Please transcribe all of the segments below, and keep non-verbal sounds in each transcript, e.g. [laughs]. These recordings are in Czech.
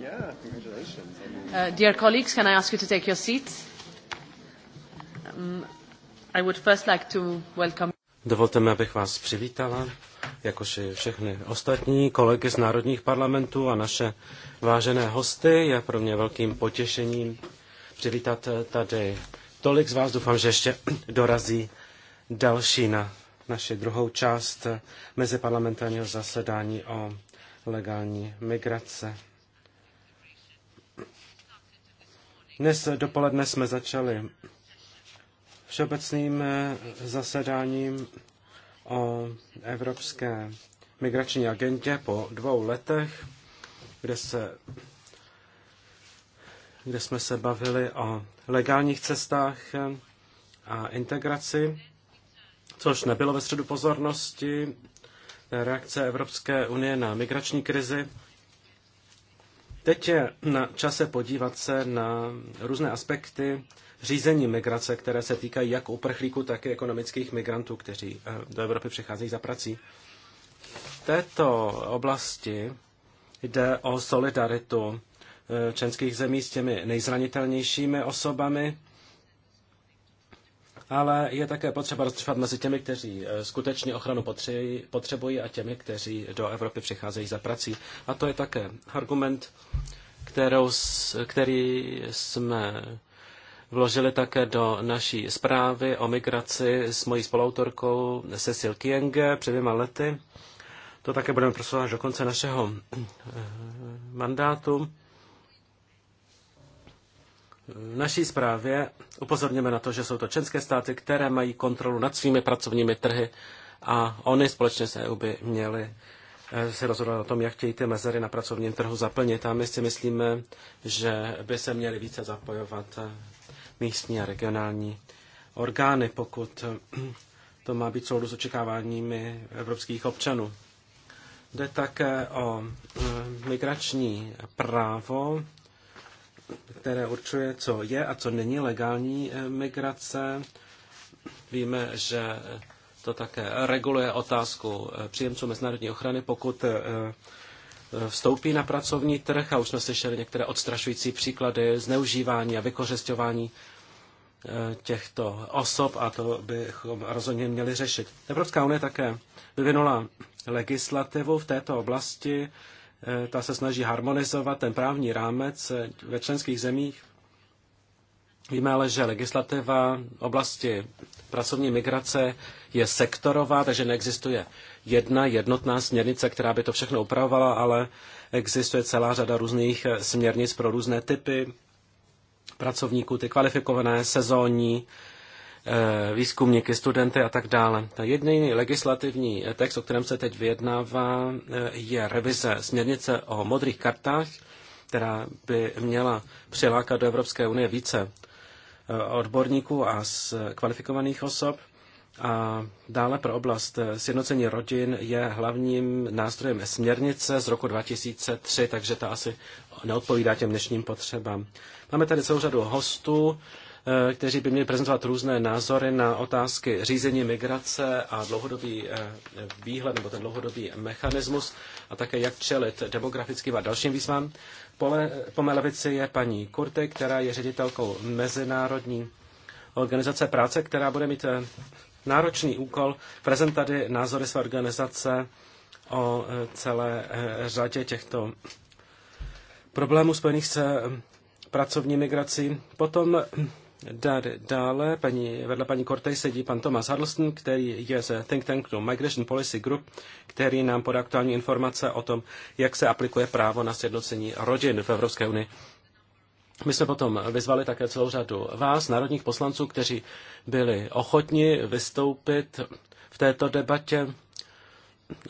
Yeah, congratulations. Uh, dear colleagues, can I ask you to take your seats? Um, I would first like to welcome... Dovolte mi, abych vás přivítala, jakož i všechny ostatní kolegy z národních parlamentů a naše vážené hosty. Je pro mě velkým potěšením přivítat tady tolik z vás. Doufám, že ještě dorazí další na naši druhou část meziparlamentárního zasedání o legální migrace. Dnes dopoledne jsme začali všeobecným eh, zasedáním o Evropské migrační agentě po dvou letech, kde, se, kde jsme se bavili o legálních cestách eh, a integraci, což nebylo ve středu pozornosti reakce Evropské unie na migrační krizi. Teď je na čase podívat se na různé aspekty řízení migrace, které se týkají jak uprchlíků, tak i ekonomických migrantů, kteří eh, do Evropy přicházejí za prací. V této oblasti jde o solidaritu eh, členských zemí s těmi nejzranitelnějšími osobami, ale je také potřeba rozlišovat mezi těmi, kteří eh, skutečně ochranu potřebují a těmi, kteří do Evropy přicházejí za prací. A to je také argument, kterou, který jsme vložili také do naší zprávy o migraci s mojí spoluautorkou Cecil Kienge před dvěma lety. To také budeme prosovat až do konce našeho eh, mandátu. V naší zprávě upozorněme na to, že jsou to české státy, které mají kontrolu nad svými pracovními trhy a oni společně s EU by měli eh, se rozhodovat o tom, jak chtějí ty mezery na pracovním trhu zaplnit. A my si myslíme, že by se měly více zapojovat eh, místní a regionální orgány, pokud eh, to má být soudu s očekáváními evropských občanů. Jde také o migrační právo které určuje, co je a co není legální eh, migrace. Víme, že to také reguluje otázku eh, příjemců mezinárodní ochrany, pokud eh, vstoupí na pracovní trh a už jsme slyšeli některé odstrašující příklady zneužívání a vykořišťování těchto osob a to bychom rozhodně měli řešit. Evropská unie také vyvinula legislativu v této oblasti, Eh, ta se snaží harmonizovat ten právní rámec eh, ve členských zemích. Víme ale, že legislativa v oblasti pracovní migrace je sektorová, takže neexistuje jedna jednotná směrnice, která by to všechno upravovala, ale existuje celá řada různých eh, směrnic pro různé typy pracovníků, ty kvalifikované, sezónní, Eh, výzkumníky, studenty a tak dále. Ta jediný legislativní text, o kterém se teď vyjednává, eh, je revize směrnice o modrých kartách, která by měla přilákat do Evropské unie více eh, odborníků a z kvalifikovaných osob. A dále pro oblast sjednocení rodin je hlavním nástrojem směrnice z roku 2003, takže ta asi neodpovídá těm dnešním potřebám. Máme tady celou řadu hostů Eh, kteří by měli prezentovat různé názory na otázky řízení migrace a dlouhodobý eh, výhled nebo ten dlouhodobý mechanismus a také jak čelit demografickým a dalším výzvám. Pole, eh, po mé levici je paní Kurty, která je ředitelkou Mezinárodní organizace práce, která bude mít náročný úkol prezentovat názory své organizace o celé řadě těchto problémů spojených se pracovní migrací. Potom Dále paní, vedle paní Kortej sedí pan Thomas Huddleston, který je ze Think Tanku Migration Policy Group, který nám podá aktuální informace o tom, jak se aplikuje právo na sjednocení rodin v Evropské unii. My jsme potom vyzvali také celou řadu vás, národních poslanců, kteří byli ochotni vystoupit v této debatě.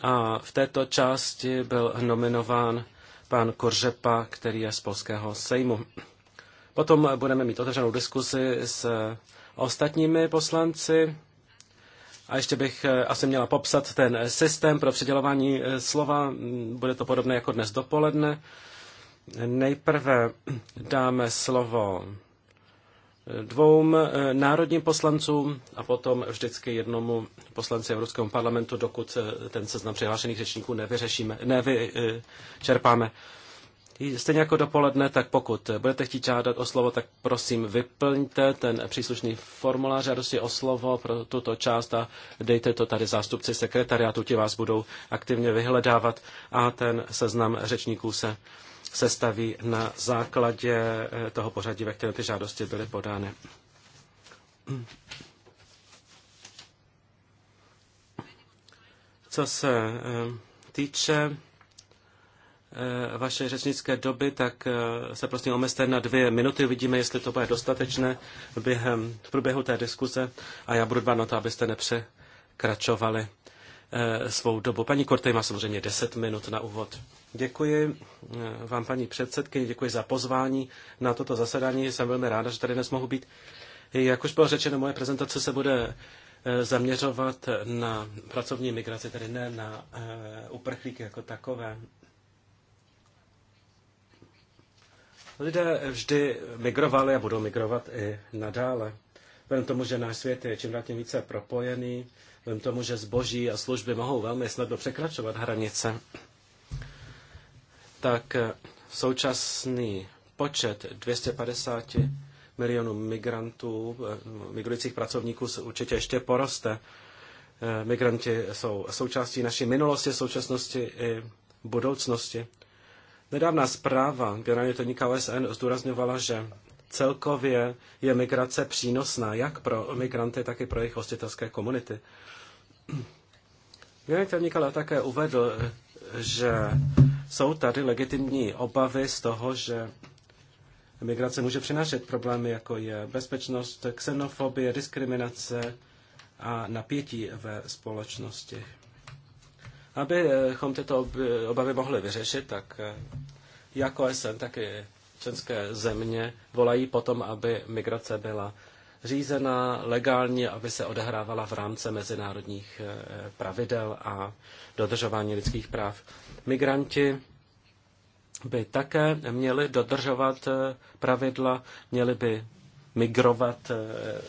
A v této části byl nominován pan Koržepa, který je z Polského sejmu. Potom budeme mít otevřenou diskusi s ostatními poslanci. A ještě bych eh, asi měla popsat ten systém pro předělování eh, slova. Bude to podobné jako dnes dopoledne. Nejprve dáme slovo eh, dvou národním poslancům a potom vždycky jednomu poslanci Evropského parlamentu, dokud ten seznam přihlášených řečníků nevyřešíme, nevyčerpáme. Stejně jako dopoledne, tak pokud budete chtít žádat o slovo, tak prosím vyplňte ten příslušný formulář žádosti o slovo pro tuto část a dejte to tady zástupci sekretariátu, ti vás budou aktivně vyhledávat a ten seznam řečníků se sestaví na základě eh, toho pořadí, ve kterém ty žádosti byly podány. Co se eh, týče Eh, vaše řečnické doby, tak eh, se prostě omezte na dvě minuty. Vidíme, jestli to bude dostatečné během, v průběhu té diskuze. A já budu dbát na to, abyste nepřekračovali eh, svou dobu. Paní Kortej má samozřejmě 10 minut na úvod. Děkuji vám, paní předsedkyně, děkuji za pozvání na toto zasedání. Jsem velmi ráda, že tady dnes mohu být. Jak už bylo řečeno, moje prezentace se bude zaměřovat na pracovní migraci, tedy ne na uprchlíky jako takové. Lidé vždy migrovali a budou migrovat i nadále. Vzhledem tomu, že náš svět je čím dál tím více propojený, vzhledem tomu, že zboží a služby mohou velmi snadno překračovat hranice, tak eh, současný počet 250 milionů migrantů, eh, migrujících pracovníků se určitě ještě poroste. Eh, migranti jsou součástí naší minulosti, současnosti i budoucnosti. Nedávná zpráva generálního tajemníka OSN zdůrazňovala, že celkově je migrace přínosná jak pro migranty, tak i pro jejich hostitelské komunity. Generální tajemník ale také uvedl, že jsou tady legitimní obavy z toho, že migrace může přinášet problémy, jako je bezpečnost, xenofobie, diskriminace a napětí ve společnosti. Abychom tyto obavy mohli vyřešit, tak eh, jako SN, tak i české země volají potom, aby migrace byla řízená legálně, aby se odehrávala v rámci mezinárodních eh, pravidel a dodržování lidských práv. Migranti by také měli dodržovat eh, pravidla, měli by migrovat eh,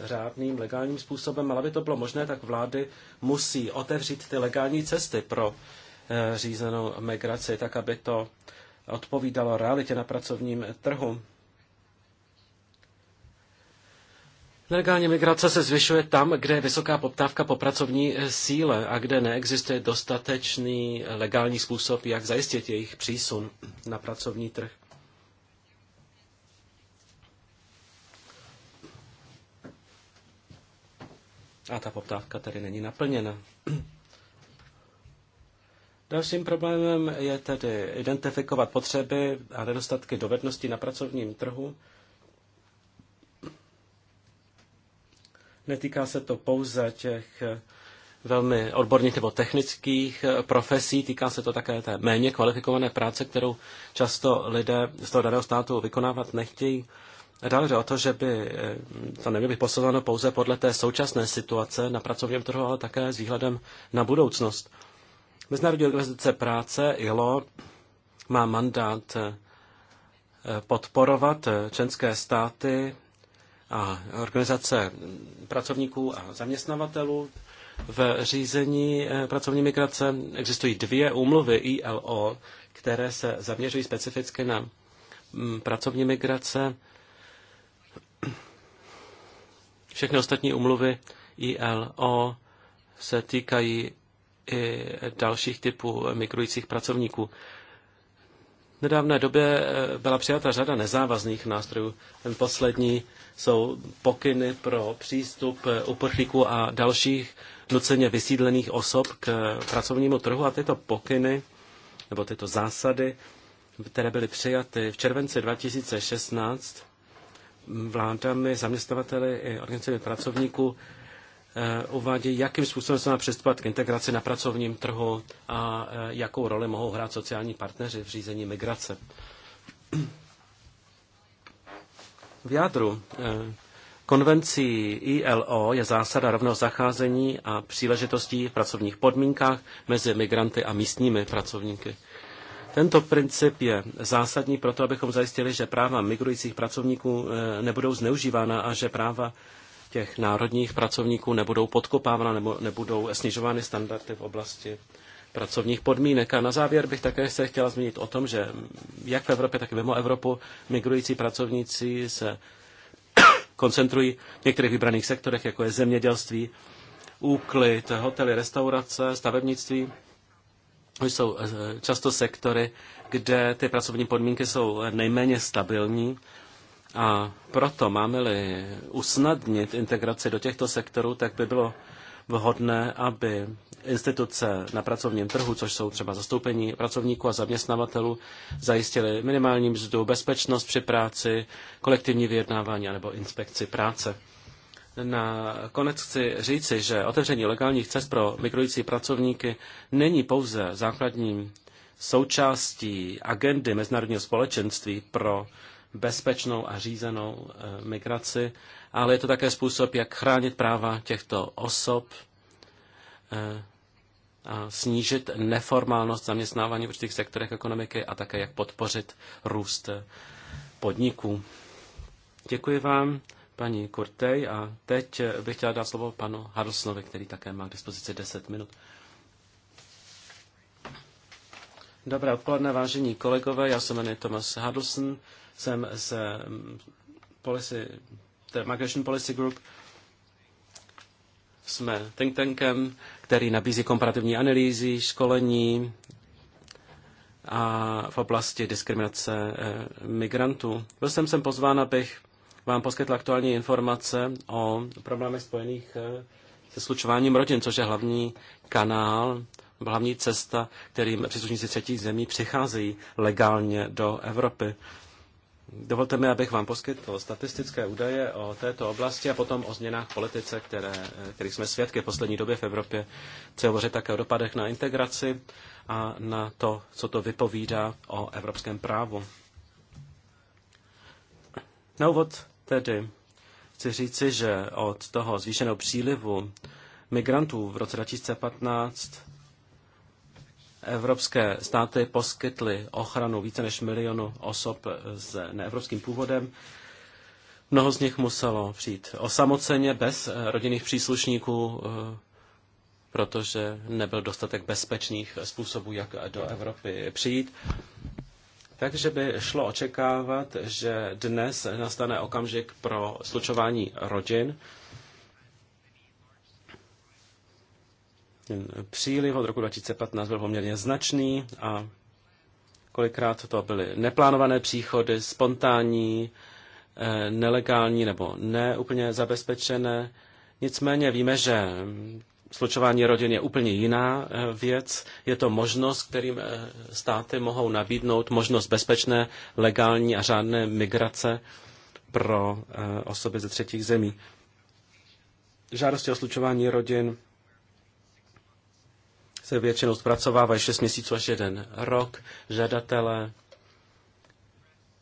řádným legálním způsobem, ale aby to bylo možné, tak vlády musí otevřít ty legální cesty pro eh, řízenou migraci, tak aby to odpovídalo realitě na pracovním trhu. Legální migrace se zvyšuje tam, kde je vysoká poptávka po pracovní eh, síle a kde neexistuje dostatečný legální způsob, jak zajistit jejich přísun na pracovní trh. A ta poptávka tedy není naplněna. Dalším problémem je tedy identifikovat potřeby a nedostatky dovedností na pracovním trhu. Netýká se to pouze těch velmi odborných nebo technických profesí, týká se to také té méně kvalifikované práce, kterou často lidé z toho daného státu vykonávat nechtějí. Dále jde o to, že by eh, to nemělo být posuzováno pouze podle té současné situace na pracovním trhu, ale také s výhledem na budoucnost. Mezinárodní organizace práce ILO má mandát eh, podporovat eh, členské státy a organizace pracovníků a zaměstnavatelů v řízení pracovní migrace. Existují dvě úmluvy ILO, které se zaměřují specificky na mm, pracovní migrace. Všechny ostatní umluvy ILO se týkají i dalších typů migrujících pracovníků. V nedávné době eh, byla přijata řada nezávazných nástrojů. Ten poslední jsou pokyny pro přístup eh, uprchlíků a dalších nuceně vysídlených osob k pracovnímu trhu a tyto pokyny nebo tyto zásady, které byly přijaty v červenci 2016, vládami, zaměstnavateli i organizacemi pracovníků eh, uvádějí, jakým způsobem se má přistupovat k integraci na pracovním trhu a eh, jakou roli mohou hrát sociální partneři v řízení migrace. V jádru eh, konvencí ILO je zásada rovného zacházení a příležitostí v pracovních podmínkách mezi migranty a místními pracovníky. Tento princip je zásadní pro to, abychom zajistili, že práva migrujících pracovníků eh, nebudou zneužívána a že práva těch národních pracovníků nebudou podkopávána nebo nebudou snižovány standardy v oblasti pracovních podmínek. A na závěr bych také se chtěla zmínit o tom, že jak v Evropě, tak i mimo Evropu migrující pracovníci se [coughs] koncentrují v některých vybraných sektorech, jako je zemědělství, úklid, hotely, restaurace, stavebnictví jsou eh, často sektory, kde ty pracovní podmínky jsou nejméně stabilní a proto máme-li usnadnit integraci do těchto sektorů, tak by bylo vhodné, aby instituce na pracovním trhu, což jsou třeba zastoupení pracovníků a zaměstnavatelů, zajistily minimální mzdu, bezpečnost při práci, kolektivní vyjednávání nebo inspekci práce. Na konec chci říci, že otevření legálních cest pro migrující pracovníky není pouze základním součástí agendy mezinárodního společenství pro bezpečnou a řízenou e, migraci, ale je to také způsob, jak chránit práva těchto osob e, a snížit neformálnost zaměstnávání v určitých sektorech ekonomiky a také jak podpořit růst podniků. Děkuji vám paní Kurtej a teď eh, bych chtěla dát slovo panu Haroslovi, který také má k dispozici 10 minut. Dobré odpoledne, vážení kolegové, já se jmenuji Thomas Hadlson. jsem z mm, policy, Migration Policy Group. Jsme think tankem, který nabízí komparativní analýzy, školení a v oblasti diskriminace eh, migrantů. Byl jsem sem pozván, abych vám poskytl aktuální informace o problémech spojených eh, se slučováním rodin, což je hlavní kanál, hlavní cesta, kterým příslušníci třetích zemí přicházejí legálně do Evropy. Dovolte mi, abych vám poskytl statistické údaje o této oblasti a potom o změnách politice, které, eh, kterých jsme svědky v poslední době v Evropě. Chci hovořit také o dopadech na integraci a na to, co to vypovídá o evropském právu. Na úvod Tedy chci říci, že od toho zvýšeného přílivu migrantů v roce 2015 evropské státy poskytly ochranu více než milionu osob s neevropským původem. Mnoho z nich muselo přijít osamoceně, bez rodinných příslušníků, protože nebyl dostatek bezpečných způsobů, jak do Evropy přijít. Takže by šlo očekávat, že dnes nastane okamžik pro slučování rodin. příliv od roku 2015 byl poměrně značný a kolikrát to byly neplánované příchody, spontánní, eh, nelegální nebo neúplně zabezpečené. Nicméně víme, že Slučování rodin je úplně jiná eh, věc. Je to možnost, kterým eh, státy mohou nabídnout možnost bezpečné, legální a řádné migrace pro eh, osoby ze třetích zemí. Žádosti o slučování rodin se většinou zpracovávají 6 měsíců až jeden rok. Žadatelé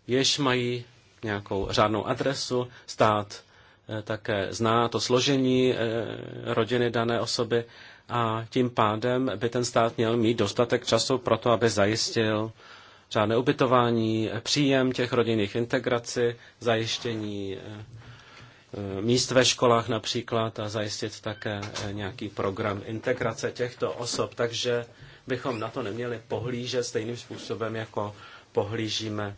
jež mají nějakou řádnou adresu, stát Eh, také zná to složení eh, rodiny dané osoby a tím pádem by ten stát měl mít dostatek času pro to, aby zajistil řádné ubytování, příjem těch rodinných integraci, zajištění eh, míst ve školách například a zajistit také nějaký program integrace těchto osob. Takže bychom na to neměli pohlížet stejným způsobem, jako pohlížíme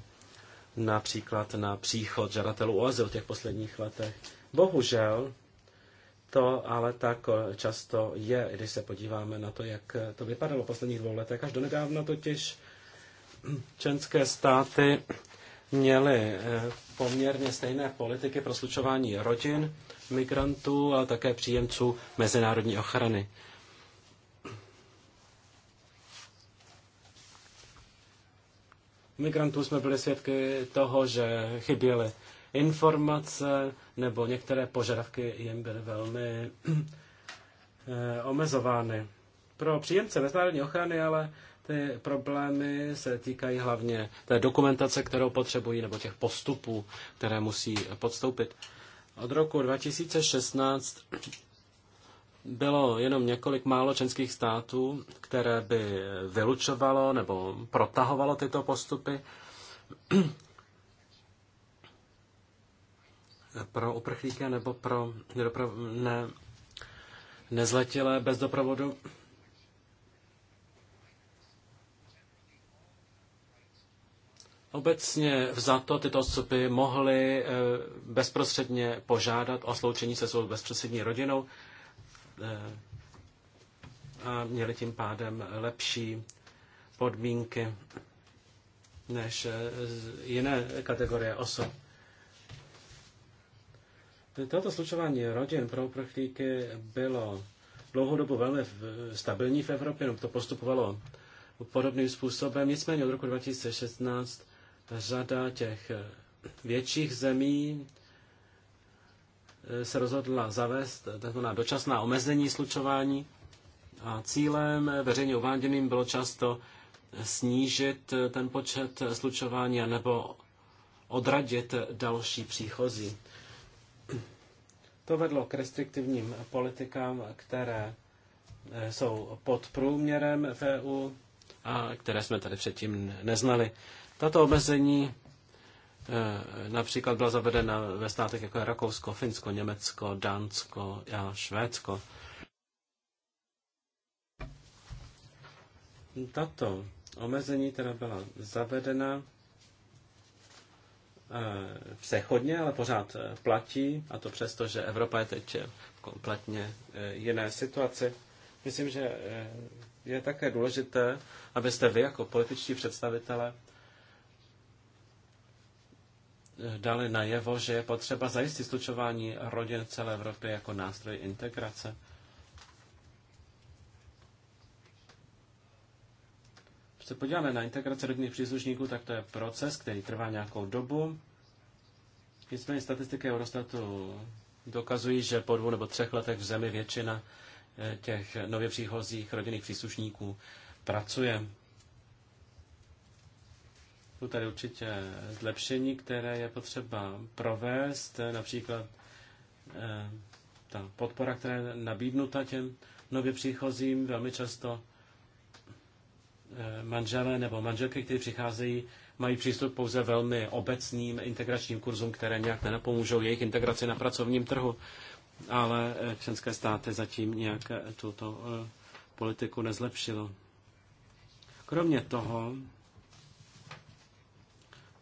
například na příchod žadatelů o azyl v těch posledních letech. Bohužel to ale tak často je, když se podíváme na to, jak to vypadalo v posledních dvou letech. Až donedávna totiž členské státy měly eh, poměrně stejné politiky pro slučování rodin, migrantů a také příjemců mezinárodní ochrany. Migrantů jsme byli svědky toho, že chyběly informace nebo některé požadavky jim byly velmi eh, omezovány. Pro příjemce mezinárodní ochrany ale ty problémy se týkají hlavně té dokumentace, kterou potřebují, nebo těch postupů, které musí podstoupit. Od roku 2016 bylo jenom několik málo členských států, které by vylučovalo nebo protahovalo tyto postupy pro uprchlíky nebo pro nedoprav- ne, nezletilé bez doprovodu. Obecně vzato tyto osoby mohly eh, bezprostředně požádat o sloučení se svou bezprostřední rodinou eh, a měli tím pádem lepší podmínky než eh, jiné kategorie osob. Toto slučování rodin pro uprchlíky bylo dlouhodobu velmi stabilní v Evropě, no to postupovalo podobným způsobem. Nicméně od roku 2016 řada těch eh, větších zemí eh, se rozhodla zavést takzvaná dočasná omezení slučování a cílem eh, veřejně uváděným bylo často snížit ten počet slučování nebo odradit další příchozí. To vedlo k restriktivním politikám, které eh, jsou pod průměrem v EU a které jsme tady předtím neznali. Tato omezení eh, například byla zavedena ve státech jako je Rakousko, Finsko, Německo, Dánsko a Švédsko. Tato omezení teda byla zavedena přechodně, eh, ale pořád eh, platí, a to přesto, že Evropa je teď eh, v kompletně jiné situaci. Myslím, že je také důležité, abyste vy jako političtí představitele dali najevo, že je potřeba zajistit slučování rodin celé Evropy jako nástroj integrace. se podíváme na integraci rodinných příslušníků, tak to je proces, který trvá nějakou dobu. Nicméně statistiky Eurostatu dokazují, že po dvou nebo třech letech v zemi většina eh, těch nově příchozích rodinných příslušníků pracuje. Jsou tady určitě zlepšení, které je potřeba provést, eh, například eh, ta podpora, která je nabídnuta těm nově příchozím, velmi často Eh, manželé nebo manželky, kteří přicházejí, mají přístup pouze velmi obecným integračním kurzům, které nějak nenapomůžou jejich integraci na pracovním trhu. Ale eh, členské státy zatím nějak eh, tuto politiku nezlepšilo. Kromě toho,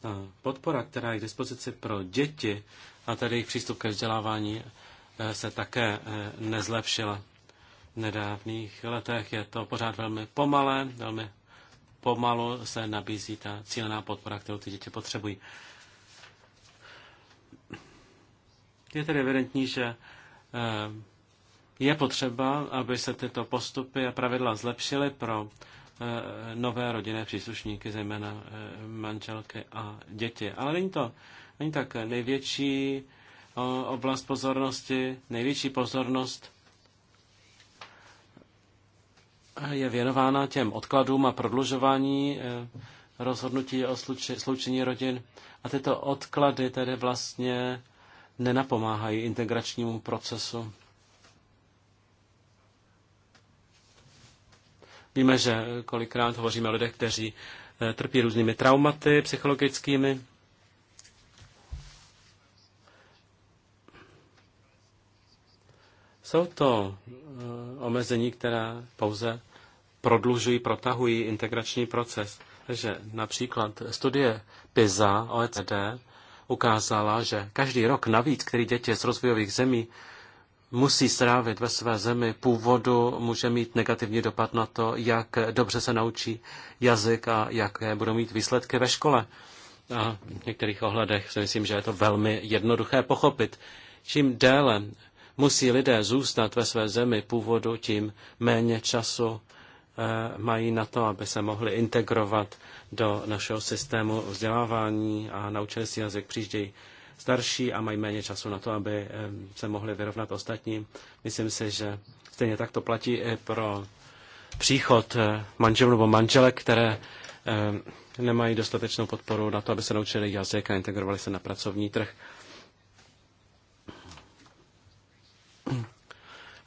ta podpora, která je k dispozici pro děti a tedy jejich přístup ke vzdělávání, se také nezlepšila. V nedávných letech je to pořád velmi pomalé, velmi pomalu se nabízí ta cílená podpora, kterou ty děti potřebují. Je tedy evidentní, že eh, je potřeba, aby se tyto postupy a pravidla zlepšily pro eh, nové rodinné příslušníky, zejména eh, manželky a děti. Ale není to není tak největší oblast pozornosti, největší pozornost je věnována těm odkladům a prodlužování eh, rozhodnutí o sloučení rodin. A tyto odklady tedy vlastně nenapomáhají integračnímu procesu. Víme, že kolikrát hovoříme o lidech, kteří eh, trpí různými traumaty psychologickými. Jsou to eh, omezení, která pouze prodlužují, protahují integrační proces. Takže například studie PISA OECD ukázala, že každý rok navíc, který děti z rozvojových zemí musí strávit ve své zemi původu, může mít negativní dopad na to, jak dobře se naučí jazyk a jaké budou mít výsledky ve škole. A v některých ohledech si myslím, že je to velmi jednoduché pochopit. Čím déle musí lidé zůstat ve své zemi původu, tím méně času Eh, mají na to, aby se mohli integrovat do našeho systému vzdělávání a naučili si jazyk přížději starší a mají méně času na to, aby eh, se mohli vyrovnat ostatním. Myslím si, že stejně tak to platí i pro příchod eh, manželů nebo manželek, které nemají dostatečnou podporu na to, aby se naučili jazyk a integrovali se na pracovní trh.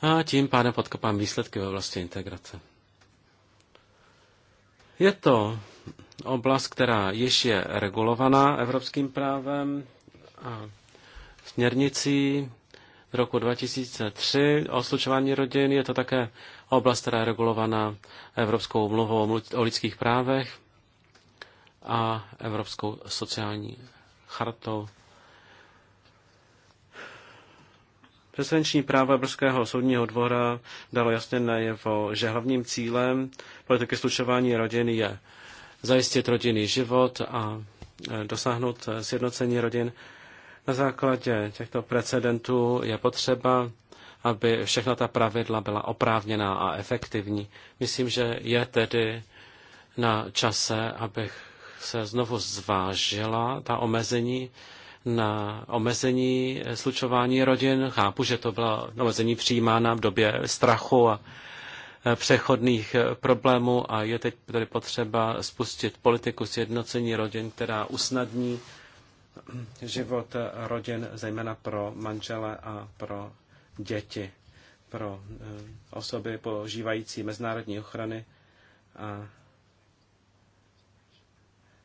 A tím pádem podkopám výsledky ve vlastní integrace. Je to oblast, která již je regulovaná evropským právem a směrnicí v roku 2003 o slučování rodin. Je to také oblast, která je regulovaná Evropskou mluvou o lidských právech a Evropskou sociální chartou Prezidenční práva brzkého soudního dvora dalo jasně najevo, že hlavním cílem politiky slučování rodin je zajistit rodinný život a e, dosáhnout e, sjednocení rodin. Na základě těchto precedentů je potřeba, aby všechna ta pravidla byla oprávněná a efektivní. Myslím, že je tedy na čase, abych se znovu zvážila ta omezení na omezení slučování rodin. Chápu, že to byla omezení přijímána v době strachu a e, přechodných e, problémů a je teď tedy potřeba spustit politiku sjednocení rodin, která usnadní život rodin, zejména pro manžele a pro děti, pro e, osoby požívající mezinárodní ochrany a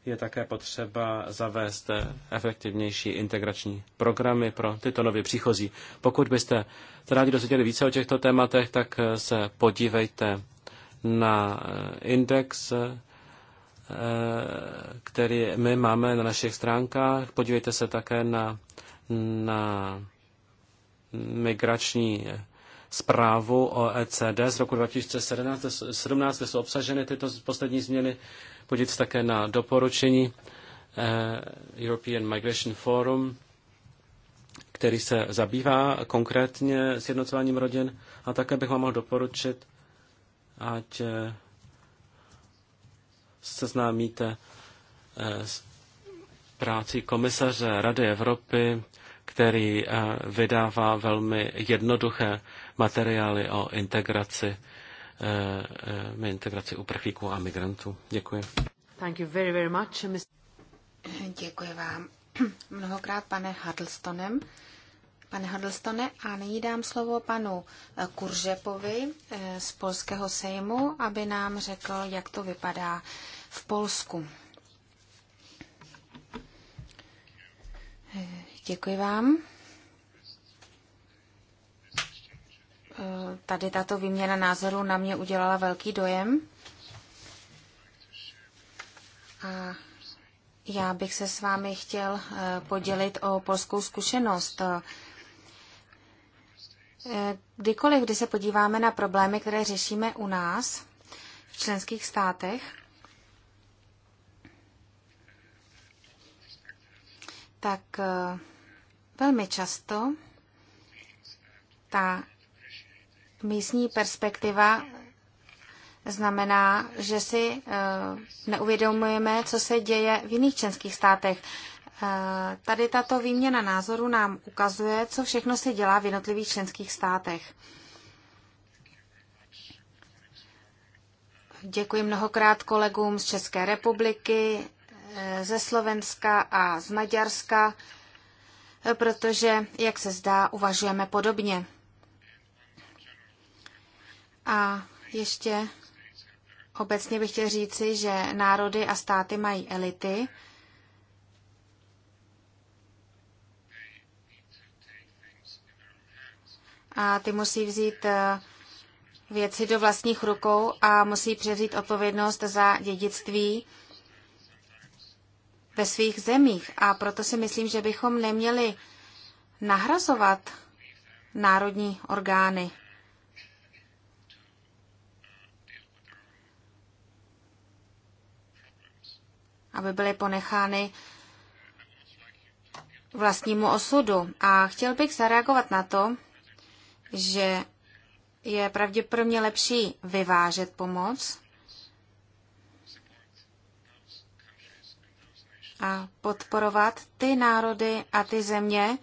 je také potřeba zavést efektivnější integrační programy pro tyto nově příchozí. Pokud byste se rádi dozvěděli více o těchto tématech, tak se podívejte na index, který my máme na našich stránkách. Podívejte se také na, na migrační zprávu o ECD z roku 2017, kde jsou obsaženy tyto poslední změny podívat se také na doporučení eh, European Migration Forum, který se zabývá konkrétně sjednocováním rodin. A také bych vám mohl doporučit, ať eh, seznámíte eh, s práci komisaře Rady Evropy, který vydává velmi jednoduché materiály o integraci eh, eh integraci uprchlíků a migrantů. Děkuji. Thank you very, very much, Ms. Děkuji vám [clears throat] mnohokrát, pane Huddlestonem. Pane Huddlestone, a nyní dám slovo panu eh, Kuržepovi eh, z Polského sejmu, aby nám řekl, jak to vypadá v Polsku. Děkuji vám. tady tato výměna názorů na mě udělala velký dojem. A já bych se s vámi chtěl eh, podělit o polskou zkušenost. Eh, kdykoliv, kdy se podíváme na problémy, které řešíme u nás v členských státech, tak eh, velmi často ta Místní perspektiva znamená, že si eh, neuvědomujeme, co se děje v jiných členských státech. Eh, tady tato výměna názoru nám ukazuje, co všechno se dělá v jednotlivých členských státech. Děkuji mnohokrát kolegům z České republiky, eh, ze Slovenska a z Maďarska, protože, jak se zdá, uvažujeme podobně. A ještě obecně bych chtěl říci, že národy a státy mají elity. A ty musí vzít eh, věci do vlastních rukou a musí převzít odpovědnost za dědictví ve svých zemích. A proto si myslím, že bychom neměli nahrazovat národní orgány. aby byly ponechány vlastnímu osudu. A chtěl bych zareagovat na to, že je pravděpodobně lepší vyvážet pomoc a podporovat ty národy a ty země,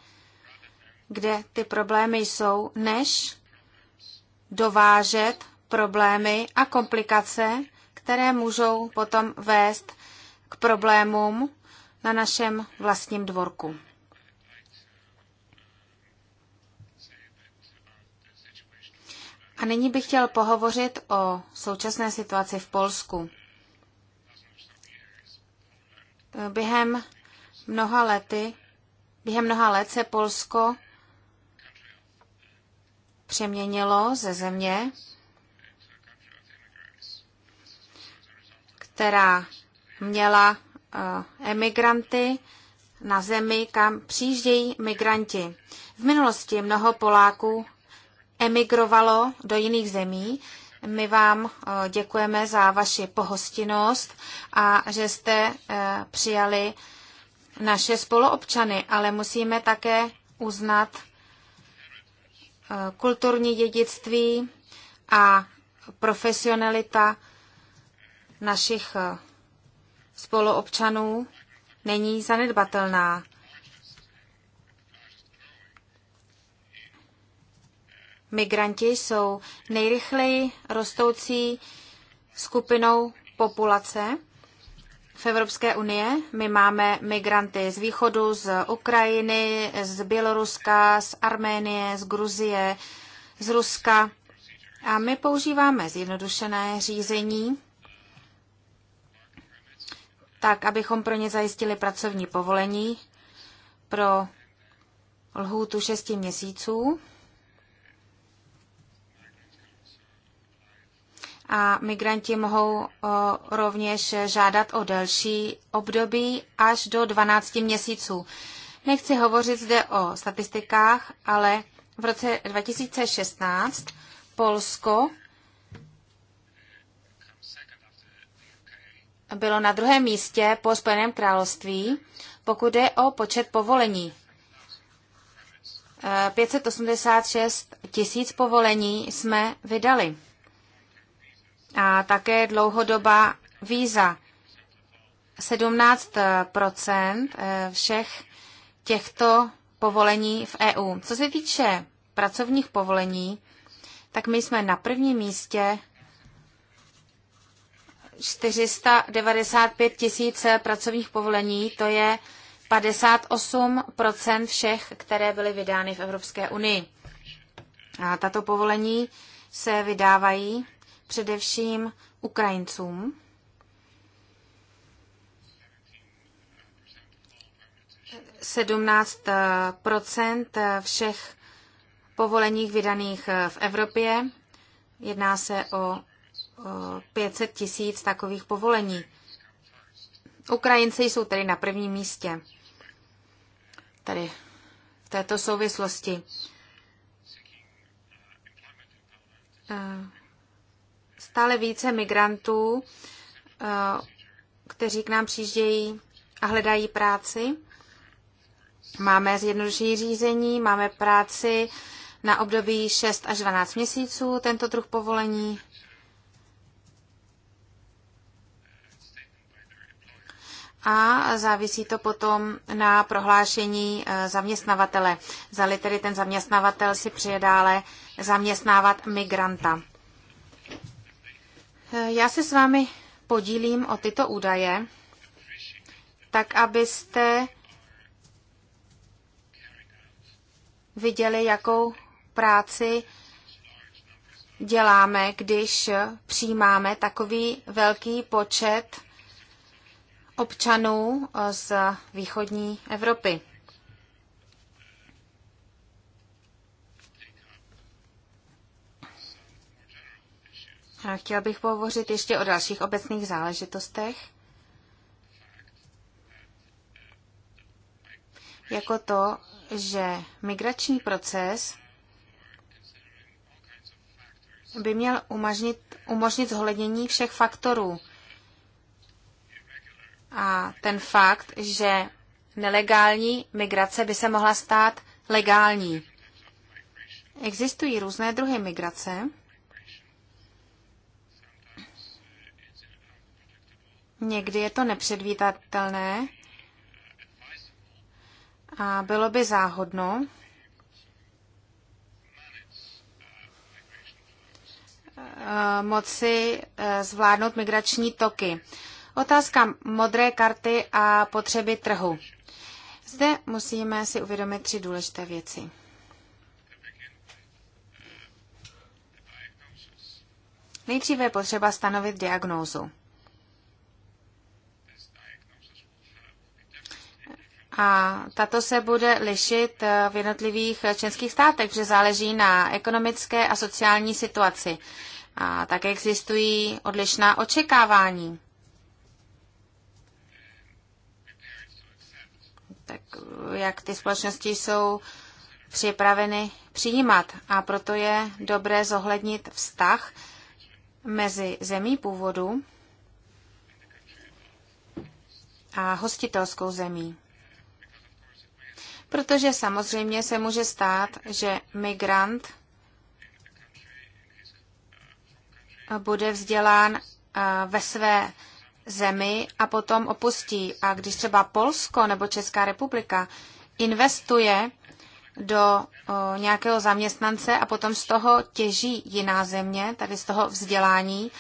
kde ty problémy jsou, než dovážet problémy a komplikace, které můžou potom vést k problémům na našem vlastním dvorku. A nyní bych chtěl pohovořit o současné situaci v Polsku. Během mnoha lety, během mnoha let se Polsko přeměnilo ze země, která měla eh, emigranty na zemi, kam přijíždějí migranti. V minulosti mnoho Poláků emigrovalo do jiných zemí. My vám eh, děkujeme za vaši pohostinnost a že jste eh, přijali naše spoluobčany, ale musíme také uznat kulturní dědictví a profesionalita našich spoluobčanů není zanedbatelná. Migranti jsou nejrychleji rostoucí skupinou populace v Evropské unie. My máme migranty z východu, z Ukrajiny, z Běloruska, z Arménie, z Gruzie, z Ruska. A my používáme zjednodušené řízení tak abychom pro ně zajistili pracovní povolení pro lhůtu 6 měsíců. A migranti mohou rovněž žádat o delší období až do 12 měsíců. Nechci hovořit zde o statistikách, ale v roce 2016 Polsko bylo na druhém místě po Spojeném království, pokud je o počet povolení. 586 eh, tisíc povolení jsme vydali. A také dlouhodobá víza. 17 eh, všech těchto povolení v EU. Co se týče pracovních povolení, tak my jsme na prvním místě 495 tisíc pracovních povolení, to je 58 všech, které byly vydány v Evropské unii. A tato povolení se vydávají především Ukrajincům. Sedmnáct procent všech povoleních vydaných v Evropě. Jedná se o 500 tisíc takových povolení. Ukrajinci jsou tedy na prvním místě. Tady v této souvislosti. Eh, stále více migrantů, eh, kteří k nám přijíždějí a hledají práci. Máme zjednodušení řízení, máme práci na období 6 až 12 měsíců, tento druh povolení. a závisí to potom na prohlášení eh, zaměstnavatele. Zali tedy ten zaměstnavatel si přijede dále zaměstnávat migranta. Eh, já se s vámi podílím o tyto údaje, tak abyste viděli, jakou práci děláme, když přijímáme takový velký počet občanů eh, z východní Evropy. A chtěla bych pohovořit ještě o dalších obecných záležitostech. Jako to, že migrační proces by měl umožnit, umožnit zhlednění všech faktorů, a ten fakt, že nelegální migrace by se mohla stát legální. Existují různé druhy migrace. Někdy je to nepředvídatelné a bylo by záhodno eh, moci eh, zvládnout migrační toky. Otázka modré karty a potřeby trhu. Zde musíme si uvědomit tři důležité věci. Nejdříve je potřeba stanovit diagnózu. A tato se bude lišit eh, v jednotlivých členských státech, protože záleží na ekonomické a sociální situaci. A také existují odlišná očekávání. tak jak ty společnosti jsou připraveny přijímat. A proto je dobré zohlednit vztah mezi zemí původu a hostitelskou zemí. Protože samozřejmě se může stát, že migrant bude vzdělán eh, ve své zemi a potom opustí. A když třeba Polsko nebo Česká republika investuje do o, nějakého zaměstnance a potom z toho těží jiná země, tady z toho vzdělání,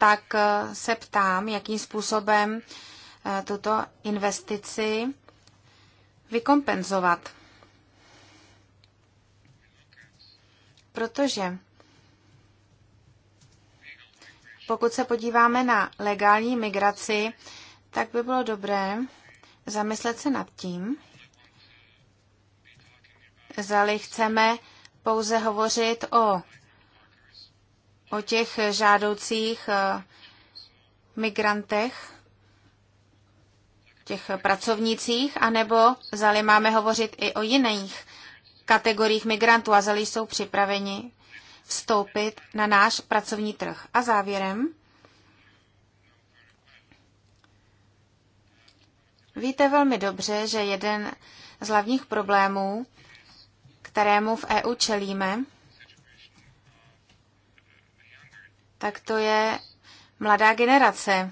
tak e, se ptám, jakým způsobem e, tuto investici vykompenzovat. Protože pokud se podíváme na legální migraci, tak by bylo dobré zamyslet se nad tím, zali chceme pouze hovořit o, o těch žádoucích eh, migrantech, těch pracovnicích, anebo zali máme hovořit i o jiných kategoriích migrantů a zali jsou připraveni vstoupit na náš pracovní trh. A závěrem, víte velmi dobře, že jeden z hlavních problémů, kterému v EU čelíme, tak to je mladá generace.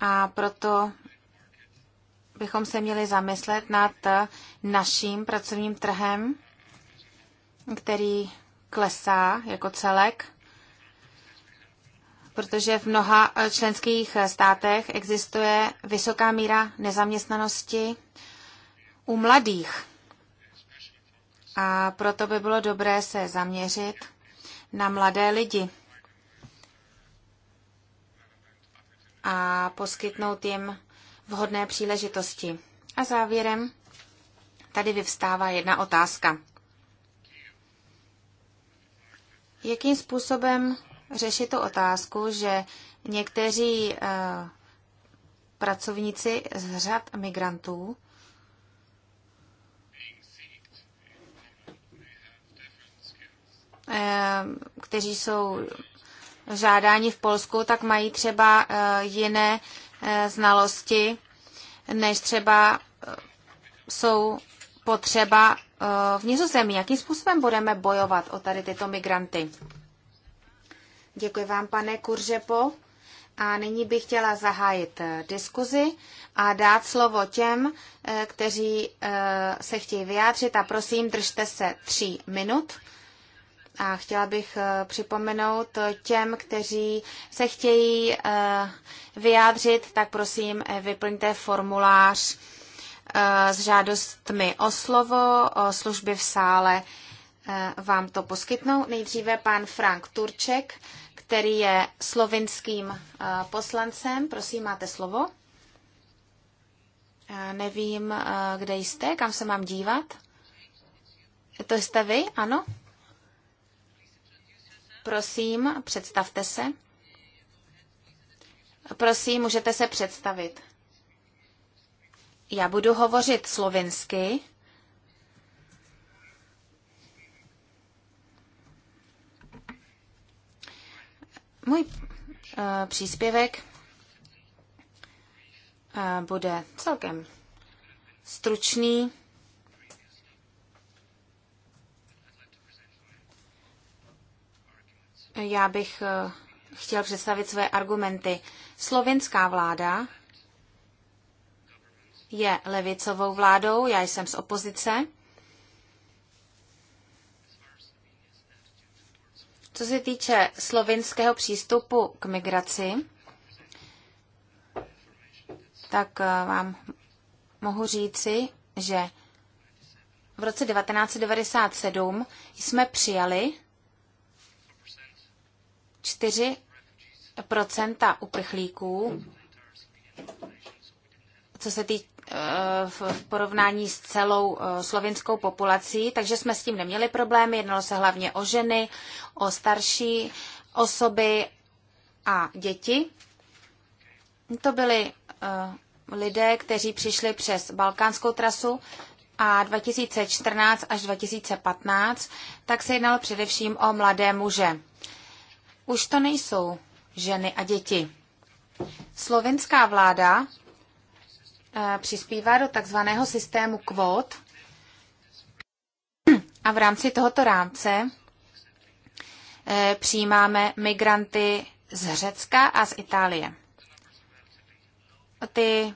A proto bychom se měli zamyslet nad naším pracovním trhem, který klesá jako celek, protože v mnoha členských státech existuje vysoká míra nezaměstnanosti u mladých. A proto by bylo dobré se zaměřit na mladé lidi a poskytnout jim vhodné příležitosti. A závěrem tady vyvstává jedna otázka. Jakým způsobem řešit tu otázku, že někteří eh, pracovníci z řad migrantů eh, kteří jsou žádáni v Polsku, tak mají třeba eh, jiné Eh, znalosti, než třeba eh, jsou potřeba eh, v Nizozemí. Jakým způsobem budeme bojovat o tady tyto migranty? Děkuji vám, pane Kuržepo. A nyní bych chtěla zahájit diskuzi a dát slovo těm, kteří se chtějí vyjádřit. A prosím, držte se tří minut a chtěla bych eh, připomenout těm, kteří se chtějí eh, vyjádřit, tak prosím, eh, vyplňte formulář s žádostmi o slovo, o služby v sále vám to poskytnou. Nejdříve pan Frank Turček, který je slovinským poslancem. Prosím, máte slovo. Nevím, kde jste, kam se mám dívat. To jste vy, ano? Prosím, představte se. Prosím, můžete se představit. Já budu hovořit slovinsky. Můj uh, příspěvek uh, bude celkem stručný. Já bych eh, chtěl představit své argumenty. Slovinská vláda je levicovou vládou, já jsem z opozice. Co se týče slovinského přístupu k migraci, tak eh, vám mohu říci, že v roce 1997 jsme přijali 4 uprchlíků, co se týče eh, v porovnání s celou eh, slovinskou populací, takže jsme s tím neměli problémy. Jednalo se hlavně o ženy, o starší osoby a děti. To byly eh, lidé, kteří přišli přes balkánskou trasu a 2014 až 2015, tak se jednalo především o mladé muže už to nejsou ženy a děti. Slovenská vláda eh, přispívá do takzvaného systému kvót a v rámci tohoto rámce eh, přijímáme migranty z Řecka a z Itálie. Ty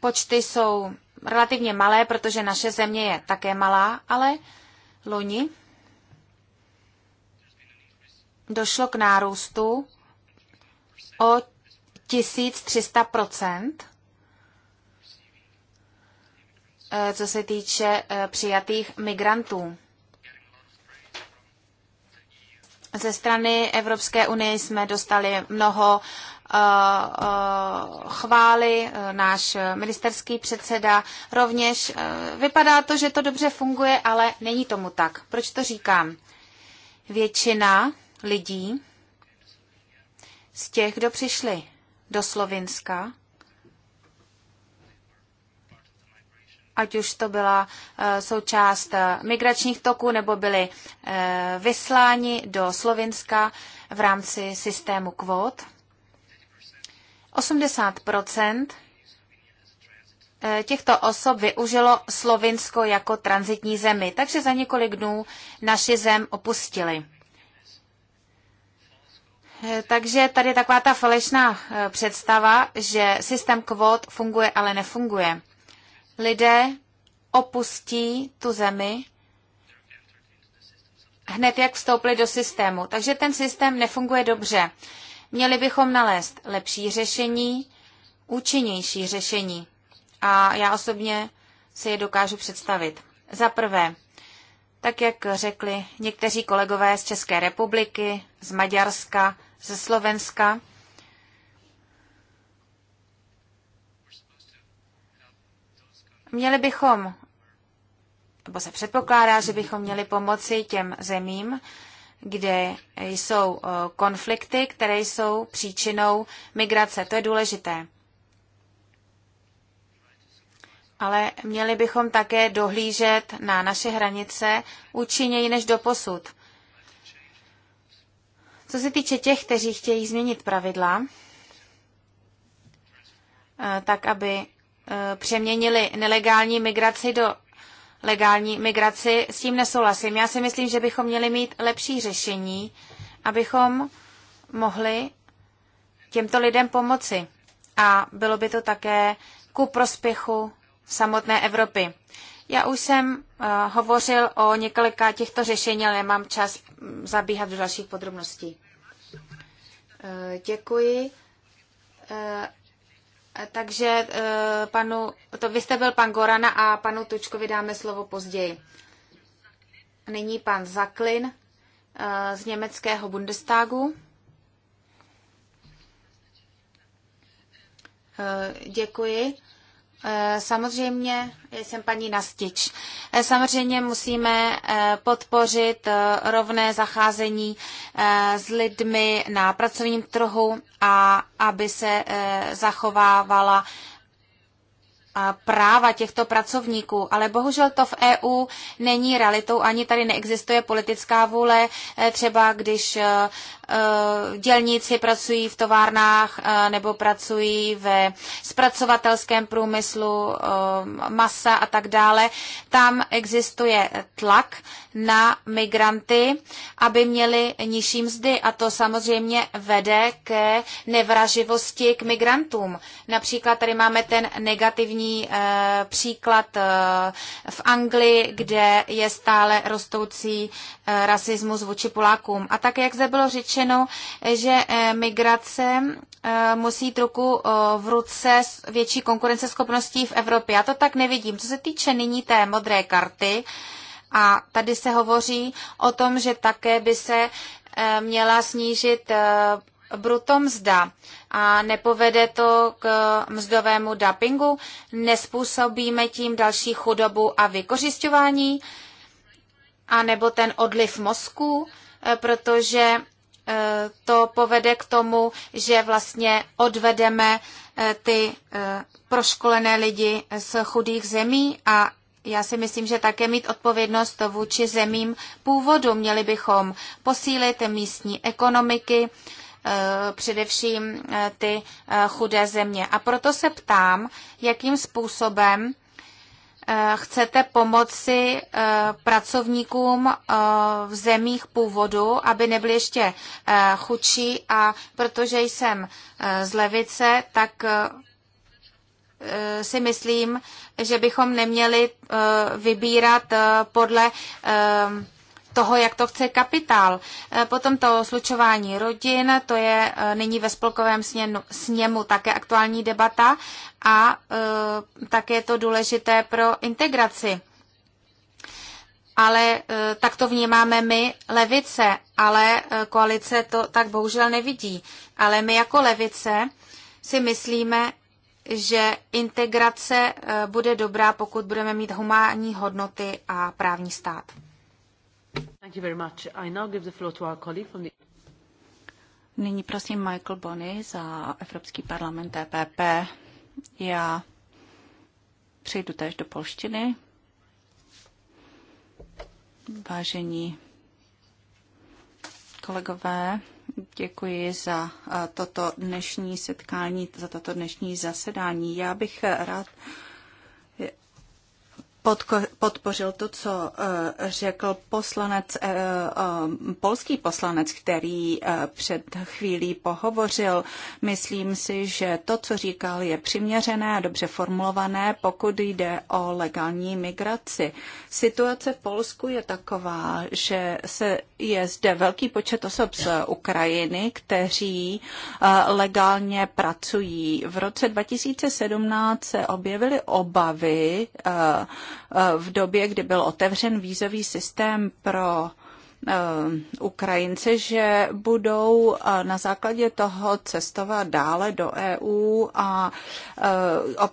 počty jsou relativně malé, protože naše země je také malá, ale loni došlo k nárůstu o 1300 eh, co se týče eh, přijatých migrantů. Ze strany Evropské unie jsme dostali mnoho eh, chvály, náš ministerský předseda rovněž. Vypadá to, že to dobře funguje, ale není tomu tak. Proč to říkám? Většina lidí z těch, kdo přišli do Slovinska, ať už to byla eh, součást eh, migračních toků nebo byli eh, vysláni do Slovinska v rámci systému kvót. 80 těchto osob využilo Slovinsko jako transitní zemi, takže za několik dnů naši zem opustili. Eh, takže tady je taková ta falešná eh, představa, že systém kvót funguje, ale nefunguje. Lidé opustí tu zemi hned, jak vstoupili do systému. Takže ten systém nefunguje dobře. Měli bychom nalézt lepší řešení, účinnější řešení. A já osobně si je dokážu představit. Za prvé, tak jak řekli někteří kolegové z České republiky, z Maďarska, ze Slovenska. Měli bychom, nebo se předpokládá, že bychom měli pomoci těm zemím, kde jsou eh, konflikty, které jsou příčinou migrace. To je důležité. Ale měli bychom také dohlížet na naše hranice účinněji než doposud. Co se týče těch, kteří chtějí změnit pravidla, eh, tak aby eh, přeměnili nelegální migraci do legální migraci, s tím nesouhlasím. Já si myslím, že bychom měli mít lepší řešení, abychom mohli těmto lidem pomoci. A bylo by to také ku prospěchu samotné Evropy. Já už jsem uh, hovořil o několika těchto řešení, ale nemám čas mm, zabíhat do dalších podrobností. Uh, děkuji. Uh, takže uh, panu, to vy jste byl pan Gorana a panu Tučkovi dáme slovo později. Nyní pan Zaklin uh, z německého Bundestagu. Děkuji. Eh, samozřejmě, jsem paní Nastič. Eh, samozřejmě musíme eh, podpořit rovné zacházení s lidmi na pracovním trhu a aby se zachovávala práva těchto pracovníků, ale bohužel to v EU není realitou, ani tady neexistuje politická vůle, třeba když Eh, dělníci pracují v továrnách eh, nebo pracují ve zpracovatelském průmyslu, eh, masa a tak dále. Tam existuje tlak na migranty, aby měli nižší mzdy a to samozřejmě vede ke nevraživosti k migrantům. Například tady máme ten negativní příklad v Anglii, kde je stále rostoucí rasismus vůči Polákům. A tak, jak zde bylo řečeno, řečeno, že eh, migrace eh, musí jít ruku eh, v ruce s větší konkurenceschopností v Evropě. Já to tak nevidím. Co se týče nyní té modré karty, a tady se hovoří o tom, že také by se měla snížit bruto mzda a nepovede to k mzdovému dumpingu, nespůsobíme tím další chudobu a vykořišťování, nebo ten odliv mozku, protože Eh, to povede k tomu, že vlastně odvedeme eh, ty eh, proškolené lidi z chudých zemí a já si myslím, že také mít odpovědnost vůči zemím původu. Měli bychom posílit místní ekonomiky, především ty chudé země. A proto se ptám, jakým způsobem Eh, chcete pomoci eh, pracovníkům eh, v zemích původu, aby nebyli ještě chudší a protože jsem z levice, tak si myslím, že bychom neměli vybírat podle toho, jak to chce kapitál. Eh, potom to slučování rodin, to je eh, nyní ve spolkovém sněmu, sněmu také aktuální debata a eh, také je to důležité pro integraci. Ale tak to vnímáme my, levice, ale koalice to tak bohužel nevidí. Ale my jako levice si myslíme, že integrace bude dobrá, pokud budeme mít humánní hodnoty a právní stát. Nyní prosím Michael Bonny za Evropský parlament TPP. E Já přejdu též do polštiny. Vážení kolegové, děkuji za eh, toto dnešní setkání, za toto dnešní zasedání. Já bych eh, rád podpořil to, co eh, řekl poslanec, eh, eh, polský poslanec, který před chvílí pohovořil. Myslím si, že to, co říkal, je přiměřené a dobře formulované, pokud jde o legální migraci. Situace v Polsku je taková, že se je zde velký počet osob z Ukrajiny, kteří legálně pracují. V roce 2017 se objevily obavy, v době, kdy byl otevřen vízový systém pro eh, Ukrajince, že budou eh, na základě toho cestovat dále do EU a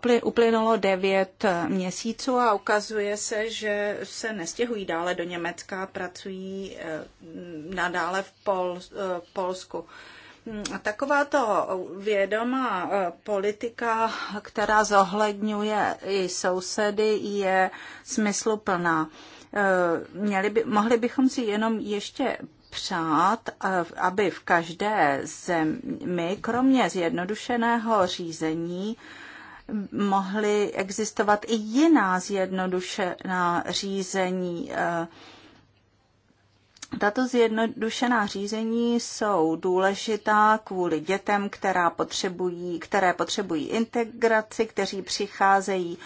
eh, uplynulo devět měsíců a ukazuje se, že se nestěhují dále do Německa, pracují nadále v Polsku takováto vědomá eh, politika, která zohledňuje i sousedy, je smysluplná. Eh, měli by, mohli bychom si jenom ještě přát, eh, aby v každé zemi, kromě zjednodušeného řízení, mohly existovat i jiná zjednodušená řízení tato zjednodušená řízení jsou důležitá kvůli dětem, která potřebují, které potřebují integraci, kteří přicházejí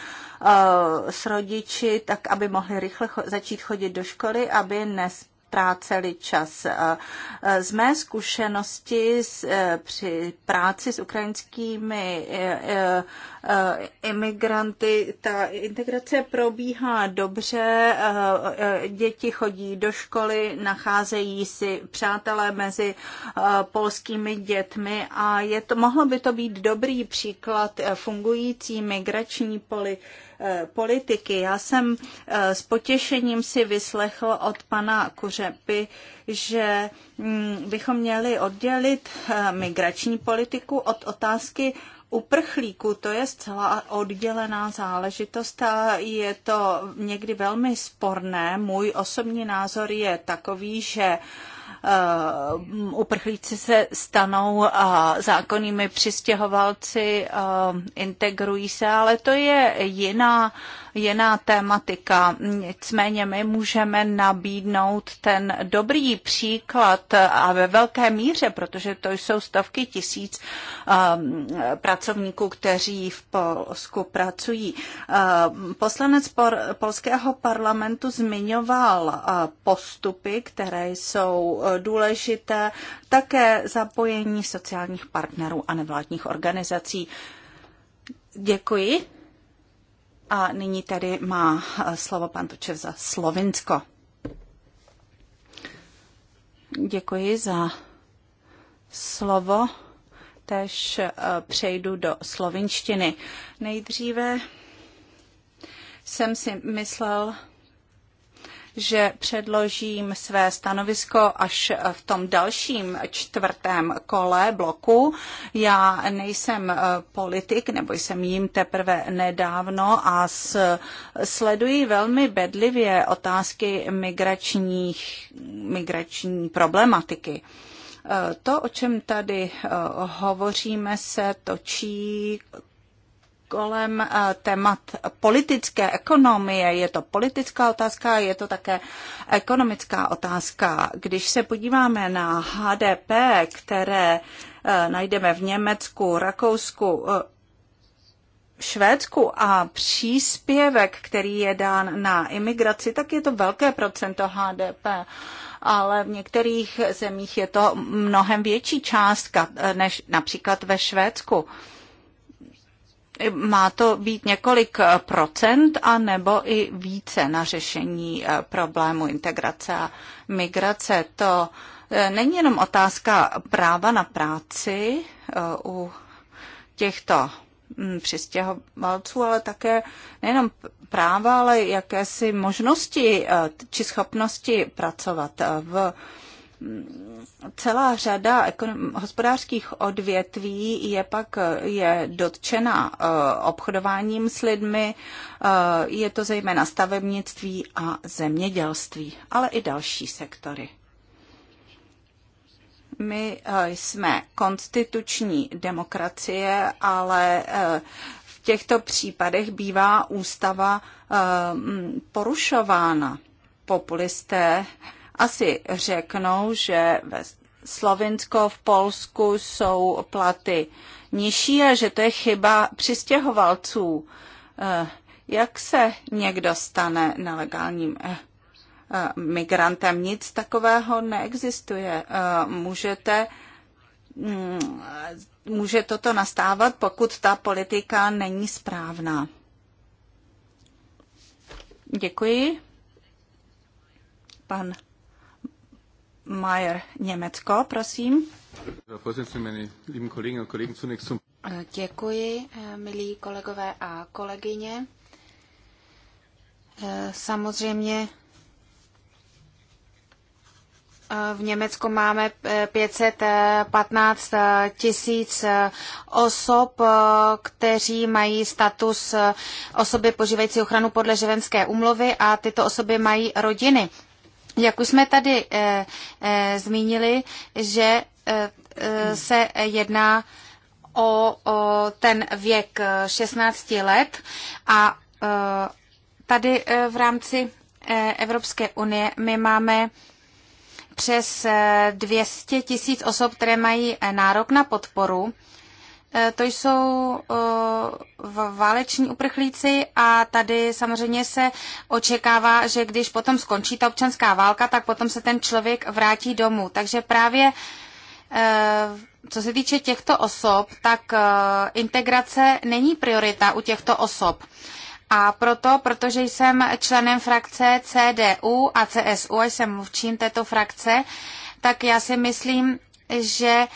eh, s rodiči, tak aby mohli rychle začít chodit do školy, aby nes, ztráceli čas. Eh, eh, z mé zkušenosti eh, při práci s ukrajinskými imigranty, ta integrace probíhá dobře, děti chodí do školy, nacházejí si přátelé mezi polskými dětmi a je to, mohlo by to být dobrý příklad fungující migrační politiky Eh, politiky. Já jsem eh, s potěšením si vyslechl od pana Kuřepy, že mm, bychom měli oddělit eh, migrační politiku od otázky uprchlíků, to je zcela oddělená záležitost a je to někdy velmi sporné. Můj osobní názor je takový, že Eh, uprchlíci se stanou zákonnými přistěhovalci, eh, integrují se, ale to je jiná jiná tématika. Nicméně my můžeme nabídnout ten dobrý příklad a ve velké míře, protože to jsou stovky tisíc um, pracovníků, kteří v Polsku pracují. Um, poslanec polského parlamentu zmiňoval uh, postupy, které jsou uh, důležité, také zapojení sociálních partnerů a nevládních organizací. Děkuji. A nyní tedy má eh, slovo pan Tučev za Slovinsko. Děkuji za slovo. Tež eh, přejdu do slovinštiny. Nejdříve jsem si myslel, že předložím své stanovisko až v tom dalším čtvrtém kole bloku. Já nejsem eh, politik, nebo jsem jim teprve nedávno a s, sleduji velmi bedlivě otázky migračních, migrační problematiky. Eh, to, o čem tady eh, hovoříme, se točí kolem eh, témat politické ekonomie. Je to politická otázka, je to také ekonomická otázka. Když se podíváme na HDP, které eh, najdeme v Německu, Rakousku, eh, Švédsku a příspěvek, který je dán na imigraci, tak je to velké procento HDP ale v některých zemích je to mnohem větší částka než například ve Švédsku. Má to být několik eh, procent a nebo i více na řešení eh, problému integrace a migrace. To eh, není jenom otázka práva na práci u těchto hm, přistěhovalců, ale také nejenom práva, ale jakési možnosti či schopnosti pracovat v celá řada hospodářských odvětví je pak je dotčena e, obchodováním s lidmi, e, je to zejména stavebnictví a zemědělství, ale i další sektory. My e, jsme konstituční demokracie, ale v těchto případech bývá ústava porušována. Populisté asi řeknou, že ve Slovinsko, v Polsku jsou platy nižší a že to je chyba přistěhovalců. Eh, jak se někdo stane nelegálním eh, eh, migrantem? Nic takového neexistuje. Můžete mm, může toto nastávat, pokud ta politika není správná. Děkuji. Pan Mayer, Německo, prosím. Eh, děkuji, eh, milí kolegové a kolegyně. Eh, samozřejmě v Německu máme 515 tisíc osob, kteří mají status osoby požívající ochranu podle Živenské úmluvy a tyto osoby mají rodiny. Jak už jsme tady e, e, zmínili, že e, se jedná o, o ten věk 16 let a e, tady e, v rámci e, Evropské unie my máme přes 200 tisíc osob, které mají nárok na podporu E, to jsou e, váleční uprchlíci a tady samozřejmě se očekává, že když potom skončí ta občanská válka, tak potom se ten člověk vrátí domů. Takže právě e, co se týče těchto osob, tak integrace není priorita u těchto osob. A proto, protože jsem členem frakce CDU a CSU a jsem mluvčím této frakce, tak já si myslím, že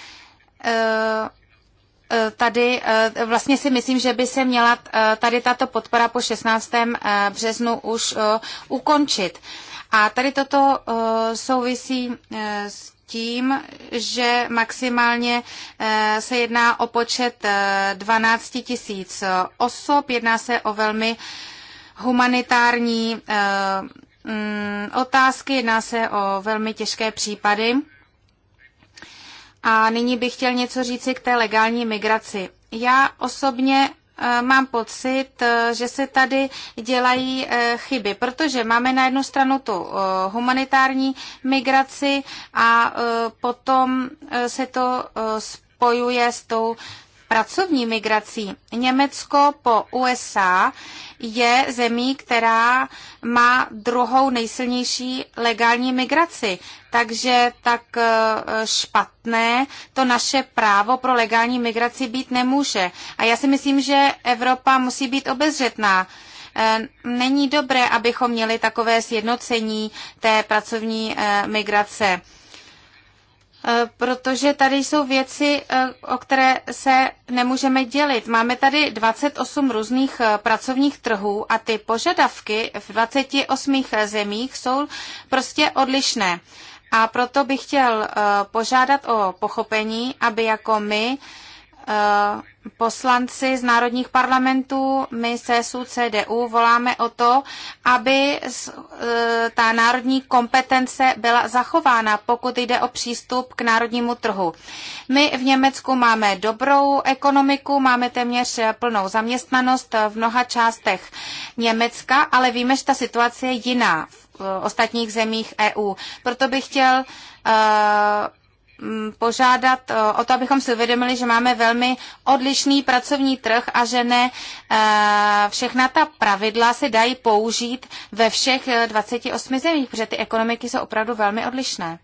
Eh, tady eh, vlastně si myslím, že by se měla eh, tady tato podpora po 16. březnu už ukončit. A tady toto souvisí s tím, že maximálně se jedná o počet 12 tisíc osob. Jedná se o velmi humanitární mm, otázky, jedná se o velmi těžké případy. A nyní bych chtěl něco říci k té legální migraci. Já osobně e, mám pocit, e, že se tady dělají e, chyby, protože máme na jednu stranu tu humanitární migraci a potom se to spojuje s tou pracovní migrací. Německo po USA je zemí, která má druhou nejsilnější legální migraci. Takže tak e, špatné to naše právo pro legální migraci být nemůže. A já si myslím, že Evropa musí být obezřetná e, není dobré, abychom měli takové sjednocení té pracovní e, migrace. Eh, protože tady jsou věci, eh, o které se nemůžeme dělit. Máme tady 28 různých eh, pracovních trhů a ty požadavky v 28 zemích jsou prostě odlišné. A proto bych chtěl požádat o pochopení, aby jako my Eh, poslanci z národních parlamentů, my CSU, CDU voláme o to, aby eh, ta národní kompetence byla zachována, pokud jde o přístup k národnímu trhu. My v Německu máme dobrou ekonomiku, máme téměř eh, plnou zaměstnanost v mnoha částech Německa, ale víme, že ta situace je jiná v ostatních zemích EU. Proto bych chtěl Mm, požádat eh, o to, abychom si uvědomili, že máme velmi odlišný pracovní trh a že ne eh, všechna ta pravidla se dají použít ve všech 28 eh, zemích, protože ty ekonomiky jsou opravdu velmi odlišné.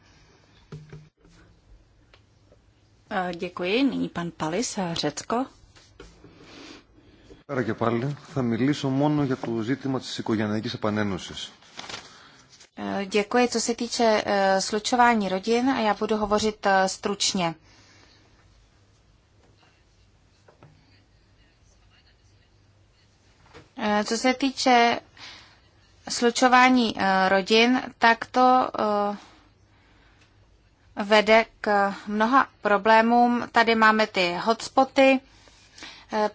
Děkuji. Nyní pan Palis, Řecko. Άρα και πάλι θα μιλήσω μόνο για το ζήτημα της οικογενειακής επανένωσης. Eh, děkuji. Co se týče eh, slučování rodin, já budu hovořit eh, stručně. Co se týče slučování rodin, tak to vede k mnoha problémům. Tady máme ty hotspoty,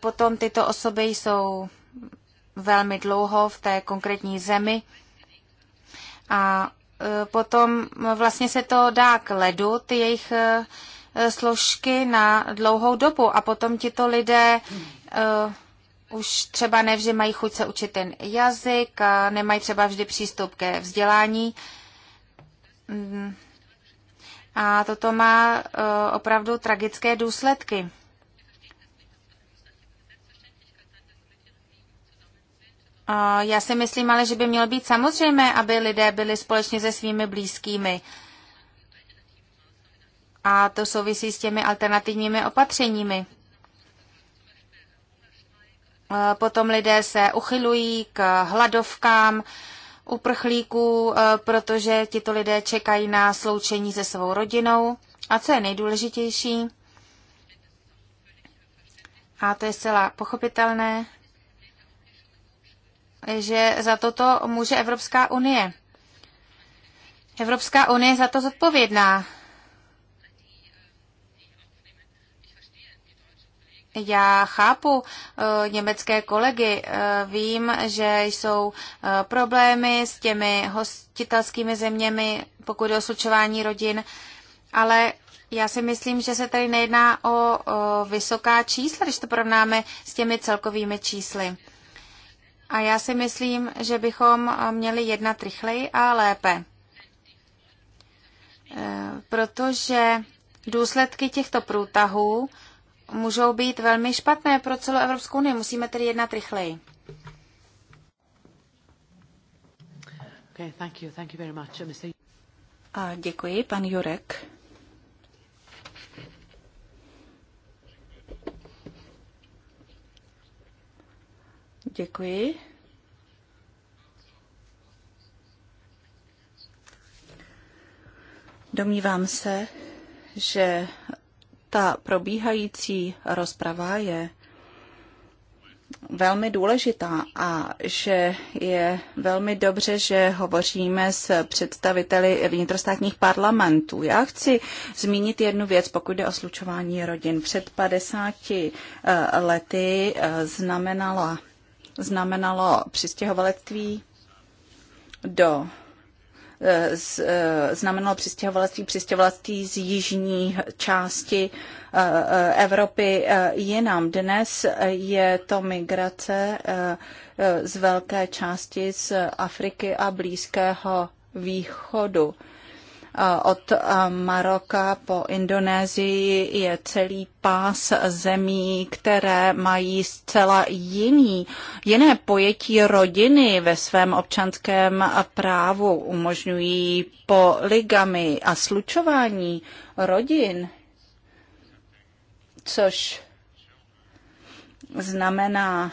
potom tyto osoby jsou velmi dlouho v té konkrétní zemi a e, potom vlastně se to dá k ledu, ty jejich e, složky na dlouhou dobu a potom tito lidé uh, už třeba nevždy mají chuť se učit ten jazyk a nemají třeba vždy přístup ke vzdělání. Mm. A toto má uh, opravdu tragické důsledky. Já si myslím ale, že by mělo být samozřejmé, aby lidé byli společně se svými blízkými. A to souvisí s těmi alternativními opatřeními. E, potom lidé se uchylují k hladovkám uprchlíků, e, protože tito lidé čekají na sloučení se svou rodinou. A co je nejdůležitější? A to je zcela pochopitelné, že za toto může Evropská unie. Evropská unie za to zodpovědná. Já chápu uh, německé kolegy, uh, vím, že jsou uh, problémy s těmi hostitelskými zeměmi, pokud je o slučování rodin, ale já si myslím, že se tady nejedná o, o vysoká čísla, když to porovnáme s těmi celkovými čísly. A já si myslím, že bychom měli jednat rychleji a lépe. Eh, protože důsledky těchto průtahů můžou být velmi špatné pro celou Evropskou unii. Musíme tedy jednat rychleji. Okay, thank you, thank you very much. A děkuji, pan Jurek. Děkuji. Domnívám se, že ta probíhající rozprava je velmi důležitá a že je velmi dobře, že hovoříme s představiteli vnitrostátních parlamentů. Já chci zmínit jednu věc, pokud jde o slučování rodin. Před 50 eh, lety eh, znamenala znamenalo přistěhovalectví do eh, z, eh, znamenalo přistěhovalectví, přistěhovalectví z jižní části eh, Evropy jinam. Dnes je to migrace z velké části z Afriky a Blízkého východu. Eh, od eh, Maroka po Indonésii je celý pás zemí, které mají zcela jiný, jiné pojetí rodiny ve svém občanském právu. Umožňují poligamy a slučování rodin, což znamená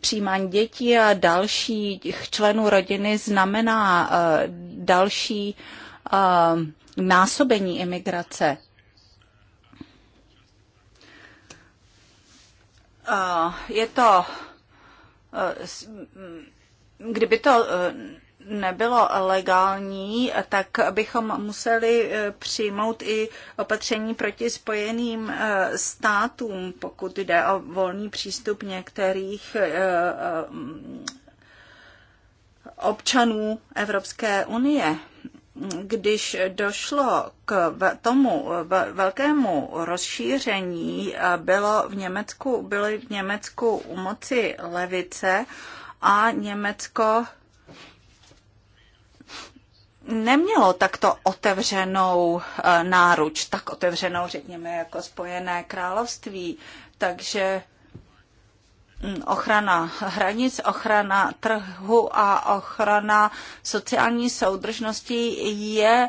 přijímání dětí a dalších členů rodiny znamená eh, další Um, násobení imigrace. Je to, eh, kdyby to eh, nebylo legální, tak bychom museli eh, přijmout i opatření proti spojeným státům, pokud jde o volný přístup některých občanů Evropské unie když došlo k tomu velkému rozšíření, eh, bylo v Německu, byly v Německu u moci levice a Německo nemělo takto otevřenou eh, náruč, tak otevřenou, řekněme, jako Spojené království. Takže Mm, ochrana hranic, ochrana trhu a ochrana sociální soudržnosti je e,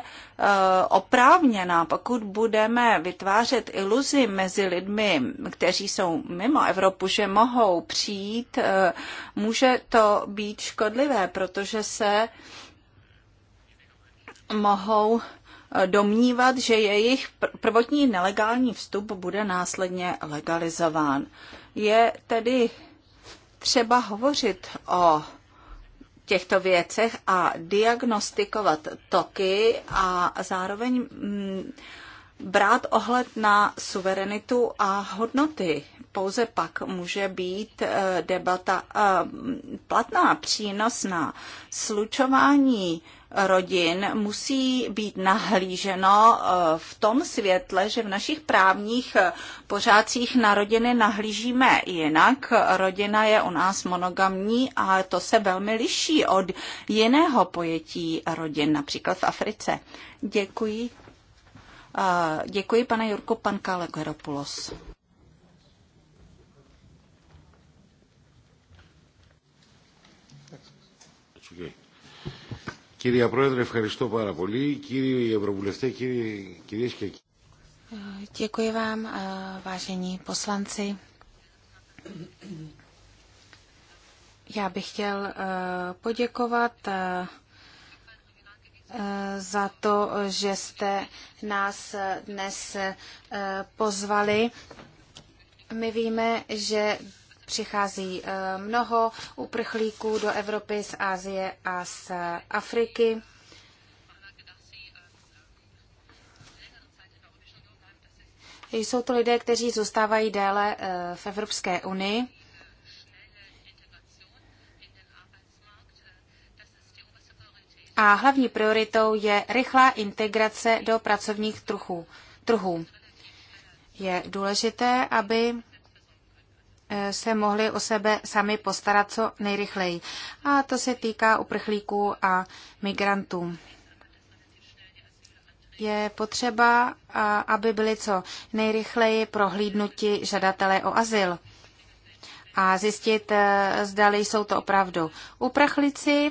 oprávněná. Pokud budeme vytvářet iluzi mezi lidmi, kteří jsou mimo Evropu, že mohou přijít, e, může to být škodlivé, protože se mohou e, domnívat, že jejich prvotní nelegální vstup bude následně legalizován. Je tedy třeba hovořit o těchto věcech a diagnostikovat toky a zároveň mm, brát ohled na suverenitu a hodnoty. Pouze pak může být eh, debata eh, platná, přínosná. Slučování rodin musí být nahlíženo eh, v tom světle, že v našich právních eh, pořádcích na rodiny nahlížíme jinak. Rodina je u nás monogamní a to se velmi liší od jiného pojetí rodin, například v Africe. Děkuji. Eh, děkuji, pane Jurko, pan Kalegeropoulos. Κυρία Πρόεδρε, ευχαριστώ πάρα πολύ. Κύριοι Ευρωβουλευτέ, κυρίες και κύριοι. Děkuji vám, eh, vážení poslanci. Já bych chtěl eh, poděkovat eh, za to, že jste nás dnes pozvali. My víme, že Přichází eh, mnoho uprchlíků do Evropy z Asie a z Afriky. Jsou to lidé, kteří zůstávají déle eh, v Evropské unii. A hlavní prioritou je rychlá integrace do pracovních trhů. trhů. Je důležité, aby Eh, se mohli o sebe sami postarat co nejrychleji. A to se týká uprchlíků a migrantů. Je potřeba, aby byli co nejrychleji prohlídnuti žadatelé o azyl a zjistit, eh, zda jsou to opravdu uprchlíci.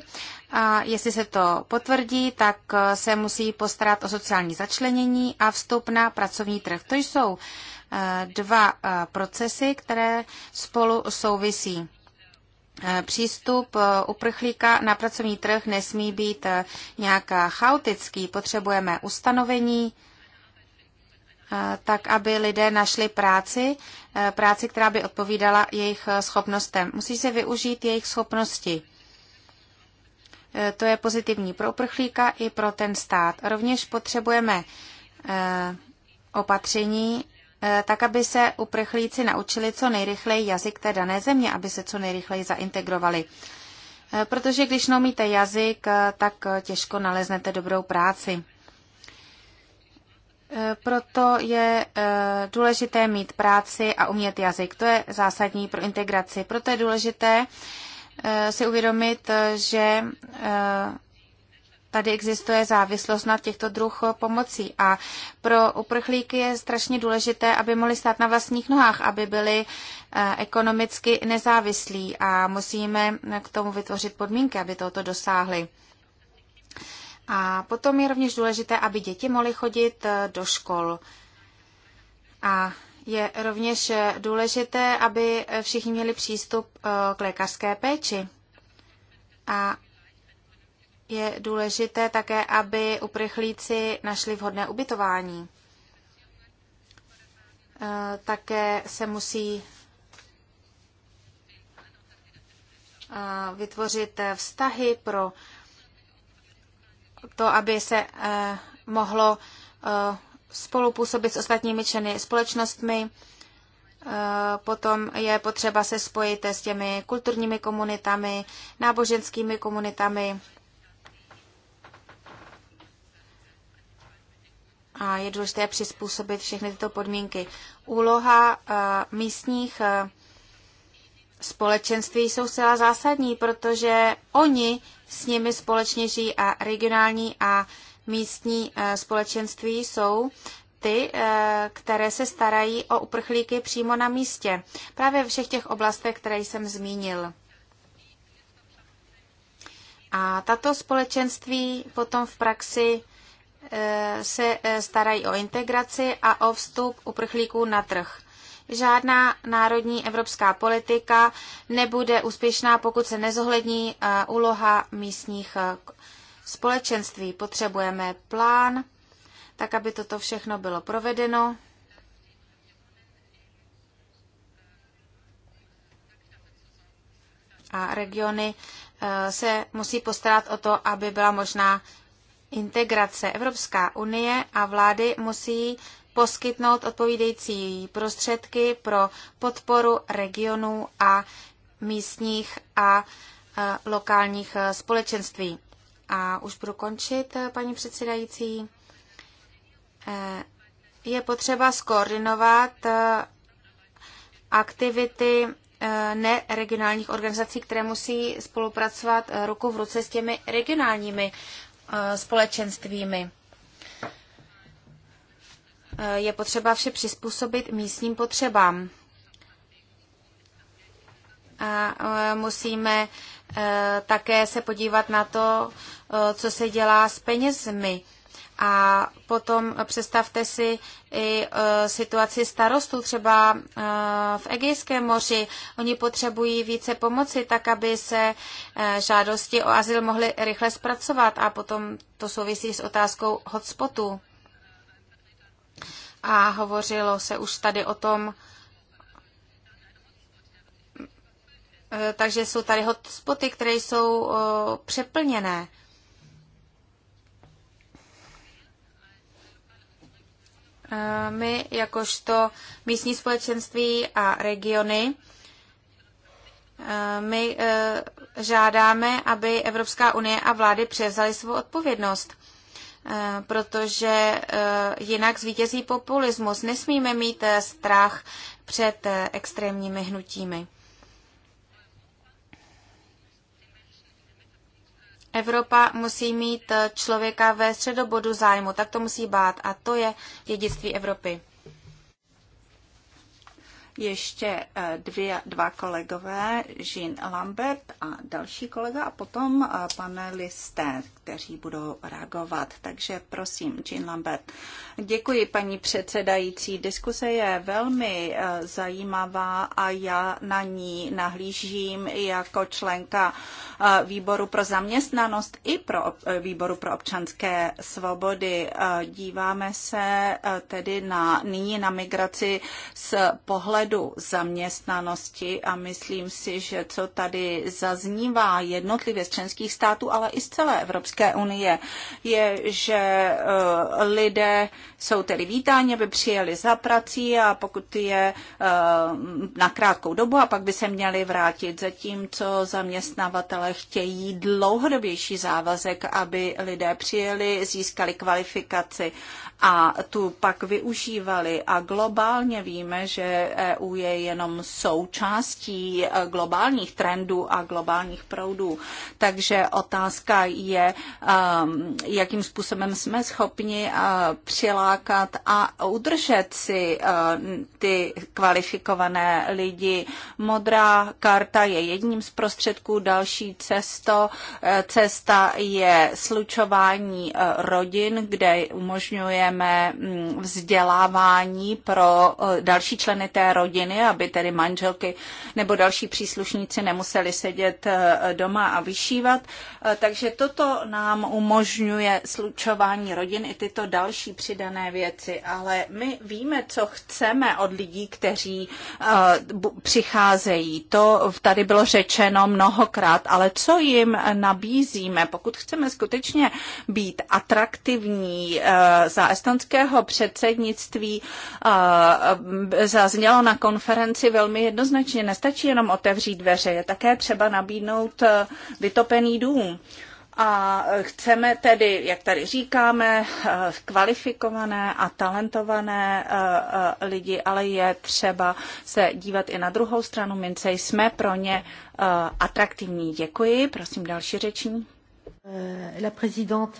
A jestli se to potvrdí, tak eh, se musí postarat o sociální začlenění a vstup na pracovní trh. To jsou dva eh, procesy, které spolu souvisí. Eh, přístup eh, uprchlíka na pracovní trh nesmí být nějak chaotický. Potřebujeme ustanovení, tak aby lidé našli práci, práci, která by odpovídala jejich schopnostem. Musí se využít jejich schopnosti. To je pozitivní pro uprchlíka i pro ten stát. Rovněž potřebujeme opatření, Eh, tak aby se uprchlíci naučili co nejrychleji jazyk té dané země, aby se co nejrychleji zaintegrovali. Eh, protože když neumíte jazyk, eh, tak těžko naleznete dobrou práci. Proto je důležité mít práci a umět jazyk. To je zásadní pro integraci. Proto je důležité si uvědomit, že tady existuje závislost na těchto druh eh, pomocí. A pro uprchlíky je strašně důležité, aby mohli stát na vlastních nohách, aby byli eh, ekonomicky nezávislí a musíme eh, k tomu vytvořit podmínky, aby tohoto dosáhli. A potom je rovněž důležité, aby děti mohly chodit do škol. A je rovněž důležité, aby všichni měli přístup k lékařské péči. A je důležité také, aby uprchlíci našli vhodné ubytování. E, také se musí e, vytvořit vztahy pro to, aby se e, mohlo spolupůsobit s ostatními členy společnostmi. Potom je potřeba se spojit s těmi kulturními komunitami, náboženskými komunitami a je důležité přizpůsobit všechny tyto podmínky. Úloha eh, místních eh, společenství jsou zcela zásadní, protože oni s nimi společně žijí a regionální a místní eh, společenství jsou ty, které se starají o uprchlíky přímo na místě, právě ve všech těch oblastech, které jsem zmínil. A tato společenství potom v praxi se eh, starají o integraci a o vstup uprchlíků na trh. Žádná národní evropská politika nebude úspěšná, pokud se nezohlední eh, úloha místních eh, společenství. Potřebujeme plán, tak aby toto všechno bylo provedeno. A regiony se musí postarat o to, aby byla možná integrace. Evropská unie a vlády musí poskytnout odpovídající prostředky pro podporu regionů a místních a e, lokálních e, společenství. A už budu končit, e, paní předsedající. Je potřeba skoordinovat aktivity neregionálních organizací, které musí spolupracovat ruku v ruce s těmi regionálními společenstvími. E, je potřeba vše přizpůsobit místním potřebám. A e, musíme e, také se podívat na to, co se dělá s penězmi a potom představte si i e, situaci starostů třeba e, v Egejském moři. Oni potřebují více pomoci, tak aby se e, žádosti o azyl mohly rychle zpracovat. A potom to souvisí s otázkou hotspotu. A hovořilo se už tady o tom, takže jsou tady hotspoty, které jsou přeplněné. my jakožto místní společenství a regiony, my e, žádáme, aby Evropská unie a vlády převzaly svou odpovědnost, e, protože e, jinak zvítězí populismus. Nesmíme mít strach před extrémními hnutími. Evropa musí mít eh, člověka ve středobodu zájmu, tak to musí bát a to je dědictví Evropy ještě eh, dvě, dva kolegové, Jean Lambert a další kolega a potom eh, panelisté, kteří budou reagovat. Takže prosím, Jean Lambert. Děkuji, paní předsedající. Diskuse je velmi eh, zajímavá a já na ní nahlížím jako členka výboru pro zaměstnanost i pro výboru pro občanské svobody. Díváme se tedy na, nyní na migraci z pohledu pohledu zaměstnanosti a myslím si, že co tady zaznívá jednotlivě z členských států, ale i z celé Evropské unie, je, že eh, lidé jsou tedy vítáni, aby přijeli za prací a pokud je eh, na krátkou dobu a pak by se měli vrátit, zatímco zaměstnavatele chtějí dlouhodobější závazek, aby lidé přijeli, získali kvalifikaci a tu pak využívali. A globálně víme, že EU je jenom součástí e, globálních trendů a globálních proudů. Takže otázka je, um, jakým způsobem jsme schopni uh, přilákat a udržet si uh, ty kvalifikované lidi. Modrá karta je jedním z prostředků, další cesto, uh, cesta je slučování rodin, kde umožňuje zajišťujeme mm, vzdělávání pro e, další členy té rodiny, aby tedy manželky nebo další příslušníci nemuseli sedět e, doma a vyšívat. E, takže toto nám umožňuje slučování rodin i tyto další přidané věci, ale my víme, co chceme od lidí, kteří přicházejí. To tady bylo řečeno mnohokrát, ale co jim nabízíme, pokud chceme skutečně být atraktivní, estonského předsednictví zaznělo na konferenci velmi jednoznačně. Nestačí jenom otevřít dveře, je také třeba nabídnout vytopený dům. A chceme tedy, jak tady říkáme, kvalifikované a talentované lidi, ale je třeba se dívat i na druhou stranu mince. Jsme pro ně atraktivní. Děkuji. Prosím další řeční. Eh, la présidente,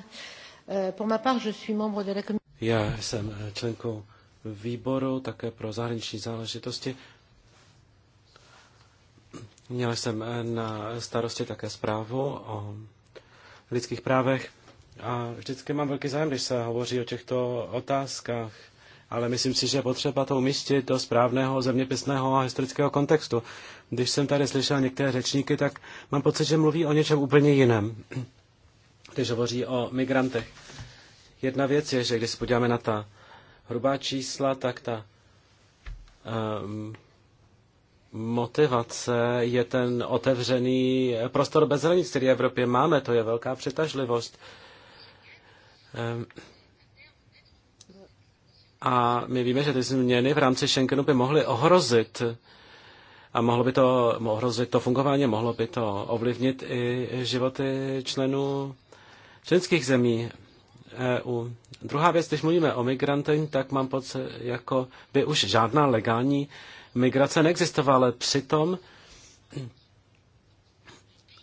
eh, pour ma part, je suis membre de la commission. Já jsem členkou výboru také pro zahraniční záležitosti. Měl jsem na starosti také zprávu o lidských právech a vždycky mám velký zájem, když se hovoří o těchto otázkách, ale myslím si, že je potřeba to umístit do správného zeměpisného a historického kontextu. Když jsem tady slyšel některé řečníky, tak mám pocit, že mluví o něčem úplně jiném, když hovoří o migrantech. Jedna věc je, že když se podíváme na ta hrubá čísla, tak ta um, motivace je ten otevřený prostor bez hranic, který v Evropě máme. To je velká přitažlivost. Um, a my víme, že ty změny v rámci Schengenu by mohly ohrozit a mohlo by to ohrozit to fungování, mohlo by to ovlivnit i životy členů členských zemí. EU. Druhá věc, když mluvíme o migrantech, tak mám pocit, jako by už žádná legální migrace neexistovala, ale přitom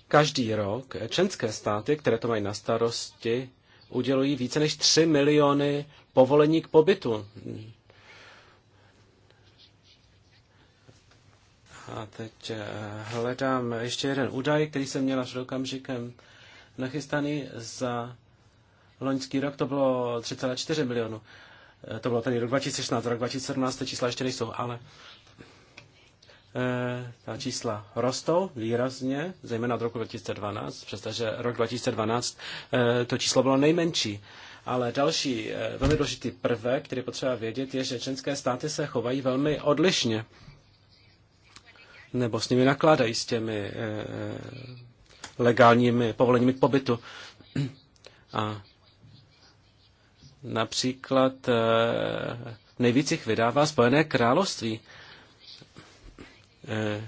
každý rok členské státy, které to mají na starosti, udělují více než 3 miliony povolení k pobytu. A teď eh, hledám ještě jeden údaj, který jsem měla před okamžikem nachystaný za loňský rok to bylo 3,4 milionu. Eh, to bylo tady rok 2016, rok 2017 ty čísla ještě nejsou, ale e, ta čísla rostou výrazně, zejména od roku 2012, přestože rok 2012 e, eh, to číslo bylo nejmenší. Ale další e, velmi důležitý prvek, který potřeba vědět, je, že členské státy se chovají velmi odlišně nebo s nimi nakládají s těmi e, legálními povoleními k pobytu. A například eh, nejvíc jich vydává Spojené království. Eh,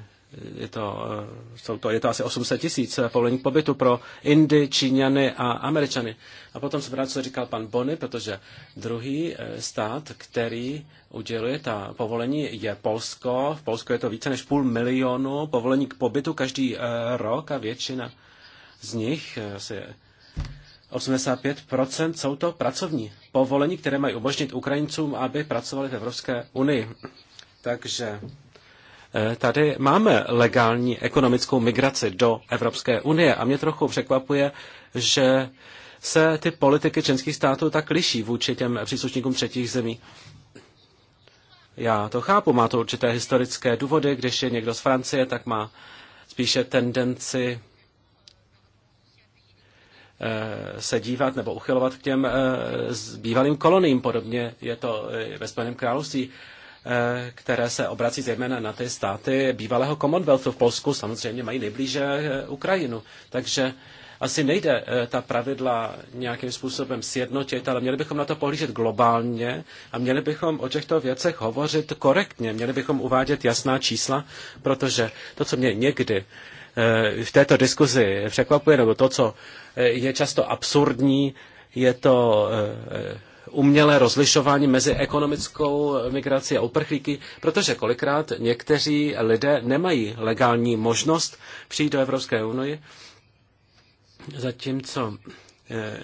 je to, eh, jsou to, je to asi 800 tisíc povolení pobytu pro Indy, Číňany a Američany. A potom se rád, co říkal pan Bony, protože druhý stát, který uděluje ta povolení, je Polsko. V Polsku je to více než půl milionu povolení k pobytu každý rok a většina z nich, asi 85% jsou to pracovní povolení, které mají umožnit Ukrajincům, aby pracovali v Evropské unii. Takže eh, tady máme legální ekonomickou migraci do Evropské unie a mě trochu překvapuje, že se ty politiky členských států tak liší vůči těm příslušníkům třetích zemí. Já to chápu, má to určité historické důvody, když je někdo z Francie, tak má spíše tendenci Eh, se dívat nebo uchylovat k těm eh, bývalým koloniím Podobně je to eh, ve Spojeném království které se obrací zejména na ty státy bývalého Commonwealthu v Polsku, samozřejmě mají nejblíže Ukrajinu. Takže asi nejde ta pravidla nějakým způsobem sjednotit, ale měli bychom na to pohlížet globálně a měli bychom o těchto věcech hovořit korektně, měli bychom uvádět jasná čísla, protože to, co mě někdy Eh, v této diskuzi překvapuje, nebo to, co eh, je často absurdní, je to eh, umělé rozlišování mezi ekonomickou migrací a uprchlíky, protože kolikrát někteří lidé nemají legální možnost přijít do Evropské unie, zatímco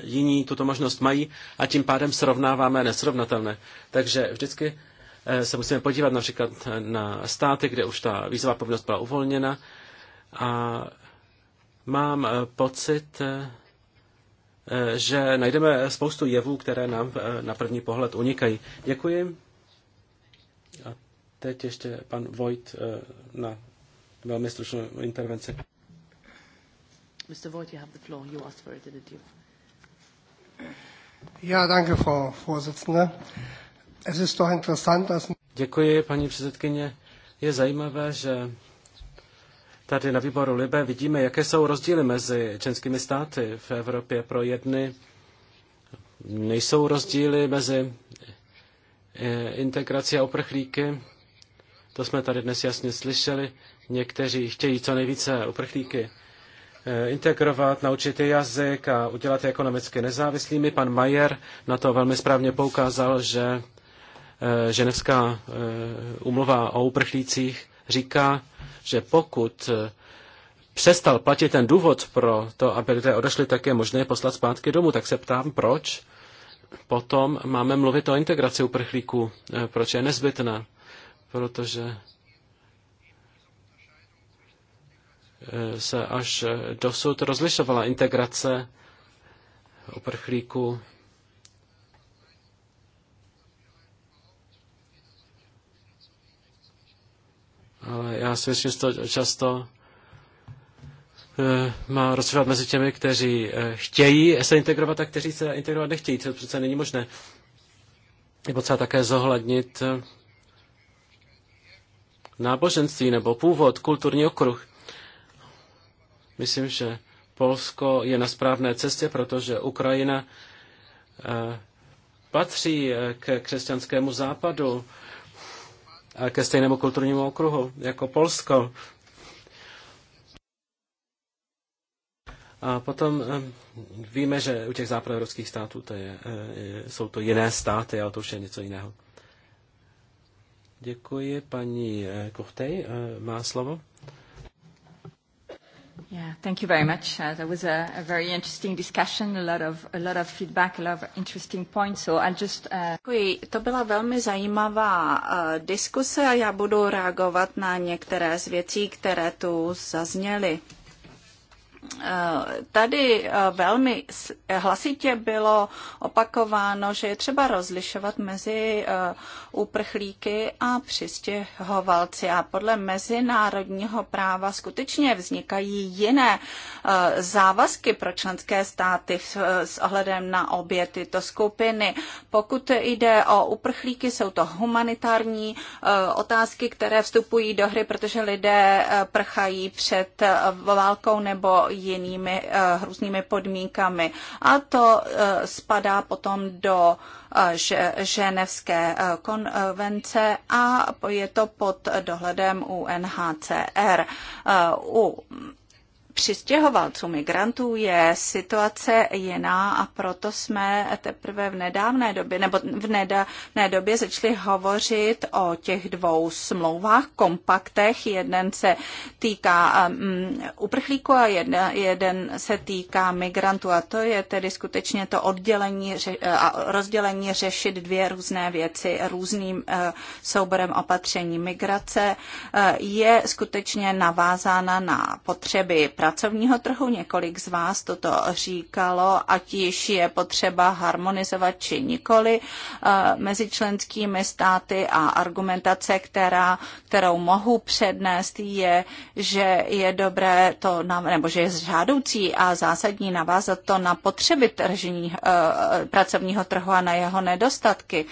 jiní tuto možnost mají a tím pádem srovnáváme nesrovnatelné. Takže vždycky se musíme podívat například na státy, kde už ta vízová povinnost byla uvolněna a mám eh, pocit, eh, že najdeme spoustu jevů, které nám eh, na první pohled unikají. Děkuji. A teď ještě pan Vojt na velmi stručnou intervenci. Mr. Voigt, you have the floor. You asked for it, didn't you? Ja, danke, Frau Vorsitzende. Es ist doch interessant, dass... Děkuji, paní předsedkyně. Je zajímavé, že tady na výboru Libe vidíme, jaké jsou rozdíly mezi členskými státy v Evropě. Pro jedny nejsou rozdíly mezi eh, integrací a uprchlíky. To jsme tady dnes jasně slyšeli. Někteří chtějí co nejvíce uprchlíky eh, integrovat, naučit je jazyk a udělat je ekonomicky nezávislými. Pan Majer na to velmi správně poukázal, že eh, ženevská umluva o uprchlících říká, že pokud eh, přestal platit ten důvod pro to, aby lidé odešli, tak je možné poslat zpátky domů. Tak se ptám, proč potom máme mluvit o integraci uprchlíků, eh, proč je nezbytná, protože eh, se až dosud rozlišovala integrace uprchlíků ale já svědčím to často eh, má rozhodovat mezi těmi, kteří eh, chtějí se integrovat a kteří se integrovat nechtějí, což přece není možné. Je potřeba také zohlednit eh, náboženství nebo původ, kulturní okruh. Myslím, že Polsko je na správné cestě, protože Ukrajina patří k křesťanskému západu ke stejnému kulturnímu okruhu jako Polsko. A potom eh, víme, že u těch západoevropských států to eh, je, jsou to jiné státy, ale to už je něco jiného. Děkuji. Paní eh, Kuchtej. má slovo. Yeah, thank you very much. Uh, that was a, a very interesting discussion, a lot of a lot of feedback, a lot of interesting points. So I'll just. Uh... Děkuji. To byla velmi zajímavá uh, diskuse a já budu reagovat na některé z věcí, které tu zazněly. Tady eh, velmi eh, hlasitě bylo opakováno, že je třeba rozlišovat mezi eh, uprchlíky a přistěhovalci. A podle mezinárodního práva skutečně vznikají jiné závazky pro členské státy s ohledem na obě tyto skupiny. Pokud jde o uprchlíky, jsou to humanitární otázky, které vstupují do hry, protože lidé prchají před válkou nebo jinými eh, hrůznými podmínkami. A to eh, spadá potom do eh, Ženevské konvence a je to pod dohledem UNHCR. U přistěhovalců, migrantů je situace jiná a proto jsme teprve v nedávné době, nebo v nedávné době začali hovořit o těch dvou smlouvách, kompaktech. Jeden se týká um, uprchlíků a jeden, jeden se týká migrantů a to je tedy skutečně to oddělení a rozdělení řešit dvě různé věci různým uh, souborem opatření. Migrace uh, je skutečně navázána na potřeby pra- pracovního trhu. Několik z vás toto říkalo, ať již je potřeba harmonizovat či nikoli eh, mezi členskými státy a argumentace, která, kterou mohu přednést, je, že je dobré to, nebo že je žádoucí a zásadní navázat to na potřeby tržení eh, pracovního trhu a na jeho nedostatky.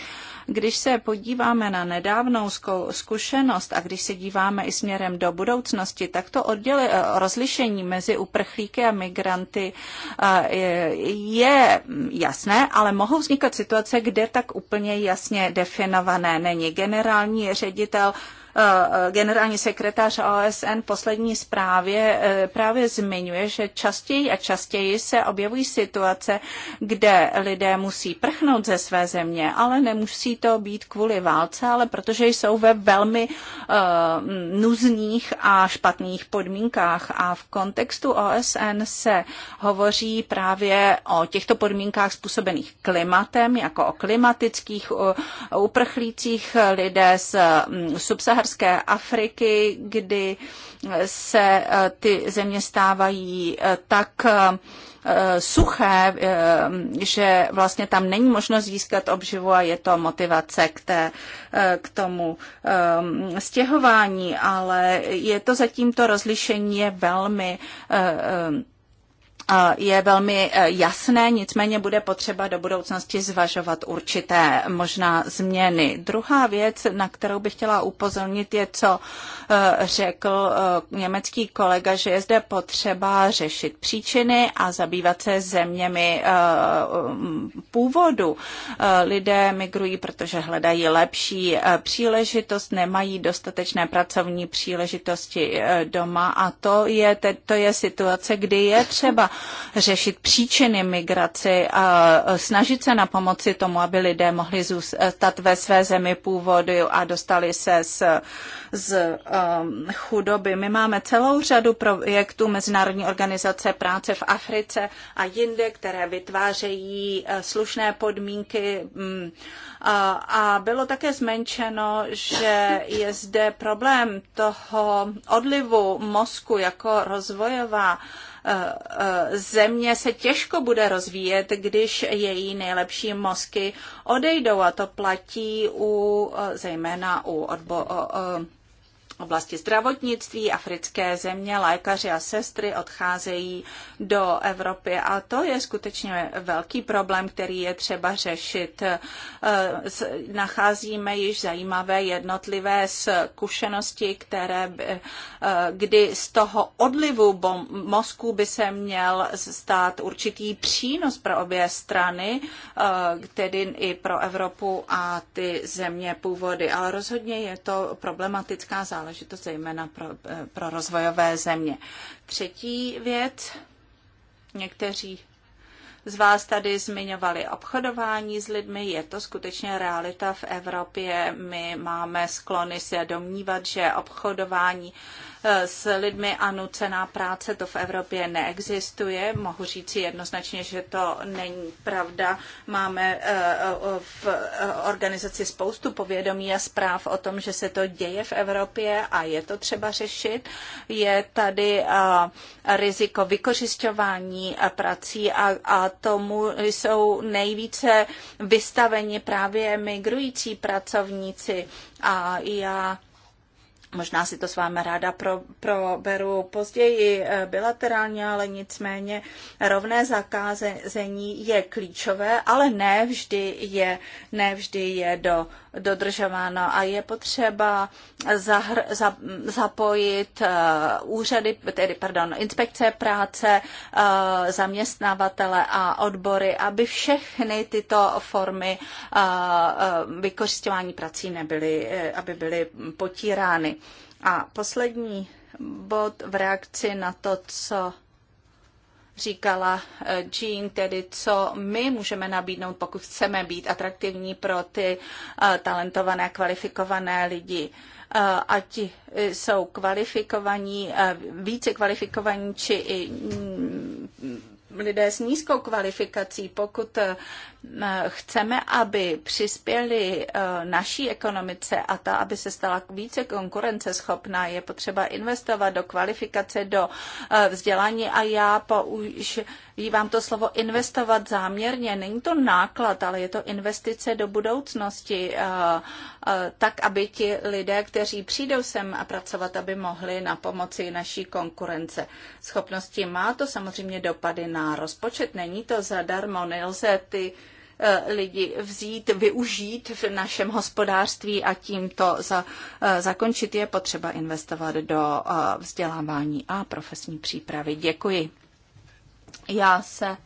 Když se podíváme na nedávnou zkušenost a když se díváme i směrem do budoucnosti, tak to odděle, eh, rozlišení mezi uprchlíky a migranty eh, je jasné, ale mohou vznikat situace, kde tak úplně jasně definované není. Generální ředitel Eh, generální sekretář OSN poslední zprávě eh, právě zmiňuje, že častěji a častěji se objevují situace, kde lidé musí prchnout ze své země, ale nemusí to být kvůli válce, ale protože jsou ve velmi uh, nuzných a špatných podmínkách. A v kontextu OSN se hovoří právě o těchto podmínkách způsobených klimatem, jako o klimatických uprchlících lidé z mm, subsaharských subsaharské Afriky, kdy se eh, ty země stávají eh, tak eh, suché, že vlastně tam není možnost získat obživu a je to motivace k, té, k tomu stěhování, ale je to zatím to rozlišení je velmi je velmi eh, jasné, nicméně bude potřeba do budoucnosti zvažovat určité možná změny. Druhá věc, na kterou bych chtěla upozornit, je, co eh, řekl eh, německý kolega, že je zde potřeba řešit příčiny a zabývat se zeměmi mm, původu. Lidé migrují, protože hledají lepší příležitost, nemají dostatečné pracovní příležitosti doma a to je, to je situace, kdy je třeba řešit příčiny migraci a snažit se na pomoci tomu, aby lidé mohli zůstat ve své zemi původu a dostali se z, z um, chudoby. My máme celou řadu projektů Mezinárodní organizace práce v Africe a jinde, které vytvářejí eh, slušné podmínky um, a, a bylo také zmenšeno, že je zde problém toho odlivu mozku jako rozvojová země se těžko bude rozvíjet, když její nejlepší mozky odejdou a to platí u, zejména u odbo, oblasti zdravotnictví africké země, lékaři a sestry odcházejí do Evropy a to je skutečně velký problém, který je třeba řešit. Eh, nacházíme již zajímavé jednotlivé zkušenosti, které eh, kdy z toho odlivu mozku by se měl stát určitý přínos pro obě strany, eh, tedy i pro Evropu a ty země původy. Ale rozhodně je to problematická záležitost záležitost zejména pro, eh, pro rozvojové země. Třetí věc, někteří z vás tady zmiňovali obchodování s lidmi, je to skutečně realita v Evropě. My máme sklony se domnívat, že obchodování Eh, s lidmi a nucená práce to v Evropě neexistuje. Mohu říci jednoznačně, že to není pravda. Máme eh, v eh, organizaci spoustu povědomí a zpráv o tom, že se to děje v Evropě a je to třeba řešit. Je tady riziko vykořišťování prací a, a tomu jsou nejvíce vystaveni právě migrující pracovníci. A já Možná si to s vámi ráda pro, proberu později eh, bilaterálně, ale nicméně rovné zakázení je klíčové, ale ne vždy je, ne vždy je do dodržováno a je potřeba zahr, za, zapojit uh, úřady, tedy pardon, inspekce práce, uh, zaměstnavatele a odbory, aby všechny tyto formy uh, vykořišťování prací nebyly, uh, aby byly potírány. A poslední bod v reakci na to, co říkala eh, Jean, tedy co my můžeme nabídnout, pokud chceme být atraktivní pro ty eh, talentované, kvalifikované lidi eh, ať jsou kvalifikovaní, více kvalifikovaní či i mm, lidé s nízkou kvalifikací, pokud chceme, aby přispěli eh, naší ekonomice a ta, aby se stala více konkurenceschopná, je potřeba investovat do kvalifikace, do eh, vzdělání a já vám to slovo investovat záměrně. Není to náklad, ale je to investice do budoucnosti, eh, tak, aby ti lidé, kteří přijdou sem a pracovat, aby mohli na pomoci naší konkurence schopnosti. Má to samozřejmě dopady na rozpočet, není to zadarmo, nelze ty Eh, lidi vzít, využít v našem hospodářství a tímto za, eh, zakončit, je potřeba investovat do eh, vzdělávání a profesní přípravy. Děkuji. Já se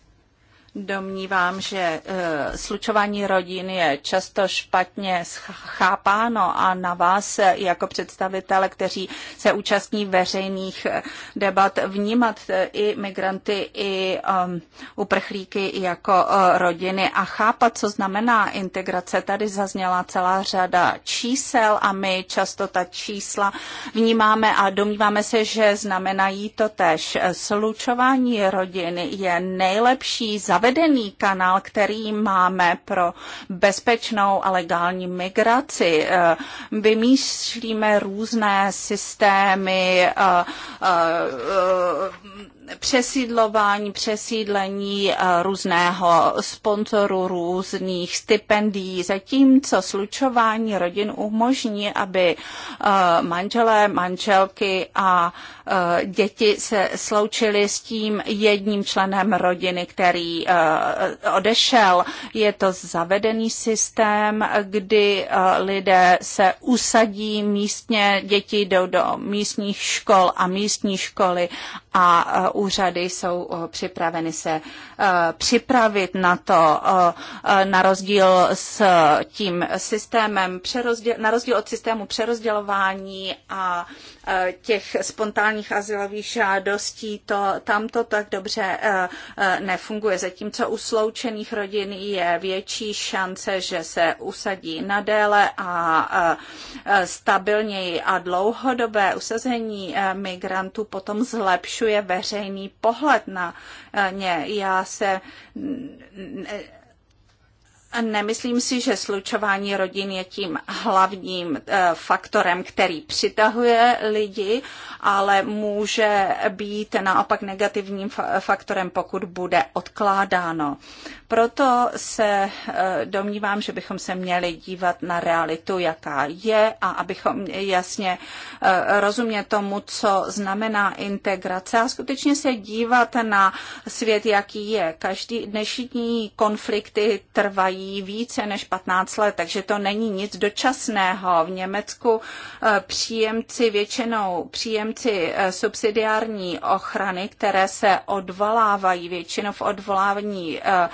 domnívám, že eh, slučování rodin je často špatně chápáno a na vás eh, jako představitele, kteří se účastní veřejných eh, debat, vnímat i migranty, i um, uprchlíky jako uh, rodiny a chápat, co znamená integrace. Tady zazněla celá řada čísel a my často ta čísla vnímáme a domníváme se, že znamenají to tež. Slučování rodin je nejlepší za zavedený kanál, který máme pro bezpečnou a legální migraci. Eh, vymýšlíme různé systémy, eh, eh, přesídlování, přesídlení eh, různého sponzoru, různých stipendií, zatímco slučování rodin umožní, aby eh, manželé, manželky a eh, děti se sloučily s tím jedním členem rodiny, který odešel. Je to zavedený systém, kdy lidé se usadí místně, děti jdou do místních škol a místní školy a úřady jsou eh, připraveny se eh, připravit na to, eh, na rozdíl s tím systémem, na rozdíl od systému přerozdělování a Eh, těch spontánních azylových žádostí, to, tam to tak dobře eh, eh, nefunguje. Zatímco u sloučených rodin je větší šance, že se usadí nadéle a stabilněji a dlouhodobé usazení migrantů potom zlepšuje veřejný pohled na ně. Já se Nemyslím si, že slučování rodin je tím hlavním eh, faktorem, který přitahuje lidi, ale může být naopak negativním faktorem, pokud bude odkládáno. Proto se eh, domnívám, že bychom se měli dívat na realitu, jaká je a abychom jasně eh, rozumět tomu, co znamená integrace a skutečně se dívat na svět, jaký je. Každý dnešní konflikty trvají více než 15 let, takže to není nic dočasného. V Německu eh, příjemci většinou příjemci subsidiární ochrany, které se odvalávají většinou v odvolávání uh,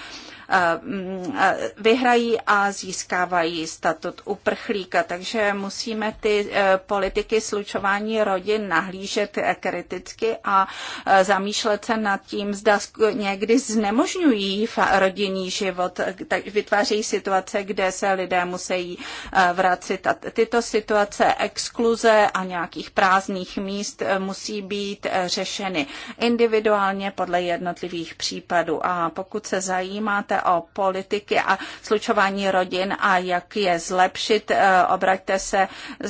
Eh, vyhrají a získávají statut uprchlíka. Takže musíme ty eh, politiky slučování rodin nahlížet kriticky a eh, zamýšlet se nad tím, zda někdy znemožňují rodinný život, tak vytvářejí situace, kde se lidé musí vracit. A tyto situace exkluze a nějakých prázdných míst musí být řešeny individuálně podle jednotlivých případů. A pokud se zajímáte se o politiky a slučování rodin a jak je zlepšit. Eh, obraťte se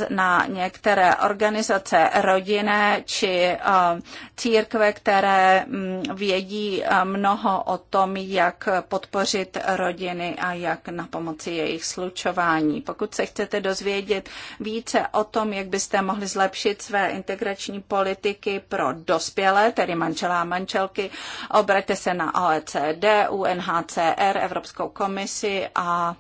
na některé organizace rodinné či eh, církve, které mm, vědí eh, mnoho o tom, jak podpořit rodiny a jak na pomoci jejich slučování. Pokud se chcete dozvědět více o tom, jak byste mohli zlepšit své integrační politiky pro dospělé, tedy manželá a manželky, obraťte se na OECD, UNHCR ECR, Evropskou komisi a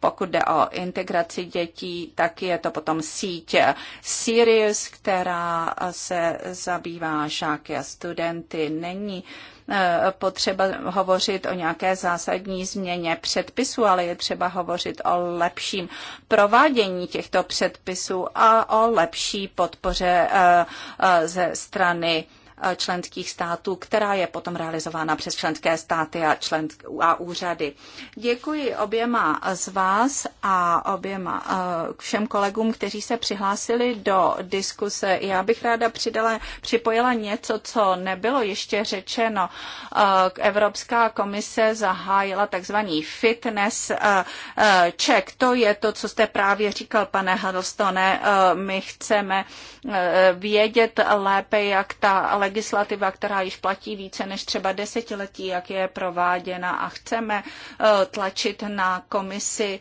pokud jde o integraci dětí, tak je to potom síť Sirius, která se zabývá žáky a studenty. Není eh, potřeba hovořit o nějaké zásadní změně předpisů, ale je třeba hovořit o lepším provádění těchto předpisů a o lepší podpoře eh, eh, ze strany Eh, členských států, která je potom realizována přes členské státy a, člen, a úřady. Děkuji oběma z vás a oběma eh, všem kolegům, kteří se přihlásili do diskuse. Já bych ráda přidala, připojila něco, co nebylo ještě řečeno. Eh, Evropská komise zahájila takzvaný fitness check. To je to, co jste právě říkal, pane Hadlstone. My chceme vědět lépe, jak ta legislativa, která již platí více než třeba desetiletí, jak je prováděna a chceme eh, tlačit na komisi,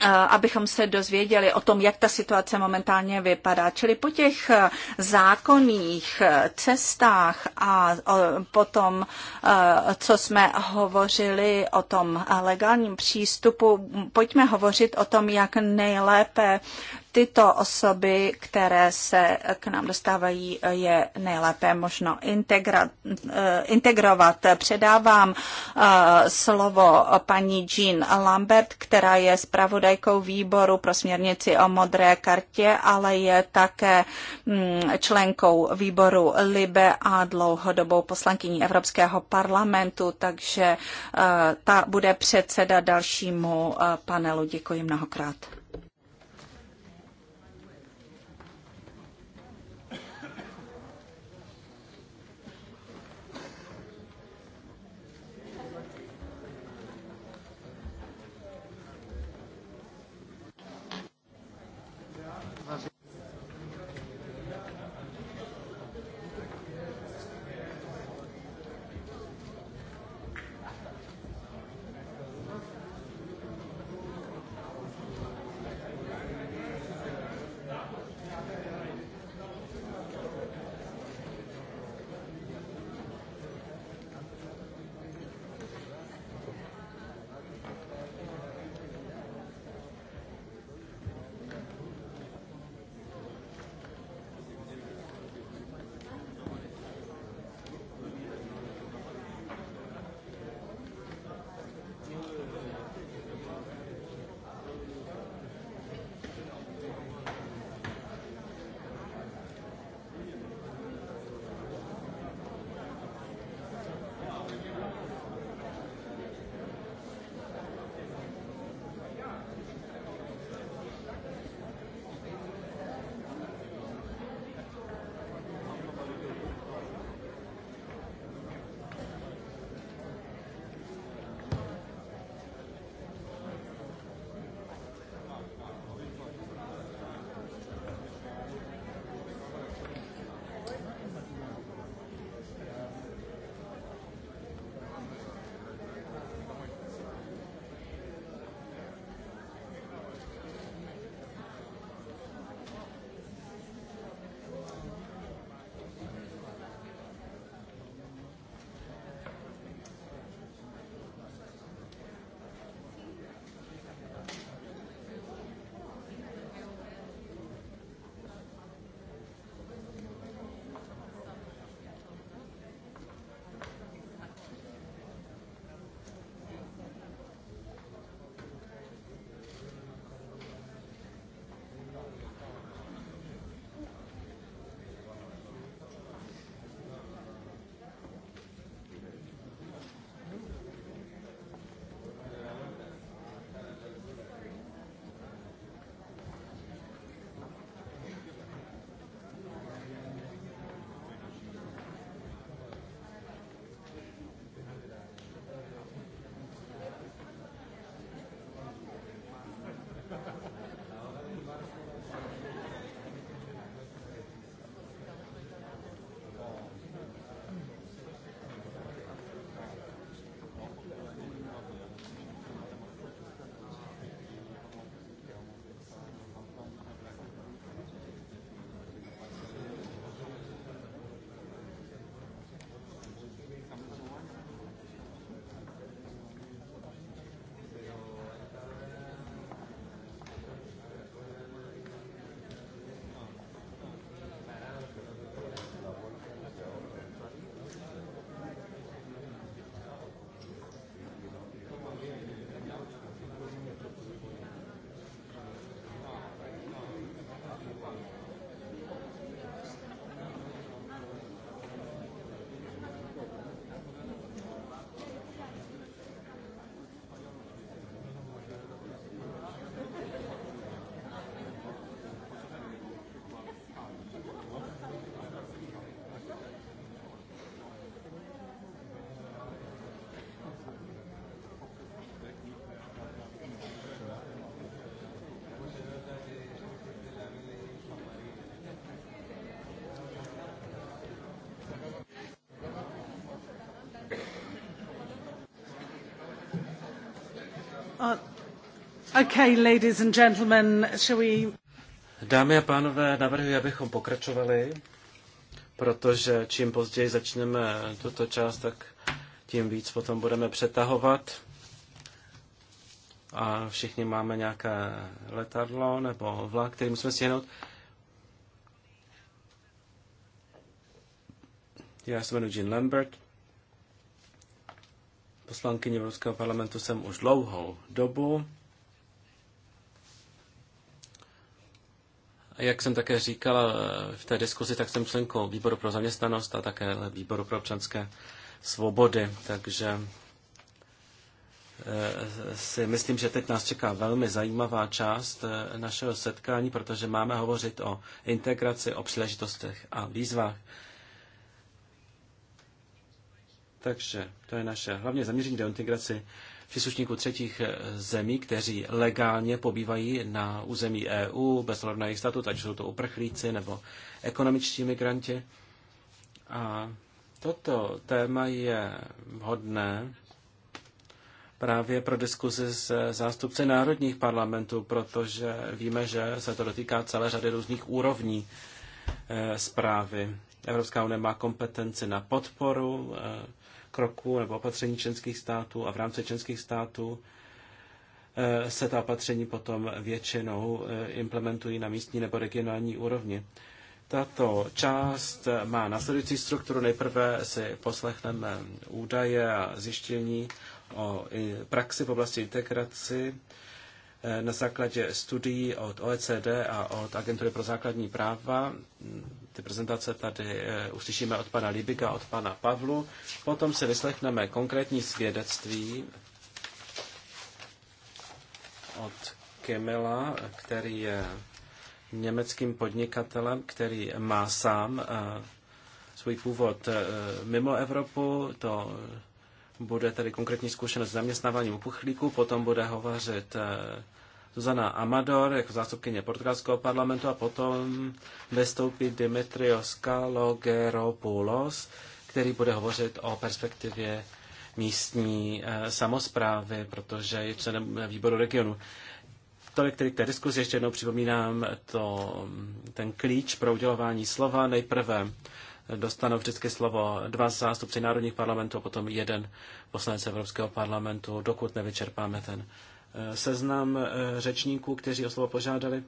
eh, abychom se dozvěděli o tom, jak ta situace momentálně vypadá. Čili po těch eh, zákonných cestách a potom, co jsme hovořili o tom legálním přístupu, pojďme hovořit o tom, jak nejlépe tyto osoby, které se k nám dostávají, je nejlépe možno integra, eh, integrovat. Předávám eh, slovo paní Jean Lambert, která je zpravodajkou výboru pro směrnici o modré kartě, ale je také mm, členkou výboru LIBE a dlouhodobou poslankyní Evropského parlamentu, takže eh, ta bude předseda dalšímu panelu. Děkuji mnohokrát. Okay, ladies and gentlemen, shall we... Dámy a pánové, navrhuji, abychom pokračovali, protože čím později začneme tuto část, tak tím víc potom budeme přetahovat. A všichni máme nějaké letadlo nebo vlak, který musíme stihnout. Já se jmenuji Jean Lambert. Poslankyně Evropského parlamentu jsem už dlouhou dobu Jak jsem také říkala eh, v té diskuzi, tak jsem členkou výboru pro zaměstnanost a také výboru pro občanské svobody, takže eh, si myslím, že teď nás čeká velmi zajímavá část eh, našeho setkání, protože máme hovořit o integraci, o příležitostech a výzvách. Takže to je naše hlavně zaměření do integraci příslušníků třetích eh, zemí, kteří legálně pobývají na území EU bez ohledu na jejich statut, ať jsou to uprchlíci nebo ekonomičtí migranti. A toto téma je vhodné právě pro diskuzi s eh, zástupci národních parlamentů, protože víme, že se to dotýká celé řady různých úrovní eh, zprávy. Evropská unie má kompetenci na podporu kroků nebo opatření členských států a v rámci členských států eh, se ta opatření potom většinou eh, implementují na místní nebo regionální úrovni. Tato část eh, má následující strukturu. Nejprve si poslechneme údaje a zjištění o praxi v oblasti integraci Eh, na základě studií od OECD a od Agentury pro základní práva. Hm, ty prezentace tady eh, uslyšíme od pana Libiga, od pana Pavlu. Potom si vyslechneme konkrétní svědectví od Kemela, který je německým podnikatelem, který má sám eh, svůj původ mimo Evropu. To bude tady konkrétní zkušenost zaměstnávání uprchlíků, potom bude hovořit eh, Zuzana Amador jako zástupkyně portugalského parlamentu a potom vystoupí Dimitrios Kalogeropoulos, který bude hovořit o perspektivě místní eh, samozprávy, protože je členem výboru regionu. Tolik tedy k té diskusi. ještě jednou připomínám to, ten klíč pro udělování slova. Nejprve dostanou vždycky slovo dva zástupci národních parlamentů a potom jeden poslanec Evropského parlamentu, dokud nevyčerpáme ten eh, seznam eh, řečníků, kteří o slovo požádali.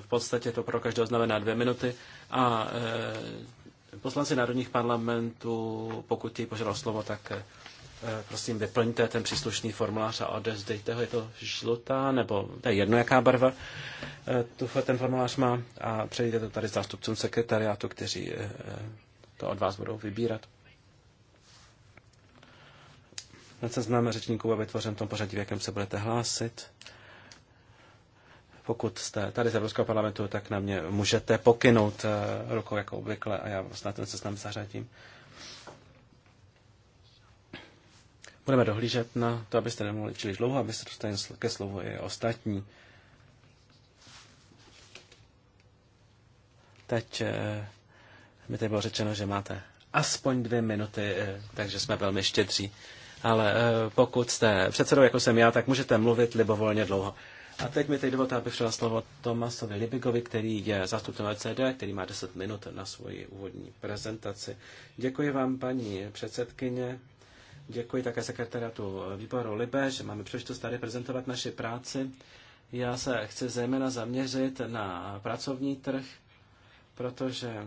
V podstatě to pro každého znamená dvě minuty. A eh, poslanci národních parlamentů, pokud ti požádal slovo, tak Eh, prosím, vyplňte ten příslušný formulář a odezdejte ho, je to žlutá, nebo to je jedno, jaká barva eh, tu, ten formulář má a přejdete to tady zástupcům sekretariátu, kteří eh, to od vás budou vybírat. Hned se známe řečníků a vytvořen tom pořadí, v jakém se budete hlásit. Pokud jste tady z Evropského parlamentu, tak na mě můžete pokynout rukou jako obvykle a já vlastně ten seznam zařadím. Budeme dohlížet na to, abyste nemluvili příliš dlouho, abyste dostali ke slovu i ostatní. Teď eh, mi tady bylo řečeno, že máte aspoň dvě minuty, eh, takže jsme velmi štědří. Ale eh, pokud jste předsedou, jako jsem já, tak můžete mluvit libovolně dlouho. A teď mi teď dovolte, abych předal slovo Tomasovi Libigovi, který je zástupcem LCD, který má 10 minut na svoji úvodní prezentaci. Děkuji vám, paní předsedkyně. Děkuji také sekretariatu výboru Libe, že máme příležitost tady prezentovat naši práci. Já se chci zejména zaměřit na pracovní trh, protože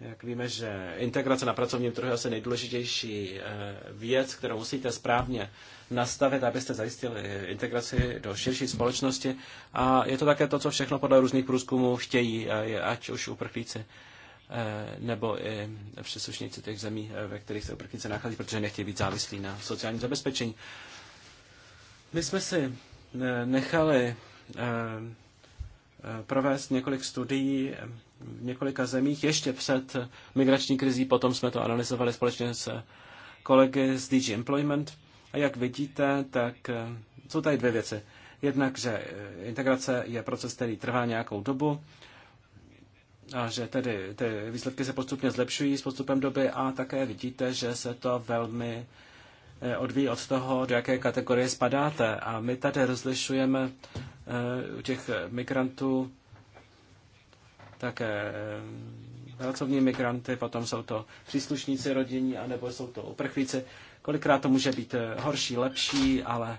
jak víme, že integrace na pracovním trhu je asi nejdůležitější eh, věc, kterou musíte správně nastavit, abyste zajistili integraci do širší společnosti. A je to také to, co všechno podle různých průzkumů chtějí, eh, ať už uprchlíci Eh, nebo i příslušníci těch zemí, eh, ve kterých se uprchlíci nachází, protože nechtějí být závislí na sociálním zabezpečení. My jsme si eh, nechali provést několik studií v několika zemích ještě před migrační krizí, potom jsme to analyzovali společně s kolegy z DG Employment. A jak vidíte, tak jsou tady dvě věci. Jednak, že integrace je proces, který trvá nějakou dobu a že tedy ty výsledky se postupně zlepšují s postupem doby a také vidíte, že se to velmi eh, odvíjí od toho, do jaké kategorie spadáte. A my tady rozlišujeme eh, u těch migrantů také eh, pracovní migranty, potom jsou to příslušníci rodinní, anebo jsou to uprchlíci. Kolikrát to může být horší, lepší, ale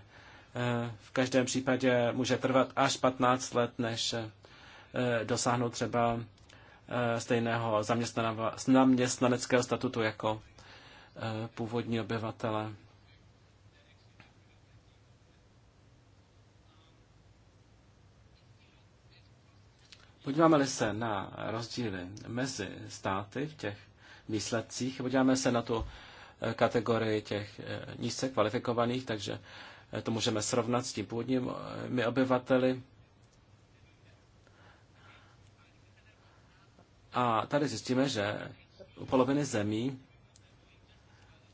v každém případě může trvat až 15 let, než dosáhnout třeba Eh, stejného zaměstnaneckého statutu jako eh, původní obyvatele. Podíváme-li se na rozdíly mezi státy v těch výsledcích, podíváme se na tu eh, kategorii těch nízce kvalifikovaných, takže to můžeme srovnat s tím původními obyvateli. A tady zjistíme, že u poloviny zemí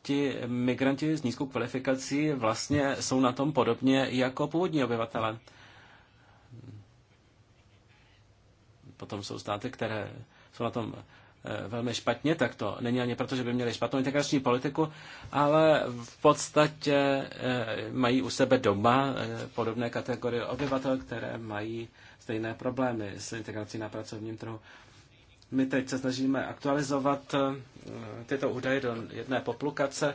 ti migranti s nízkou kvalifikací vlastně jsou na tom podobně jako původní obyvatele. Potom jsou státy, které jsou na tom eh, velmi špatně, tak to není ani proto, že by měli špatnou integrační politiku, ale v podstatě eh, mají u sebe doma eh, podobné kategorie obyvatel, které mají stejné problémy s integrací na pracovním trhu. My teď se snažíme aktualizovat eh, tyto údaje do jedné poplukace,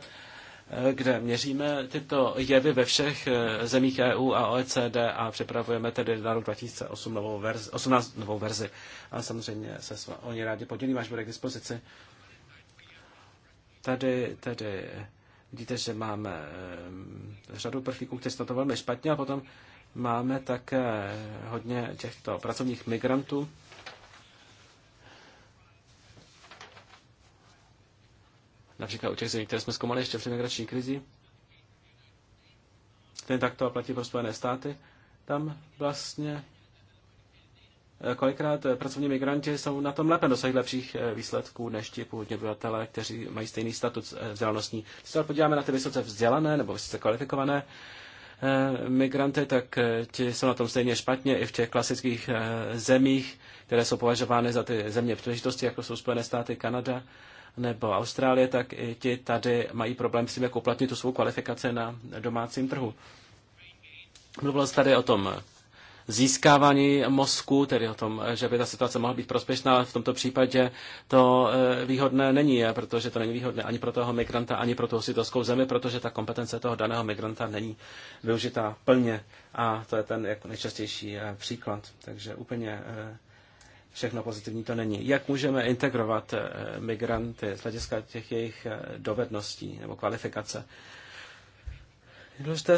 eh, kde měříme tyto jevy ve všech eh, zemích EU a OECD a připravujeme tedy na rok 2008 novou verzi, 18 novou verzi. A samozřejmě se s oni rádi podělím, až bude k dispozici. Tady, tady vidíte, že máme řadu prvníků, kteří jsou to velmi špatně a potom máme také hodně těchto pracovních migrantů, například u těch zemí, které jsme zkoumali ještě před migrační krizi. ten takto platí pro Spojené státy, tam vlastně eh, kolikrát eh, pracovní migranti jsou na tom lépe dosahují lepších eh, výsledků než ti původní obyvatele, kteří mají stejný statut vzdělanostní. Když se podíváme na ty vysoce vzdělané nebo vysoce kvalifikované migranty, tak ti jsou na tom stejně špatně i v těch klasických zemích, které jsou považovány za ty země příležitosti, jako jsou Spojené státy, Kanada nebo Austrálie, tak i ti tady mají problém s tím, jak uplatnit tu svou kvalifikaci na domácím trhu. Mluvil se tady o tom získávání mozku, tedy o tom, že by ta situace mohla být prospěšná, ale v tomto případě to e, výhodné není, e, protože to není výhodné ani pro toho migranta, ani pro tu hostitelskou zemi, protože ta kompetence toho daného migranta není využitá plně. A to je ten jako nejčastější e, příklad. Takže úplně všechno pozitivní to není. Jak můžeme integrovat eh, migranty z hlediska těch jejich eh, dovedností nebo kvalifikace? Je důležité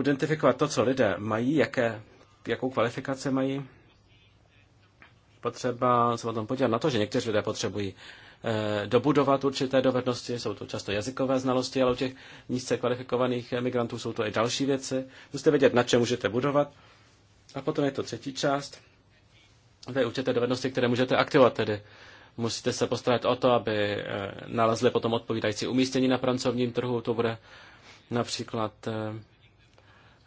identifikovat to, co lidé mají, jaké, jakou kvalifikaci mají. Potřeba se o tom podívat na to, že někteří lidé potřebují eh, dobudovat určité dovednosti, jsou to často jazykové znalosti, ale u těch nízce kvalifikovaných migrantů jsou to i další věci. Musíte vědět, na čem můžete budovat. A potom je to třetí část, je určité dovednosti, které můžete aktivovat tedy. Musíte se postarat o to, aby eh, nalezli potom odpovídající umístění na pracovním trhu. To bude například eh,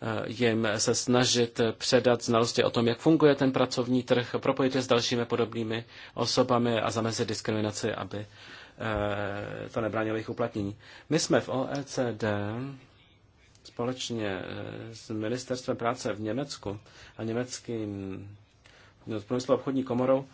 eh, jim se snažit předat znalosti o tom, jak funguje ten pracovní trh, propojit je s dalšími podobnými osobami a zamezit diskriminaci, aby to nebránilo jejich uplatnění. My jsme v OECD společně s Ministerstvem práce v Německu a německým s průmyslovou obchodní komorou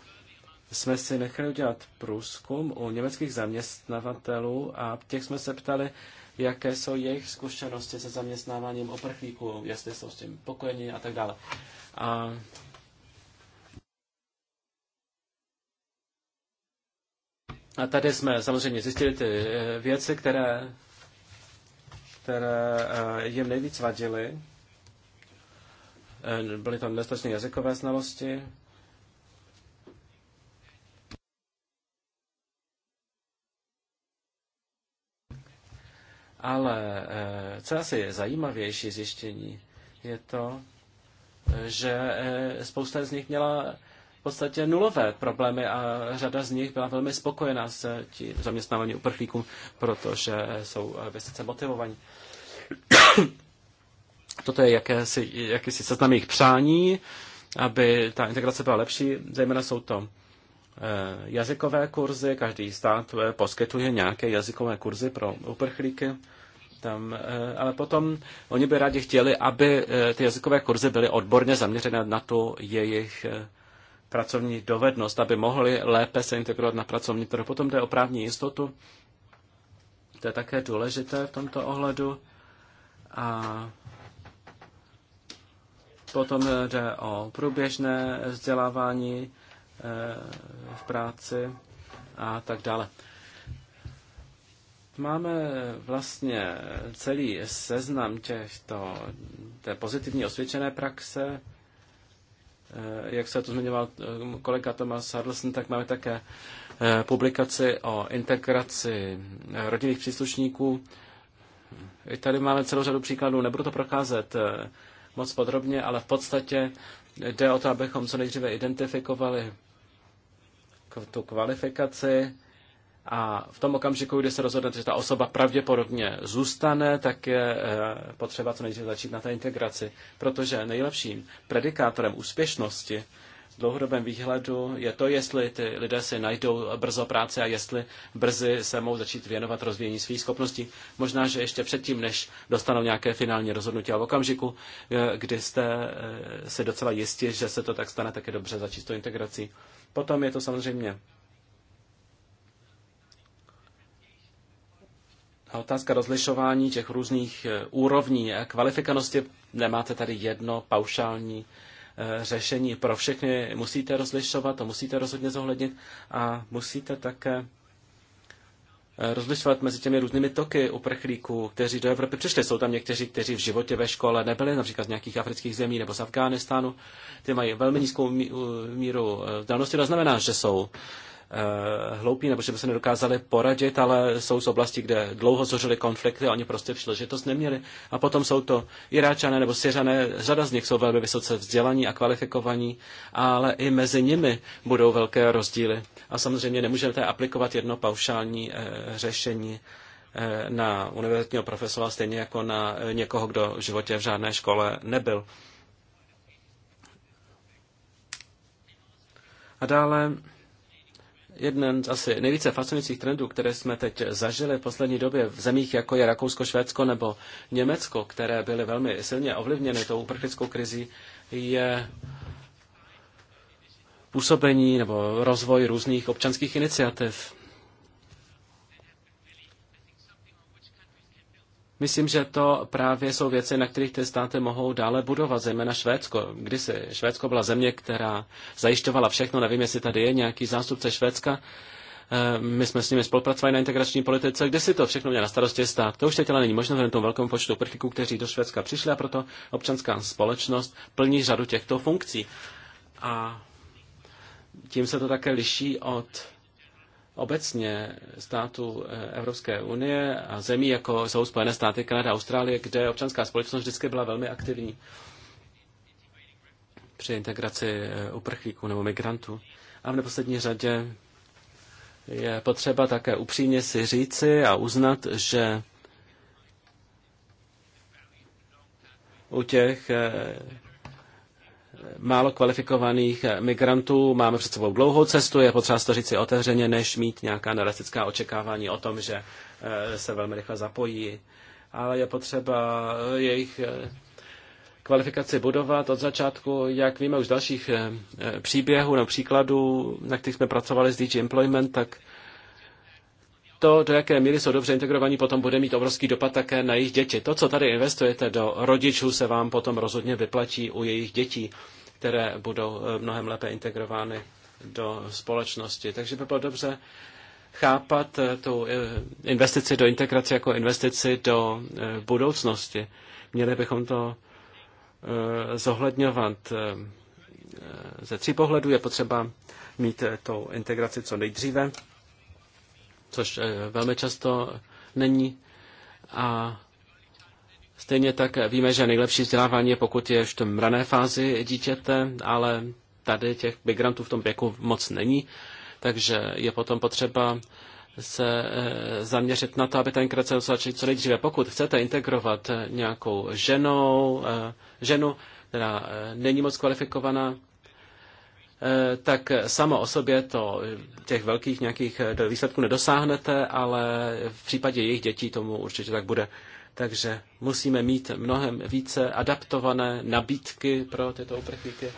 jsme si nechali udělat průzkum u německých zaměstnavatelů a těch jsme se ptali, jaké jsou jejich zkušenosti se zaměstnáváním oprchlíků, jestli jsou s tím pokojení a tak dále. A A tady jsme samozřejmě zjistili ty eh, věci, které, které eh, jim nejvíc vadily. Eh, byly tam nedostatečné jazykové znalosti, Ale eh, co asi je zajímavější zjištění, je to, že eh, spousta z nich měla v podstatě nulové problémy a řada z nich byla velmi spokojená s tím zaměstnávání uprchlíků, protože jsou eh, vysoce motivovaní. [coughs] Toto je jakési, jakýsi seznam jejich přání, aby ta integrace byla lepší, zejména jsou to Eh, jazykové kurzy, každý stát eh, poskytuje nějaké jazykové kurzy pro uprchlíky, tam, eh, ale potom oni by rádi chtěli, aby ty jazykové kurzy byly odborně zaměřené na tu jejich pracovní dovednost, aby mohli lépe se integrovat na pracovní trh. Potom jde o právní jistotu, to je také důležité v tomto ohledu. A potom jde o průběžné vzdělávání, Eh, v práci a tak dále. Máme vlastně celý seznam těchto té pozitivní osvědčené praxe. Eh, jak se to zmiňoval eh, kolega Thomas Harlson, tak máme také publikaci o integraci rodinných příslušníků. I tady máme celou řadu příkladů, nebudu to procházet moc podrobně, ale v podstatě jde o to, abychom co nejdříve identifikovali tu kvalifikaci a v tom okamžiku, kdy se rozhodnete, že ta osoba pravděpodobně zůstane, tak je eh, potřeba co nejdříve začít na té integraci, protože nejlepším predikátorem úspěšnosti v dlouhodobém výhledu je to, jestli ty lidé si najdou brzo práce a jestli brzy se mohou začít věnovat rozvíjení svých schopností. Možná, že ještě předtím, než dostanou nějaké finální rozhodnutí a v okamžiku, eh, kdy jste eh, si docela jistí, že se to tak stane, tak je dobře začít s tou integrací. Potom je to samozřejmě A otázka rozlišování těch různých eh, úrovní a kvalifikovanosti. Nemáte tady jedno paušální eh, řešení pro všechny. Musíte rozlišovat, to musíte rozhodně zohlednit a musíte také Eh, rozlišovat mezi těmi různými toky uprchlíků, kteří do Evropy přišli. Jsou tam někteří, kteří v životě ve škole nebyli, například z nějakých afrických zemí nebo z Afghánistánu. Ty mají velmi nízkou míru eh, vzdálenosti. To znamená, že jsou Eh, hloupí nebo že by se nedokázali poradit, ale jsou z oblasti, kde dlouho zořily konflikty a oni prostě příležitost neměli. A potom jsou to Iráčané nebo Syřané, řada z nich jsou velmi vysoce vzdělaní a kvalifikovaní, ale i mezi nimi budou velké rozdíly. A samozřejmě nemůžete aplikovat jedno paušální eh, řešení eh, na univerzitního profesora, stejně jako na někoho, kdo v životě v žádné škole nebyl. A dále jeden z asi nejvíce fascinujících trendů, které jsme teď zažili v poslední době v zemích, jako je Rakousko, Švédsko nebo Německo, které byly velmi silně ovlivněny tou uprchlickou krizí, je působení nebo rozvoj různých občanských iniciativ. Myslím, že to právě jsou věci, na kterých ty státy mohou dále budovat, zejména Švédsko. Kdysi Švédsko byla země, která zajišťovala všechno, nevím, jestli tady je nějaký zástupce Švédska. Eh, my jsme s nimi spolupracovali na integrační politice, kde si to všechno měl na starosti stát. To už teď ale není možné vzhledem tomu velkému počtu uprchlíků, kteří do Švédska přišli a proto občanská společnost plní řadu těchto funkcí. A tím se to také liší od obecně států eh, Evropské unie a zemí, jako jsou Spojené státy, Kanada, Austrálie, kde občanská společnost vždycky byla velmi aktivní při integraci eh, uprchlíků nebo migrantů. A v neposlední řadě je potřeba také upřímně si říci a uznat, že u těch eh, málo kvalifikovaných migrantů, máme před sebou dlouhou cestu, je potřeba to si otevřeně, než mít nějaká narastická očekávání o tom, že eh, se velmi rychle zapojí. Ale je potřeba eh, jejich eh, kvalifikaci budovat od začátku, jak víme už z dalších příběhů nebo příkladů, na kterých jsme pracovali s DG Employment, tak to, do jaké míry jsou dobře integrovaní, potom bude mít obrovský dopad také na jejich děti. To, co tady investujete do rodičů, se vám potom rozhodně vyplatí u jejich dětí, které budou eh, mnohem lépe integrovány do společnosti. Takže by bylo dobře chápat eh, tu eh, investici do integrace jako investici do budoucnosti. Měli bychom to zohledňovat ze tří pohledů. Je potřeba mít tou integraci co nejdříve což eh, velmi často není. A stejně tak víme, že nejlepší vzdělávání je, pokud je v tom rané fázi dítěte, ale tady těch migrantů v tom věku moc není, takže je potom potřeba se eh, zaměřit na to, aby ta integrace začala co nejdříve. Pokud chcete integrovat eh, nějakou ženou, ženu, která není moc kvalifikovaná, Eh, tak samo o sobě to eh, těch velkých nějakých eh, výsledků nedosáhnete, ale v případě jejich dětí tomu určitě tak bude. Takže musíme mít mnohem více adaptované nabídky pro tyto uprchlíky.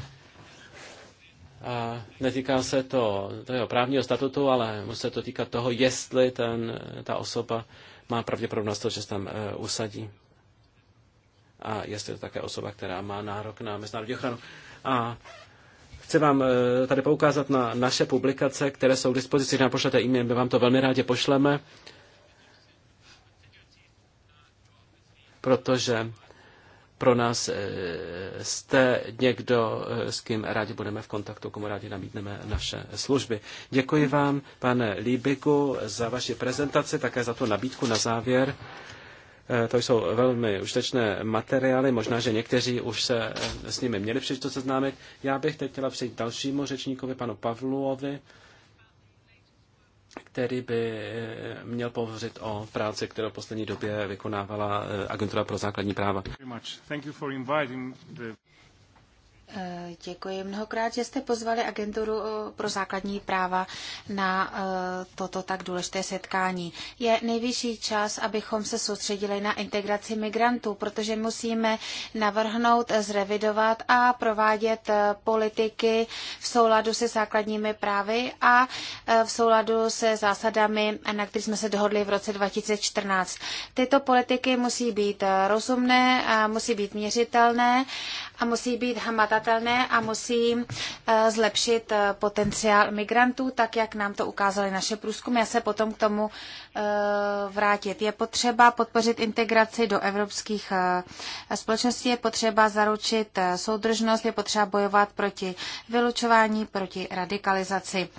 A netýká se to toho právního statutu, ale musí se to týkat toho, jestli ten, ta osoba má pravděpodobnost to, že se tam e, usadí. A jestli to také osoba, která má nárok na mezinárodní ochranu. A Chci vám eh, tady poukázat na naše publikace, které jsou k dispozici. Když nám pošlete e-mail, my vám to velmi rádi pošleme, protože pro nás eh, jste někdo, eh, s kým rádi budeme v kontaktu, komu rádi nabídneme naše služby. Děkuji vám, pane Líbiku, za vaši prezentaci, také za tu nabídku na závěr. Eh, to jsou velmi užitečné materiály, možná, že někteří už se eh, s nimi měli příležitost seznámit. Já bych teď chtěla přejít dalšímu řečníkovi, panu Pavluovi, který by eh, měl pohovořit o práci, kterou v poslední době vykonávala Agentura pro základní práva. Děkuji mnohokrát, že jste pozvali agenturu eh, pro základní práva na eh, toto tak důležité setkání. Je nejvyšší čas, abychom se soustředili na integraci migrantů, protože musíme navrhnout, eh, zrevidovat a provádět politiky v souladu se základními právy a v souladu se zásadami, na které jsme se dohodli v roce 2014. Tyto politiky musí být rozumné, a musí být měřitelné a musí být hmatatelné a musí eh, zlepšit eh, potenciál migrantů, tak jak nám to ukázaly naše průzkumy. Já se potom k tomu eh, vrátit. Je potřeba podpořit integraci do evropských společností, je potřeba zaručit soudržnost, je potřeba bojovat proti vylučování, proti radikalizaci.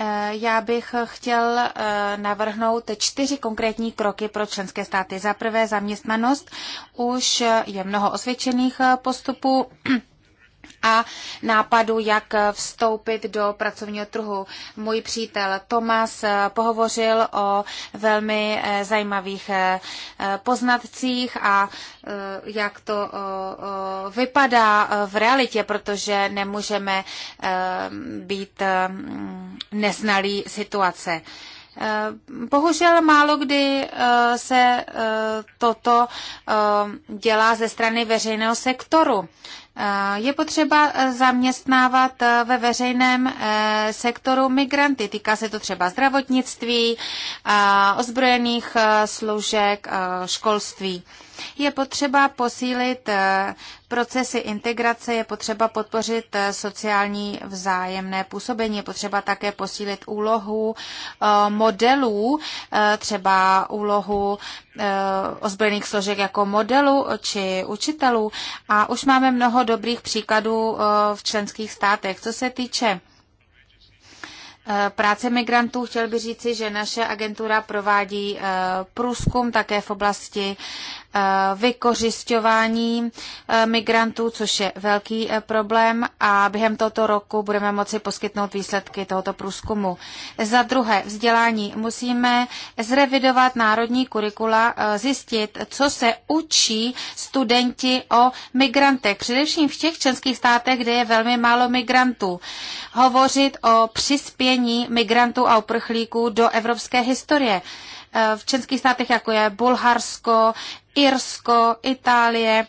Eh, já bych chtěl eh, navrhnout čtyři konkrétní kroky pro členské státy. Za prvé zaměstnanost. Už je mnoho osvědčených eh, postupů [clears throat] a nápadu, jak vstoupit do pracovního trhu. Můj přítel Tomas eh, pohovořil o velmi eh, zajímavých eh, poznatcích a jak to vypadá v realitě, protože nemůžeme být mm, neznalí situace. Eh, bohužel málo kdy eh, se eh, toto dělá ze strany veřejného sektoru. Je potřeba zaměstnávat ve veřejném sektoru migranty. Týká se to třeba zdravotnictví, ozbrojených služek, školství. Je potřeba posílit eh, procesy integrace, je potřeba podpořit eh, sociální vzájemné působení, je potřeba také posílit úlohu eh, modelů, třeba úlohu ozbrojených složek jako modelu či učitelů. A už máme mnoho dobrých příkladů v členských státech. Co se týče práce migrantů, chtěl bych říci, že naše agentura provádí eh, průzkum také v oblasti eh, vykořišťování eh, migrantů, což je velký problém a během tohoto roku budeme moci poskytnout výsledky tohoto průzkumu. Za druhé, vzdělání. Musíme zrevidovat národní kurikula, zjistit, co se učí studenti o migrantech, především v těch členských státech, kde je velmi málo migrantů. Hovořit o přispění zapojení migrantů a uprchlíků do evropské historie. E, v českých státech, jako je Bulharsko, Irsko, Itálie,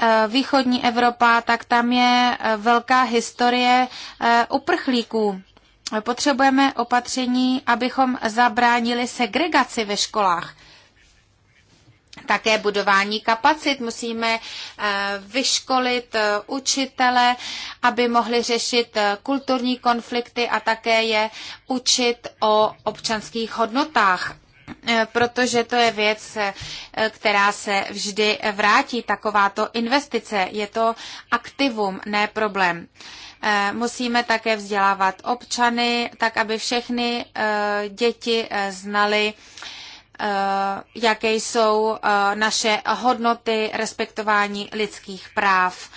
e, východní Evropa, tak tam je e, velká historie uprchlíků. Potřebujeme opatření, abychom zabránili segregaci ve školách také budování kapacit. Musíme eh, vyškolit eh, učitele, aby mohli řešit eh, kulturní konflikty a také je učit o občanských hodnotách protože to je věc, která se vždy vrátí, takováto investice. Je to aktivum, ne problém. Musíme také vzdělávat občany, tak aby všechny děti znaly Eh, jaké jsou eh, naše hodnoty respektování lidských práv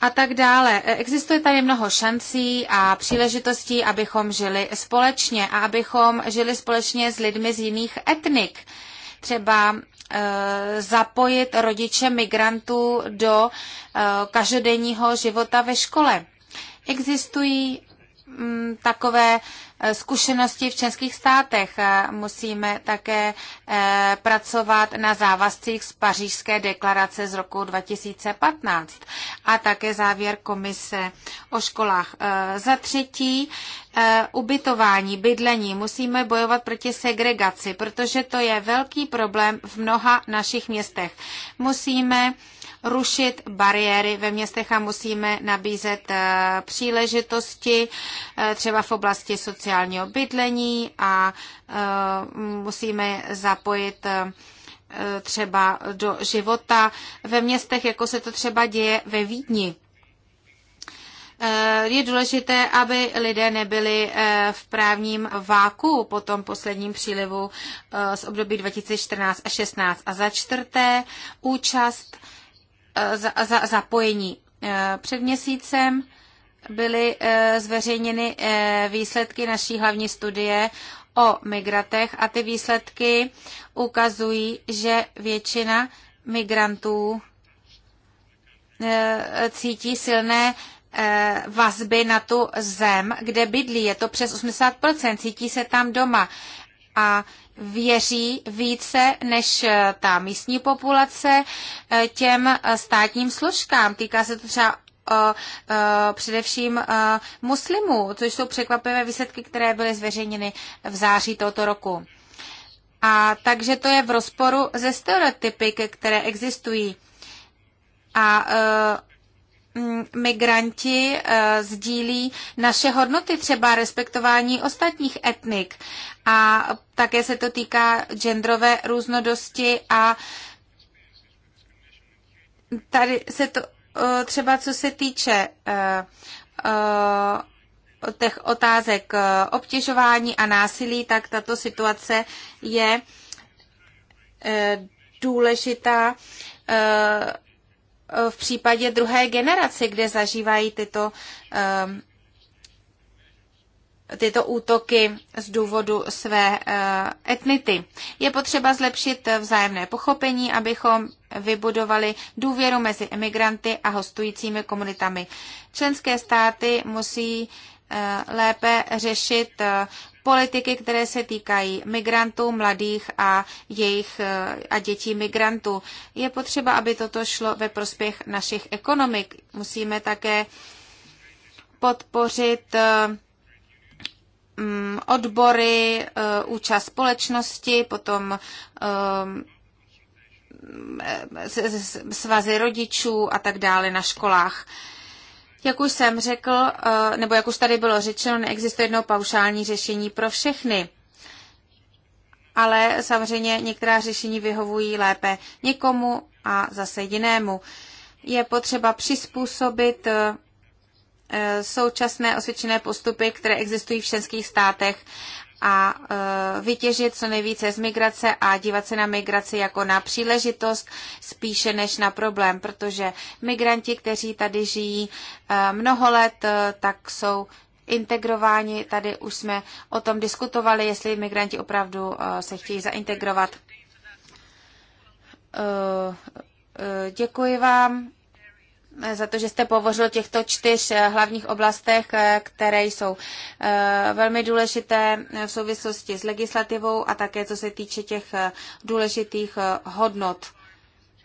a tak dále. Eh, existuje tady mnoho šancí a příležitostí, abychom žili společně a abychom žili společně s lidmi z jiných etnik. Třeba zapojit rodiče migrantů do každodenního života ve škole. Existují mm, takové Eh, zkušenosti v českých státech. Musíme také eh, pracovat na závazcích z pařížské deklarace z roku 2015 a také závěr komise o školách. Eh, za třetí, ubytování, bydlení. Musíme bojovat proti segregaci, protože to je velký problém v mnoha našich městech. Musíme rušit bariéry ve městech a musíme nabízet eh, příležitosti eh, třeba v oblasti sociálního bydlení a eh, musíme zapojit třeba do života ve městech, jako se to třeba děje ve Vídni je důležité, aby lidé nebyli v právním váku po tom posledním přílivu z období 2014 a 16. A za čtvrté, účast Eh, za, za, zapojení. Eh, před měsícem byly eh, zveřejněny výsledky naší hlavní studie o migratech a ty výsledky ukazují, že většina migrantů cítí silné vazby na tu zem, kde bydlí. Je to přes 80%, cítí se tam doma. A věří více než eh, ta místní populace eh, těm eh, státním složkám. Týká se to třeba především muslimů, což jsou překvapivé výsledky, které byly zveřejněny v září tohoto roku. A takže to je v rozporu ze stereotypy, které existují. A Mm, migranti eh, sdílí naše hodnoty, třeba respektování ostatních etnik. A také se to týká genderové různodosti a tady se to eh, třeba co se týče eh, těch otázek obtěžování a násilí, tak tato situace je důležitá v případě druhé generace, kde zažívají tyto, ehm, tyto útoky z důvodu své eh, etnity. Je potřeba zlepšit vzájemné pochopení, abychom vybudovali důvěru mezi emigranty a hostujícími komunitami. Členské státy musí eh, lépe řešit eh, politiky, které se týkají migrantů, mladých a, jejich, eh, a dětí migrantů. Je potřeba, aby toto šlo ve prospěch našich ekonomik. Musíme také podpořit eh, mm, odbory, eh, účast společnosti, potom ehm, svazy rodičů a tak dále na školách. Jak už jsem řekl, eh, nebo jak už tady bylo řečeno, neexistuje jedno paušální řešení pro všechny. Ale samozřejmě některá řešení vyhovují lépe někomu a zase jinému. Je potřeba přizpůsobit eh, eh, současné osvědčené postupy, které existují v českých státech a e, vytěžit co nejvíce z migrace a dívat se na migraci jako na příležitost spíše než na problém, protože migranti, kteří tady žijí e, mnoho let, e, tak jsou integrováni. Tady už jsme o tom diskutovali, jestli migranti opravdu se chtějí zaintegrovat. Děkuji vám za to, že jste povořil těchto čtyř eh, hlavních oblastech, eh, které jsou eh, velmi důležité v souvislosti s legislativou a také co se týče těch důležitých hodnot,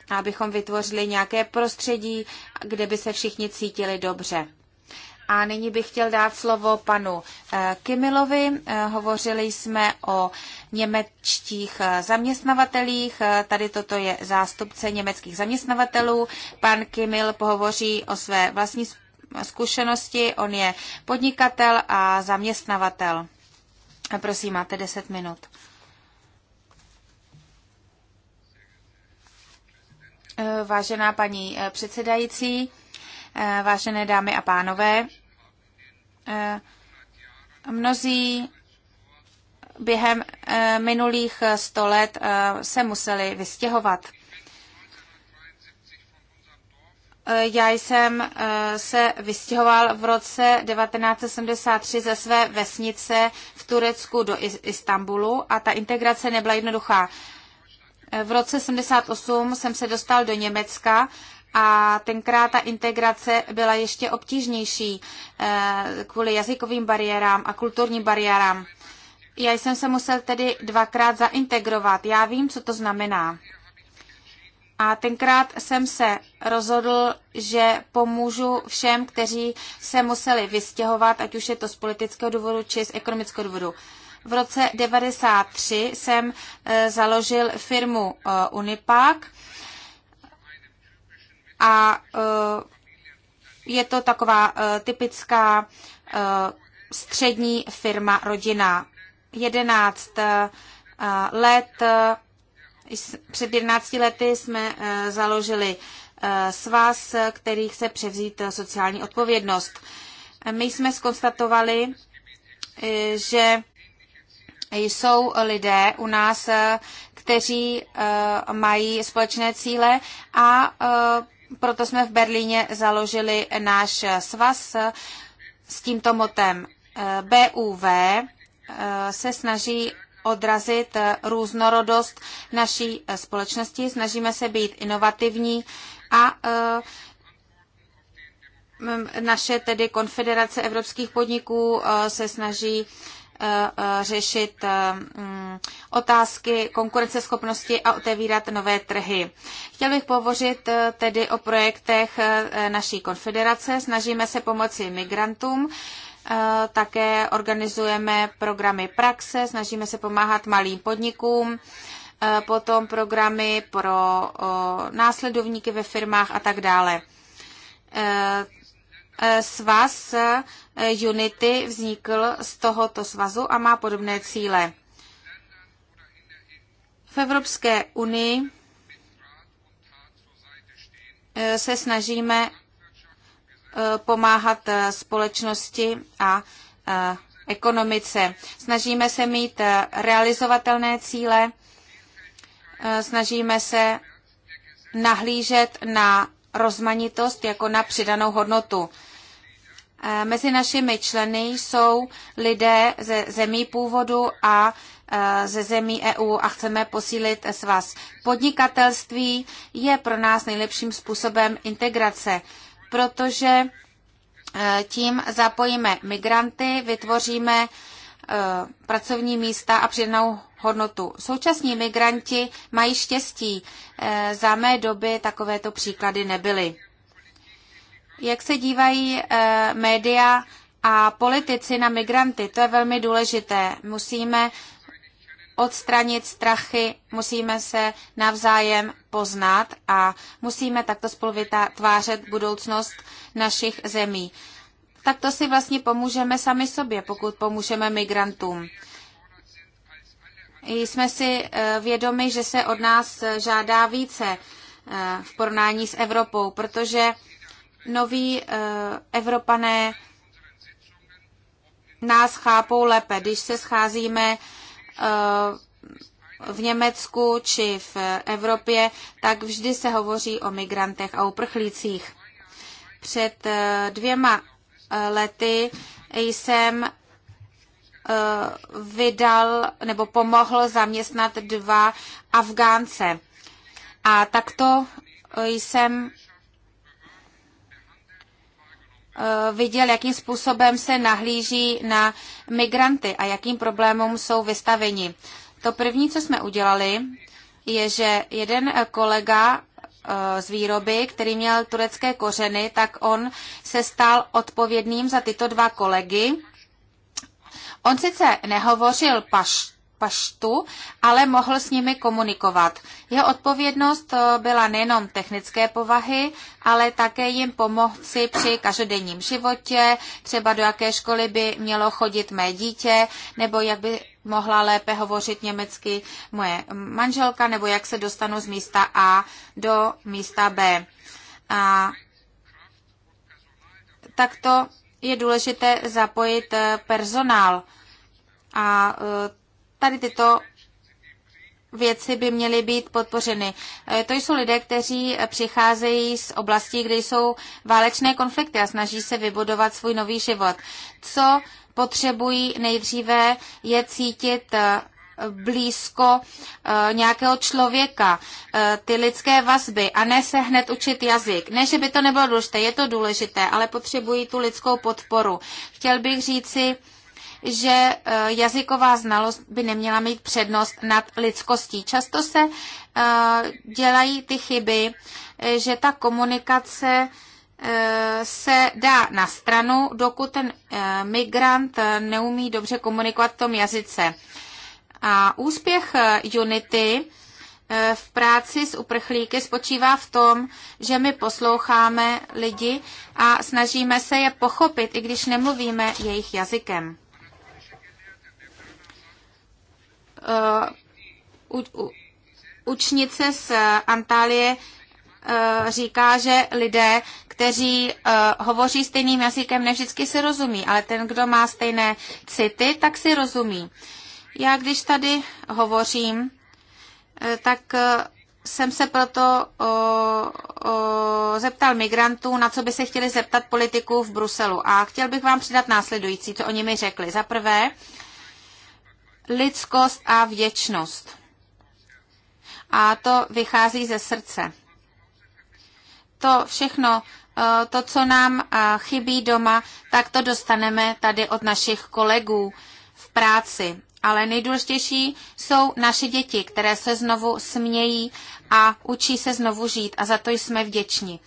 abychom vytvořili nějaké prostředí, kde by se všichni cítili dobře. A nyní bych chtěl dát slovo panu eh, Kimilovi. Eh, hovořili jsme o němečtích eh, zaměstnavatelích. Tady toto je zástupce německých zaměstnavatelů. Pan Kimil pohovoří o své vlastní zkušenosti. On je podnikatel a zaměstnavatel. Prosím, máte 10 minut. Vážená paní předsedající, vážené dámy a pánové. Eh, mnozí během eh, minulých sto let eh, se museli vystěhovat. Já jsem se vystěhoval v roce 1973 ze své vesnice v Turecku do Istanbulu a ta integrace nebyla jednoduchá. V roce 1978 jsem se dostal do Německa a tenkrát ta integrace byla ještě obtížnější eh, kvůli jazykovým bariérám a kulturním bariérám. Já jsem se musel tedy dvakrát zaintegrovat. Já vím, co to znamená. A tenkrát jsem se rozhodl, že pomůžu všem, kteří se museli vystěhovat, ať už je to z politického důvodu či z ekonomického důvodu. V roce 1993 jsem eh, založil firmu eh, Unipak a e, je to taková e, typická e, střední firma rodina. 11 let, před 11 lety jsme založili svaz, který chce převzít sociální odpovědnost. My jsme skonstatovali, že jsou lidé u nás, kteří mají společné cíle a proto jsme v Berlíně založili náš svaz s tímto motem. BUV eh, se snaží odrazit různorodost naší eh, společnosti, snažíme se být inovativní a eh, naše tedy Konfederace evropských podniků se snaží Eh, eh, řešit eh, mm, otázky konkurenceschopnosti a otevírat nové trhy. Chtěl bych povořit tedy o projektech naší konfederace. Snažíme se pomoci migrantům, také organizujeme programy praxe, snažíme se pomáhat malým podnikům, potom programy pro následovníky ve firmách a tak dále E, svaz e, Unity vznikl z tohoto svazu a má podobné cíle. V Evropské unii e, se snažíme pomáhat společnosti a ekonomice. Snažíme se mít realizovatelné cíle, snažíme se nahlížet na rozmanitost jako na přidanou hodnotu. E, mezi našimi členy jsou lidé ze zemí původu a e, ze zemí EU a chceme posílit s vás Podnikatelství je pro nás nejlepším způsobem integrace, protože e, tím zapojíme migranty, vytvoříme Eh, pracovní místa a přidanou hodnotu. Současní migranti mají štěstí. Eh, za mé doby takovéto příklady nebyly. Jak se dívají eh, média a politici na migranty, to je velmi důležité. Musíme odstranit strachy, musíme se navzájem poznat a musíme takto spolu vytvářet budoucnost našich zemí tak to si vlastně pomůžeme sami sobě, pokud pomůžeme migrantům. Jsme si eh, vědomi, že se od nás eh, žádá více eh, v porovnání s Evropou, protože noví Evropané nás chápou lépe, když se scházíme v Německu či v Evropě, tak vždy se hovoří o migrantech a uprchlících. Před dvěma lety jsem eh, vydal nebo pomohl zaměstnat dva Afgánce. A takto jsem eh, viděl, jakým způsobem se nahlíží na migranty a jakým problémům jsou vystaveni. To první, co jsme udělali, je, že jeden kolega Eh, z výroby, který měl turecké kořeny, tak on se stal odpovědným za tyto dva kolegy. On sice nehovořil paš, paštu, ale mohl s nimi komunikovat. Jeho odpovědnost eh, byla nejenom technické povahy, ale také jim pomoci při každodenním životě, třeba do jaké školy by mělo chodit mé dítě, nebo jak by mohla lépe hovořit německy moje manželka, nebo jak se dostanu z místa A do místa B. A takto je důležité zapojit eh, personál. A eh, tady tyto věci by měly být podpořeny. Eh, to jsou lidé, kteří přicházejí z oblastí, kde jsou válečné konflikty a snaží se vybudovat svůj nový život. Co potřebují nejdříve, je cítit eh, blízko eh, nějakého člověka, eh, ty lidské vazby a ne se hned učit jazyk. Ne, že by to nebylo důležité, je to důležité, ale potřebují tu lidskou podporu. Chtěl bych říci, že jazyková znalost by neměla mít přednost nad lidskostí. Často se dělají ty chyby, že ta komunikace Eh, se dá na stranu, dokud ten eh, migrant eh, neumí dobře komunikovat v tom jazyce. A úspěch Unity v práci s uprchlíky spočívá v tom, že my posloucháme lidi a snažíme se je pochopit, i když nemluvíme jejich jazykem. U, u, učnice z Antálie říká, že lidé kteří uh, hovoří stejným jazykem, nevždycky si rozumí, ale ten, kdo má stejné city, tak si rozumí. Já když tady hovořím, uh, tak uh, jsem se proto uh, uh, zeptal migrantů, na co by se chtěli zeptat politiků v Bruselu. A chtěl bych vám přidat následující, co oni mi řekli. Za prvé, lidskost a vděčnost. A to vychází ze srdce to všechno Eh, to, co nám eh, chybí doma, tak to dostaneme tady od našich kolegů v práci. Ale nejdůležitější jsou naše děti, které se znovu smějí a učí se znovu žít a za to jsme vděční.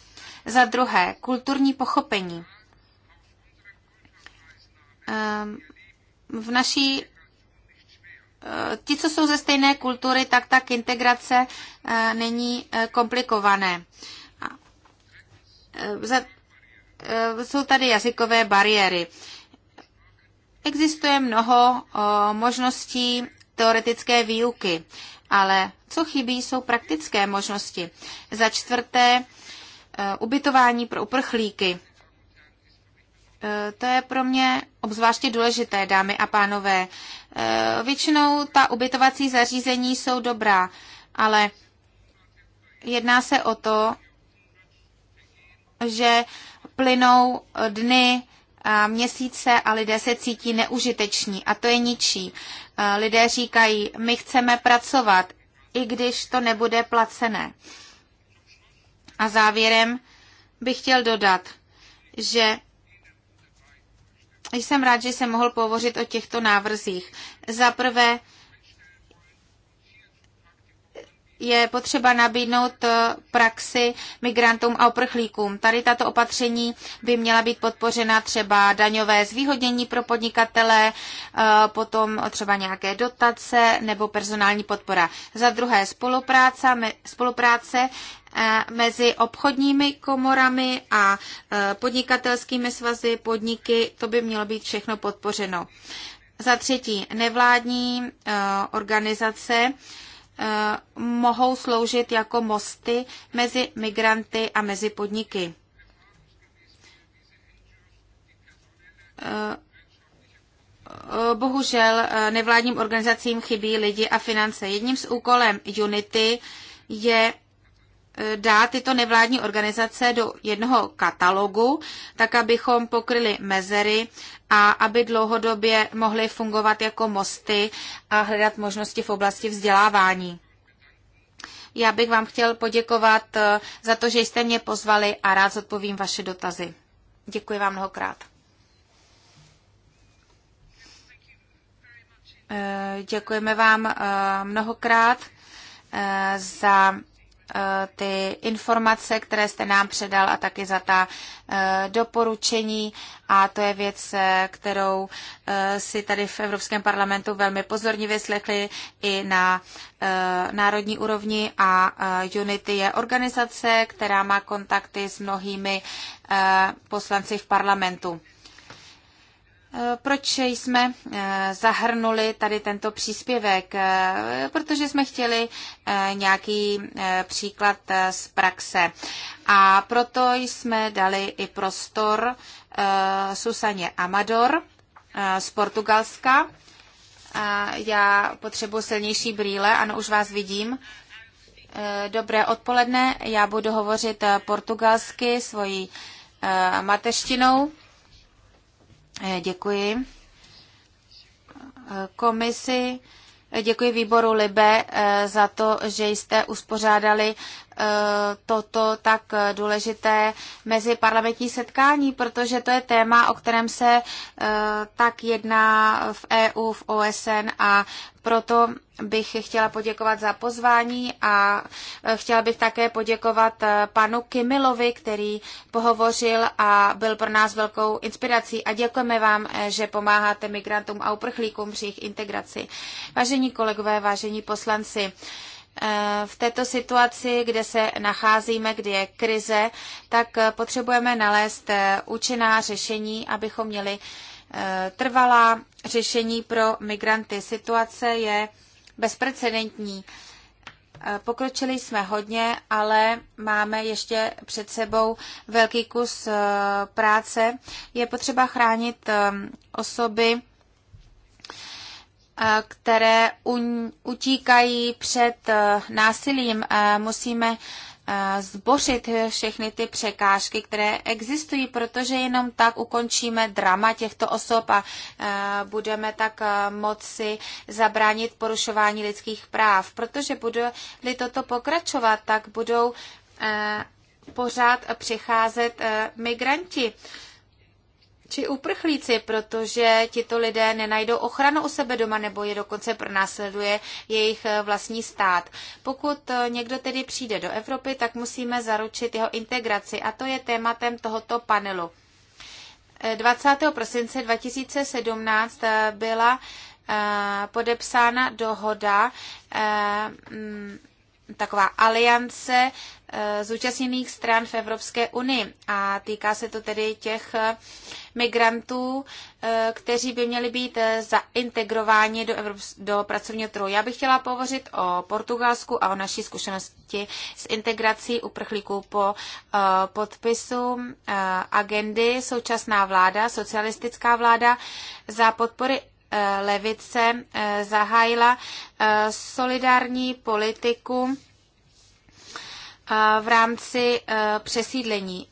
Za druhé, kulturní pochopení. Ehm, v naší eh, ti, co jsou ze stejné kultury, tak tak integrace není komplikované. Eh, jsou tady jazykové bariéry. Existuje mnoho možností teoretické výuky, ale co chybí, jsou praktické možnosti. Za čtvrté, eh, ubytování pro uprchlíky. Eh, to je pro mě obzvláště důležité, dámy a pánové. Většinou ta ubytovací zařízení jsou dobrá, ale jedná se o to, že plynou dny a měsíce a lidé se cítí neužiteční a to je ničí. Lidé říkají, my chceme pracovat, i když to nebude placené. A závěrem bych chtěl dodat, že jsem rád, že jsem mohl povořit o těchto návrzích. Za prvé, je potřeba nabídnout eh, praxi migrantům a uprchlíkům. Tady tato opatření by měla být podpořena třeba daňové zvýhodnění pro podnikatele, eh, potom třeba nějaké dotace nebo personální podpora. Za druhé spolupráce, spolupráce eh, mezi obchodními komorami a podnikatelskými svazy, podniky, to by mělo být všechno podpořeno. Za třetí, nevládní organizace Eh, mohou sloužit jako mosty mezi migranty a mezi podniky. Eh, bohužel eh, nevládním organizacím chybí lidi a finance. Jedním z úkolem Unity je dá tyto nevládní organizace do jednoho katalogu, tak abychom pokryli mezery a aby dlouhodobě mohly fungovat jako mosty a hledat možnosti v oblasti vzdělávání. Já bych vám chtěl poděkovat eh, za to, že jste mě pozvali a rád odpovím vaše dotazy. Děkuji vám mnohokrát. Eh, děkujeme vám eh, mnohokrát za Eh, ty informace, které jste nám předal a taky za ta eh, doporučení a to je věc, eh, kterou si tady v Evropském parlamentu velmi pozorně vyslechli i na národní úrovni a Unity je organizace, která má kontakty s mnohými poslanci v parlamentu. Proč jsme eh, zahrnuli tady tento příspěvek? Eh, protože jsme chtěli eh, nějaký příklad z praxe. A proto jsme dali i prostor Susaně Amador z Portugalska. Já potřebuji silnější brýle, ano, už vás vidím. Dobré odpoledne, já budu hovořit portugalsky svojí mateřštinou. Eh, děkuji eh, komisi, eh, děkuji výboru Libe za to, že jste uspořádali toto tak důležité mezi parlamentní setkání, protože to je téma, o kterém se tak jedná v EU, v OSN a proto bych chtěla poděkovat za pozvání a eh, chtěla bych také poděkovat eh, panu Kimilovi, který pohovořil a byl pro nás velkou inspirací a děkujeme vám, eh, že pomáháte migrantům a uprchlíkům při jejich integraci. Vážení kolegové, vážení poslanci, v této situaci, kde se nacházíme, kde je krize, tak potřebujeme nalézt účinná řešení, abychom měli trvalá řešení pro migranty. Situace je bezprecedentní. Eh, pokročili jsme hodně, ale máme ještě před sebou velký kus eh, práce. Je potřeba chránit eh, osoby, které utíkají před násilím. Musíme zbořit všechny ty překážky, které existují, protože jenom tak ukončíme drama těchto osob a budeme tak moci zabránit porušování lidských práv. Protože bude-li toto pokračovat, tak budou pořád přicházet migranti či uprchlíci, protože tito lidé nenajdou ochranu u sebe doma nebo je dokonce pronásleduje jejich eh, vlastní stát. Pokud eh, někdo tedy přijde do Evropy, tak musíme zaručit jeho integraci a to je tématem tohoto panelu. 20. Eh, prosince 2017 byla podepsána dohoda taková aliance eh, zúčastněných stran v Evropské unii. A týká se to tedy těch eh, migrantů, eh, kteří by měli být zaintegrováni do, Evrop- do pracovního trhu. Já bych chtěla pohovořit o Portugalsku a o naší zkušenosti s integrací uprchlíků po podpisu agendy současná vláda, socialistická vláda, za podpory levice eh, zahájila eh, solidární politiku eh, v rámci přesídlení.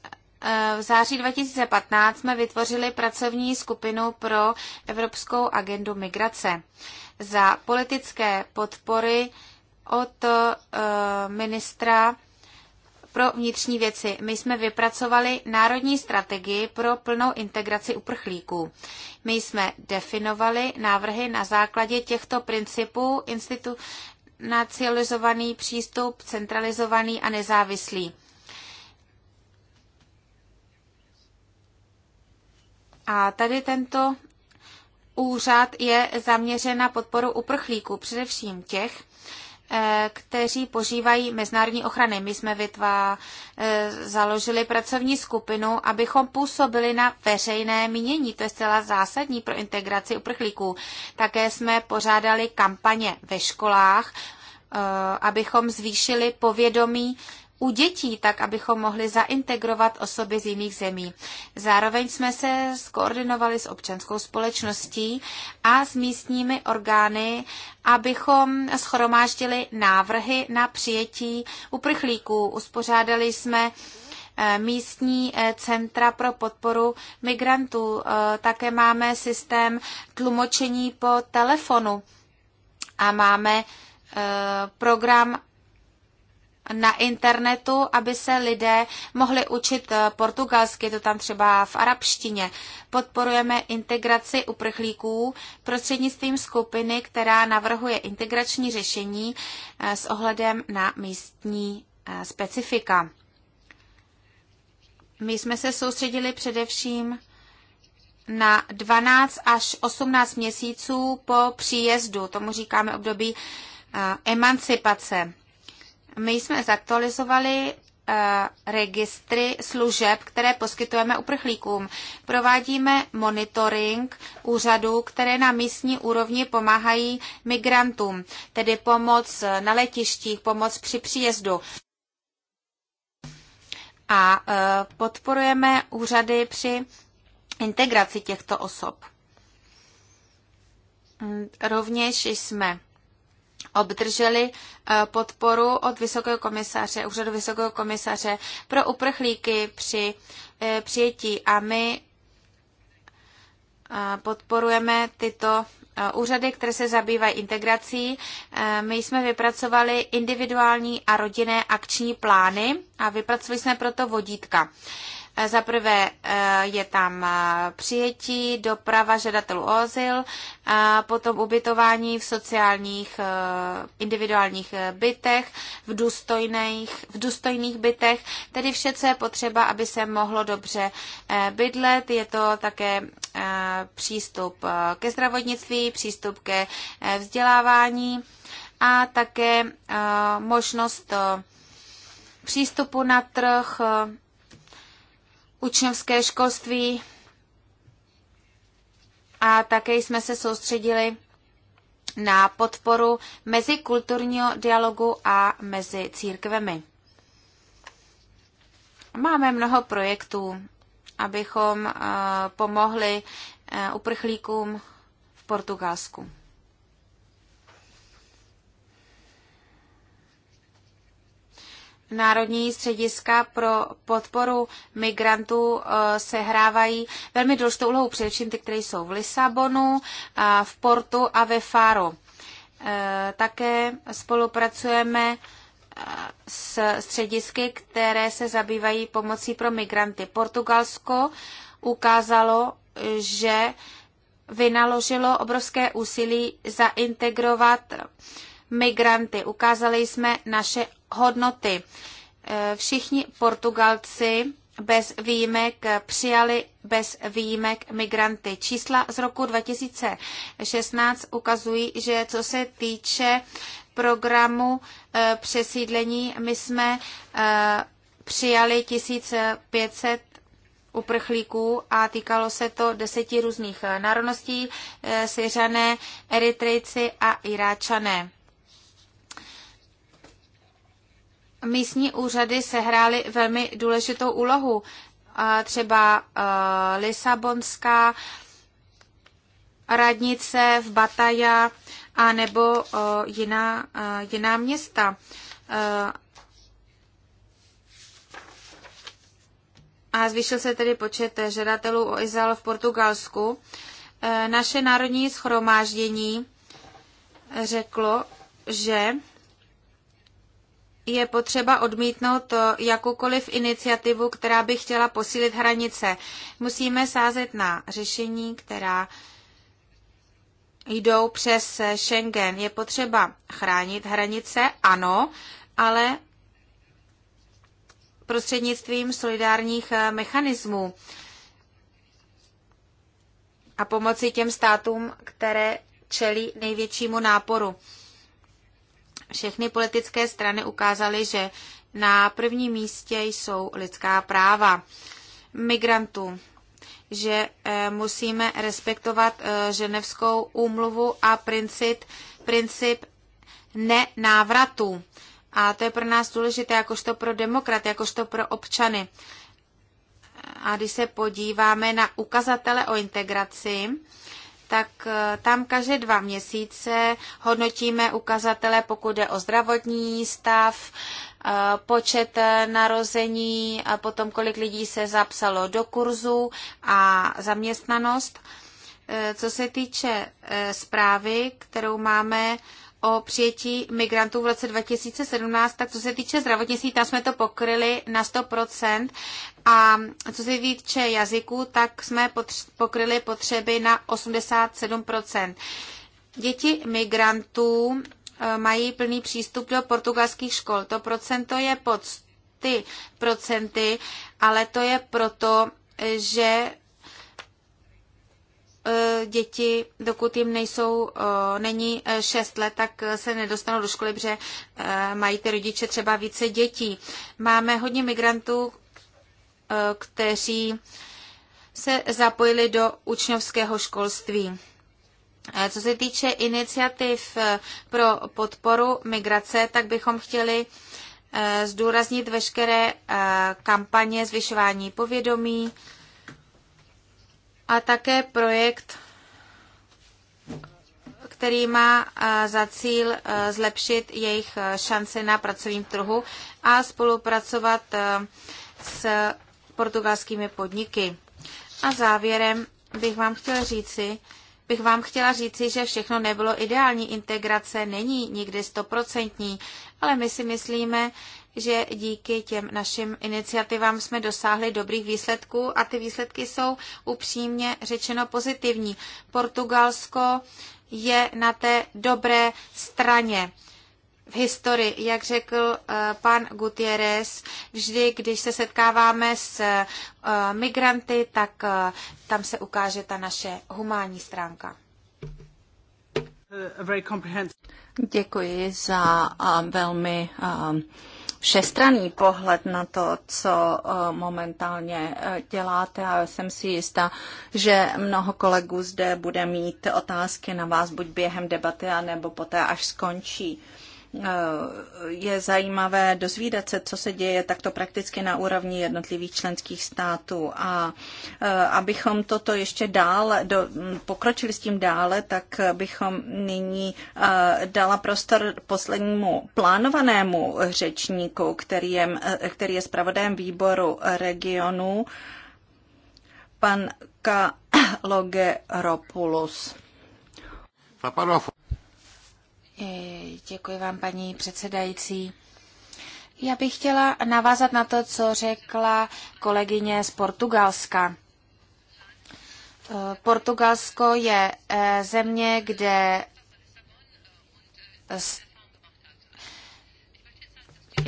V září 2015 jsme vytvořili pracovní skupinu pro Evropskou agendu migrace. Za politické podpory od ministra pro vnitřní věci. My jsme vypracovali národní strategii pro plnou integraci uprchlíků. My jsme definovali návrhy na základě těchto principů institucionalizovaný přístup, centralizovaný a nezávislý. A tady tento úřad je zaměřen na podporu uprchlíků, především těch, Eh, kteří požívají mezinárodní ochrany. My jsme vytvá, eh, založili pracovní skupinu, abychom působili na veřejné mínění. To je zcela zásadní pro integraci uprchlíků. Také jsme pořádali kampaně ve školách, eh, abychom zvýšili povědomí u dětí, tak abychom mohli zaintegrovat osoby z jiných zemí. Zároveň jsme se skoordinovali s občanskou společností a s místními orgány, abychom schromáždili návrhy na přijetí uprchlíků. Uspořádali jsme eh, místní eh, centra pro podporu migrantů. Eh, také máme systém tlumočení po telefonu a máme program na internetu, aby se lidé mohli učit eh, portugalsky, to tam třeba v arabštině. Podporujeme integraci uprchlíků prostřednictvím skupiny, která navrhuje integrační řešení eh, s ohledem na místní eh, specifika. My jsme se soustředili především na 12 až 18 měsíců po příjezdu, tomu říkáme období emancipace. My jsme zaktualizovali eh, registry služeb, které poskytujeme uprchlíkům. Provádíme monitoring úřadů, které na místní úrovni pomáhají migrantům, tedy pomoc na letištích, pomoc při příjezdu. A eh, podporujeme úřady při integraci těchto osob. Hm, rovněž jsme obdrželi eh, podporu od Vysokého komisaře, úřadu Vysokého komisaře pro uprchlíky při eh, přijetí a my eh, podporujeme tyto úřady, které se zabývají integrací. My jsme vypracovali individuální a rodinné akční plány a vypracovali jsme proto vodítka. Eh, za prvé eh, je tam eh, přijetí, doprava žadatelů o azyl, a potom ubytování v sociálních individuálních bytech, v důstojných, v důstojných bytech, tedy vše, co je potřeba, aby se mohlo dobře bydlet. Je to také přístup ke zdravotnictví, přístup ke vzdělávání a také možnost přístupu na trh, učňovské školství a také jsme se soustředili na podporu mezi kulturního dialogu a mezi církvemi. Máme mnoho projektů, abychom eh, pomohli eh, uprchlíkům v Portugalsku. Národní střediska pro podporu migrantů eh, sehrávají velmi důležitou úlohu, především ty, které jsou v Lisabonu, eh, v Portu a ve Fáru. Eh, také spolupracujeme s středisky, které se zabývají pomocí pro migranty. Portugalsko ukázalo, že vynaložilo obrovské úsilí zaintegrovat migranty. Ukázali jsme naše hodnoty. Eh, všichni Portugalci bez výjimek přijali bez výjimek migranty. Čísla z roku 2016 ukazují, že co se týče programu eh, přesídlení, my jsme eh, přijali 1500 uprchlíků a týkalo se to deseti různých národností, Syřané, Eritrejci a Iráčané. místní úřady sehrály velmi důležitou úlohu. Třeba eh, Lisabonská radnice v Bataja a nebo eh, jiná, eh, jiná města. A zvýšil se tedy počet žadatelů o Izrael v Portugalsku. Naše národní schromáždění řeklo, že je potřeba odmítnout eh, jakoukoliv iniciativu, která by chtěla posílit hranice. Musíme sázet na řešení, která jdou přes Schengen. Je potřeba chránit hranice, ano, ale prostřednictvím solidárních eh, mechanismů a pomoci těm státům, které čelí největšímu náporu. Všechny politické strany ukázaly, že na prvním místě jsou lidská práva migrantů, že eh, musíme respektovat eh, ženevskou úmluvu a princip, princip nenávratu. A to je pro nás důležité, jakožto pro demokrat, jakožto pro občany. A když se podíváme na ukazatele o integraci, tak eh, tam každé dva měsíce hodnotíme ukazatele, pokud jde o zdravotní stav, eh, počet eh, narození, a potom kolik lidí se zapsalo do kurzu a zaměstnanost. Co se týče zprávy, kterou máme o přijetí migrantů v roce 2017, tak co se týče zdravotnictví, tam jsme to pokryli na 100%. A co se týče jazyku, tak jsme pokryli potřeby na 87%. Děti migrantů e, mají plný přístup do portugalských škol. To procento je pod ty procenty, ale to je proto, že E, děti, dokud jim nejsou, e, není 6 e, let, tak se nedostanou do školy, protože mají ty rodiče třeba více dětí. Máme hodně migrantů, kteří se zapojili do učňovského školství. Co se týče iniciativ pro podporu migrace, tak bychom chtěli zdůraznit veškeré kampaně zvyšování povědomí, a také projekt, který má eh, za cíl eh, zlepšit jejich eh, šance na pracovním trhu a spolupracovat s portugalskými podniky. A závěrem bych vám chtěla říci, bych vám chtěla říci, že všechno nebylo ideální. Integrace není nikdy stoprocentní, ale my si myslíme, že díky těm našim iniciativám jsme dosáhli dobrých výsledků a ty výsledky jsou upřímně řečeno pozitivní. Portugalsko je na té dobré straně v historii, jak řekl eh, pan Gutierrez, vždy, když se setkáváme s eh, migranty, tak eh, tam se ukáže ta naše humánní stránka. Děkuji za velmi všestranný pohled na to, co eh, momentálně eh, děláte a jsem si jistá, že mnoho kolegů zde bude mít otázky na vás buď během debaty, anebo poté, až skončí. Eh, je zajímavé dozvídat se, co se děje takto prakticky na úrovni jednotlivých členských států. A eh, abychom toto ještě dále, do, hm, pokročili s tím dále, tak bychom nyní eh, dala prostor poslednímu plánovanému řečníku, který je, který je zpravodajem výboru regionu, pan Kaloge Ropulus. E, děkuji vám, paní předsedající. Já bych chtěla navázat na to, co řekla kolegyně z Portugalska. E, Portugalsko je e, země, kde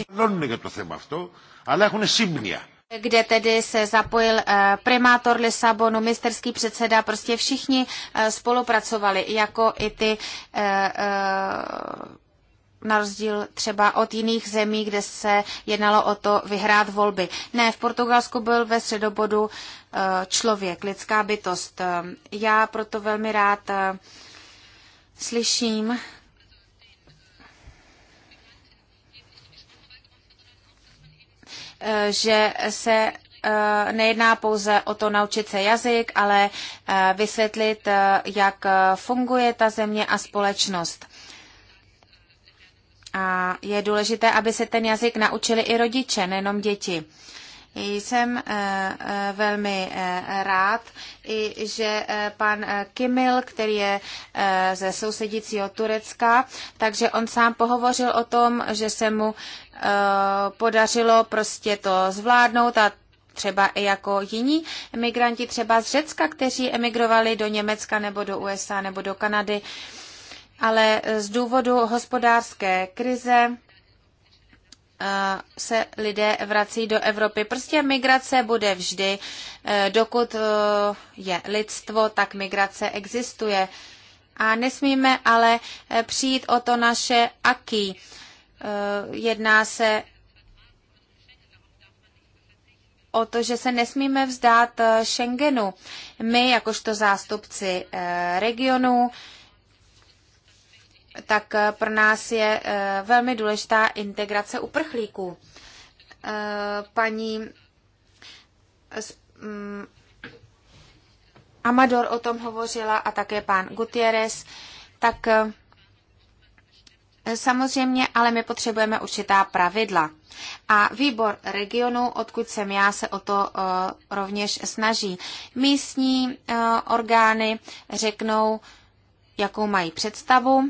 Λώνουν για το θέμα αυτό, αλλά έχουν σύμπνοια kde tedy se zapojil eh, primátor Lisabonu, ministerský předseda, prostě všichni eh, spolupracovali, jako i ty eh, na rozdíl třeba od jiných zemí, kde se jednalo o to vyhrát volby. Ne, v Portugalsku byl ve středobodu člověk, lidská bytost. Já proto velmi rád slyším Eh, že se eh, nejedná pouze o to naučit se jazyk, ale eh, vysvětlit, jak funguje ta země a společnost. A je důležité, aby se ten jazyk naučili i rodiče, nejenom děti. Jsem eh, eh, velmi eh, rád, i že pan Kimil, který je ze sousedícího Turecka, takže on sám pohovořil o tom, že se mu podařilo prostě to zvládnout a třeba i jako jiní emigranti, třeba z Řecka, kteří emigrovali do Německa nebo do USA nebo do Kanady, ale z důvodu hospodářské krize se lidé vrací do Evropy. Prostě migrace bude vždy. E, dokud e, je lidstvo, tak migrace existuje. A nesmíme ale e, přijít o to naše aký. Jedná se o to, že se nesmíme vzdát Schengenu. My, jakožto zástupci regionu, tak eh, pro nás je eh, velmi důležitá integrace uprchlíků. Eh, paní mm, Amador o tom hovořila a také pán Gutierrez, tak samozřejmě, ale my potřebujeme určitá pravidla. A výbor regionu, odkud jsem já, se o to rovněž snaží. Místní orgány řeknou, jakou mají představu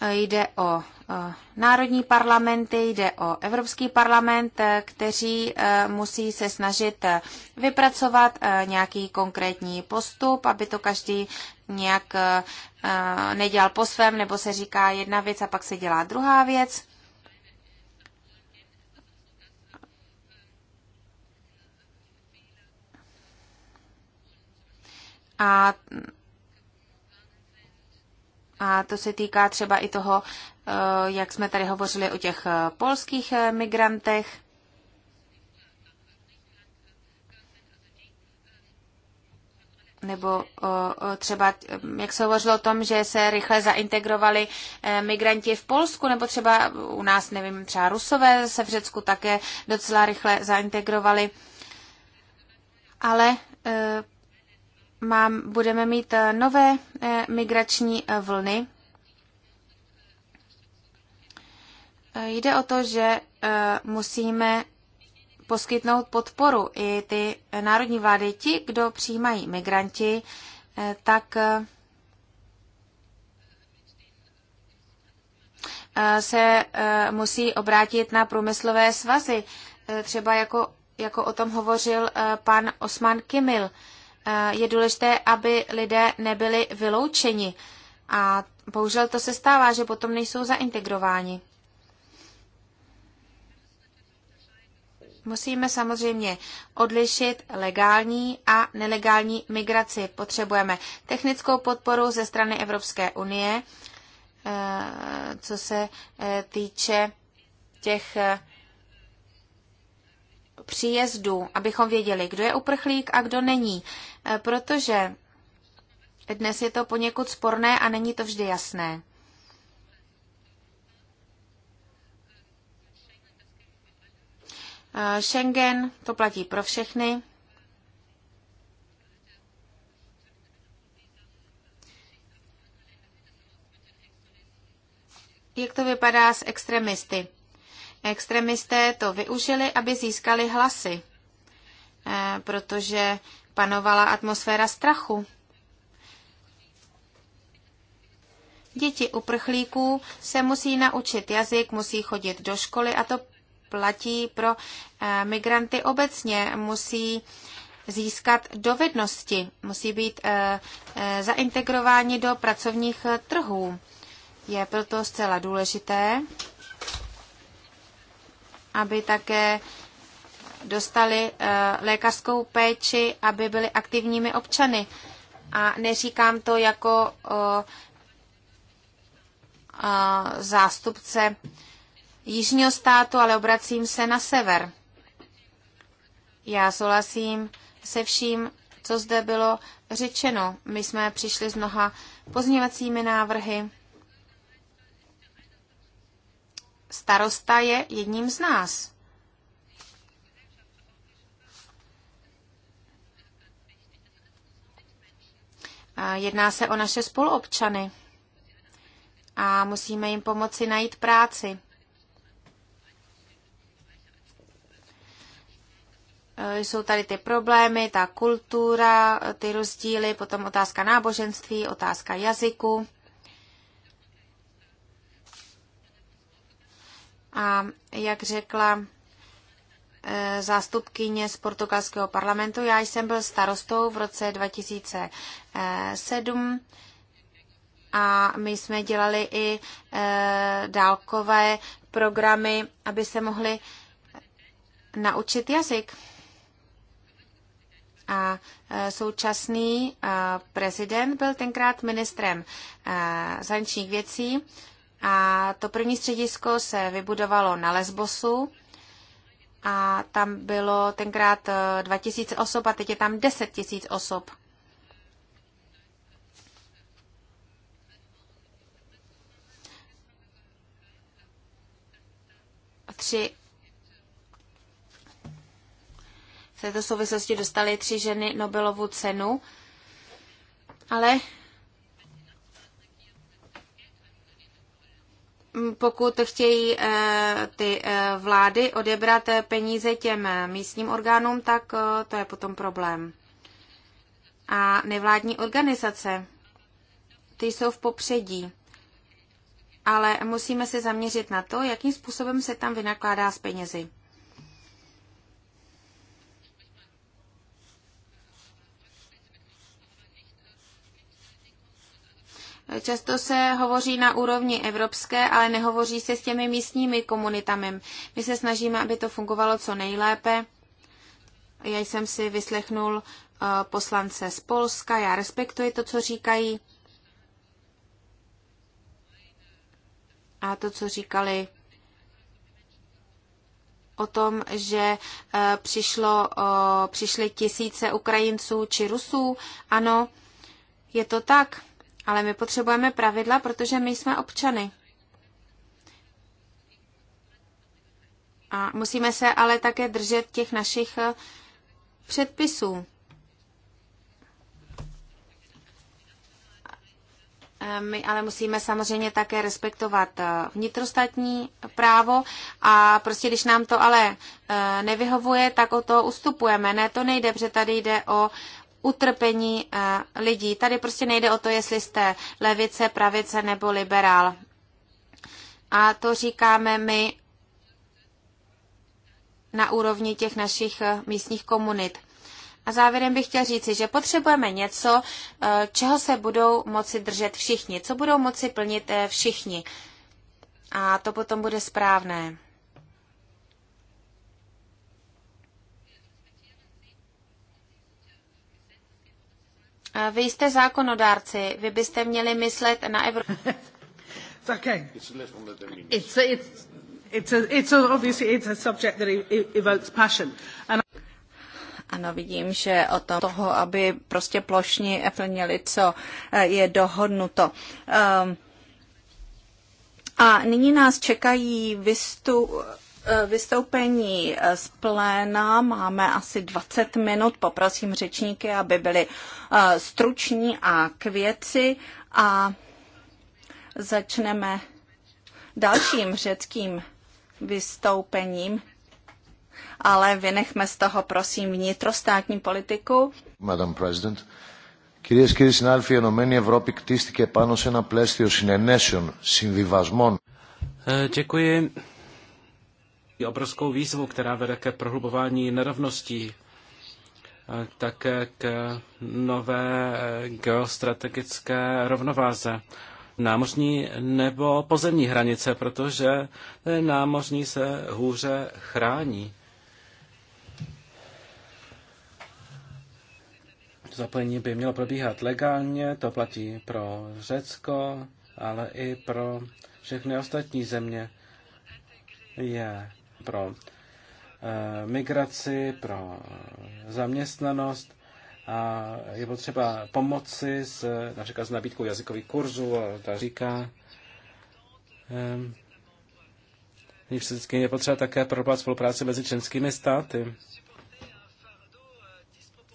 Jde o eh, národní parlamenty, jde o Evropský parlament, eh, kteří eh, musí se snažit vypracovat nějaký konkrétní postup, aby to každý nějak nedělal po svém, nebo se říká jedna věc a pak se dělá druhá věc. A a to se týká třeba i toho, eh, jak jsme tady hovořili o těch eh, polských eh, migrantech. Nebo třeba, jak se hovořilo o tom, že se rychle zaintegrovali migranti v Polsku, nebo třeba u nás, nevím, třeba Rusové se v Řecku také docela rychle zaintegrovali. Ale mám, budeme mít eh, nové eh, migrační eh, vlny. Jde o to, že musíme poskytnout podporu i ty národní vlády, ti, kdo přijímají migranti, tak se musí obrátit na průmyslové svazy, třeba jako, jako o tom hovořil pan Osman Kimil Eh, je důležité, aby lidé nebyli vyloučeni. A bohužel to se stává, že potom nejsou zaintegrováni. Musíme samozřejmě odlišit legální a nelegální migraci. Potřebujeme technickou podporu ze strany Evropské unie, eh, co se eh, týče těch příjezdu, abychom věděli, kdo je uprchlík a kdo není, e, protože dnes je to poněkud sporné a není to vždy jasné. E, Schengen, to platí pro všechny. Jak to vypadá s extremisty? Extremisté to využili, aby získali hlasy, eh, protože panovala atmosféra strachu. Děti uprchlíků se musí naučit jazyk, musí chodit do školy a to platí pro eh, migranty obecně. Musí získat dovednosti, musí být eh, zaintegrováni do pracovních trhů. Je proto zcela důležité, aby také dostali eh, lékařskou péči, aby byli aktivními občany. A neříkám to jako eh, eh, zástupce jižního státu, ale obracím se na sever. Já souhlasím se vším, co zde bylo řečeno. My jsme přišli s mnoha pozněvacími návrhy. starosta je jedním z nás. Jedná se o naše spoluobčany a musíme jim pomoci najít práci. E, jsou tady ty problémy, ta kultura, ty rozdíly, potom otázka náboženství, otázka jazyku. A jak řekla eh, zástupkyně z portugalského parlamentu, já jsem byl starostou v roce 2007 a my jsme dělali i eh, dálkové programy, aby se mohli naučit jazyk. A eh, současný prezident byl tenkrát ministrem zahraničních věcí a to první středisko se vybudovalo na Lesbosu a tam bylo tenkrát 2000 eh, osob a teď je tam 10 000 osob. Tři v této souvislosti dostali tři ženy Nobelovu cenu, ale pokud chtějí eh, ty eh, vlády odebrat eh, peníze těm místním orgánům, tak to je potom problém. A nevládní organizace, ty jsou v popředí. Ale musíme se zaměřit na to, jakým způsobem se tam vynakládá s penězi. Často se hovoří na úrovni evropské, ale nehovoří se s těmi místními komunitami. My se snažíme, aby to fungovalo co nejlépe. Já jsem si vyslechnul eh, poslance z Polska, já respektuji to, co říkají. A to, co říkali o tom, že eh, přišlo, přišly tisíce Ukrajinců či Rusů. Ano, je to tak. Ale my potřebujeme pravidla, protože my jsme občany. A musíme se ale také držet těch našich eh, předpisů. Eh, my ale musíme samozřejmě také respektovat eh, vnitrostátní právo a prostě když nám to ale nevyhovuje, tak o to ustupujeme. Ne, to nejde, protože tady jde o utrpení eh, lidí. Tady prostě nejde o to, jestli jste levice, pravice nebo liberál. A to říkáme my na úrovni těch našich eh, místních komunit. A závěrem bych chtěl říci, že potřebujeme něco, eh, čeho se budou moci držet všichni, co budou moci plnit všichni. A to potom bude správné. Vy jste zákonodárci, vy byste měli myslet na Evropu. [laughs] okay. It's, it's, it's, a, it's a, obviously it's a subject that e, e, evokes passion. And ano, vidím, že o tom toho, aby prostě plošní plnili, co e, je dohodnuto. Um, a nyní nás čekají vystu, Eh, vystoupení eh, z pléna. Máme asi 20 minut. Poprosím řečníky, aby byli eh, struční a k věci a začneme dalším řeckým vystoupením, ale vynechme z toho, prosím, vnitrostátní politiku. Madam President, Κυρίες και κύριοι συνάδελφοι, η Ενωμένη Ευρώπη κτίστηκε πάνω σε ένα πλαίσιο συνενέσεων, συμβιβασμών. Děkuji obrovskou výzvu, která vede ke prohlubování nerovností, eh, také k nové eh, geostrategické rovnováze námořní nebo pozemní hranice, protože eh, námořní se hůře chrání. Zapojení by mělo probíhat legálně, to platí pro Řecko, ale i pro všechny ostatní země. Je pro eh, migraci, pro zaměstnanost a je potřeba pomoci s, například s nabídkou jazykových kurzů, ta říká, eh, vždycky je potřeba také propad spolupráci mezi členskými státy,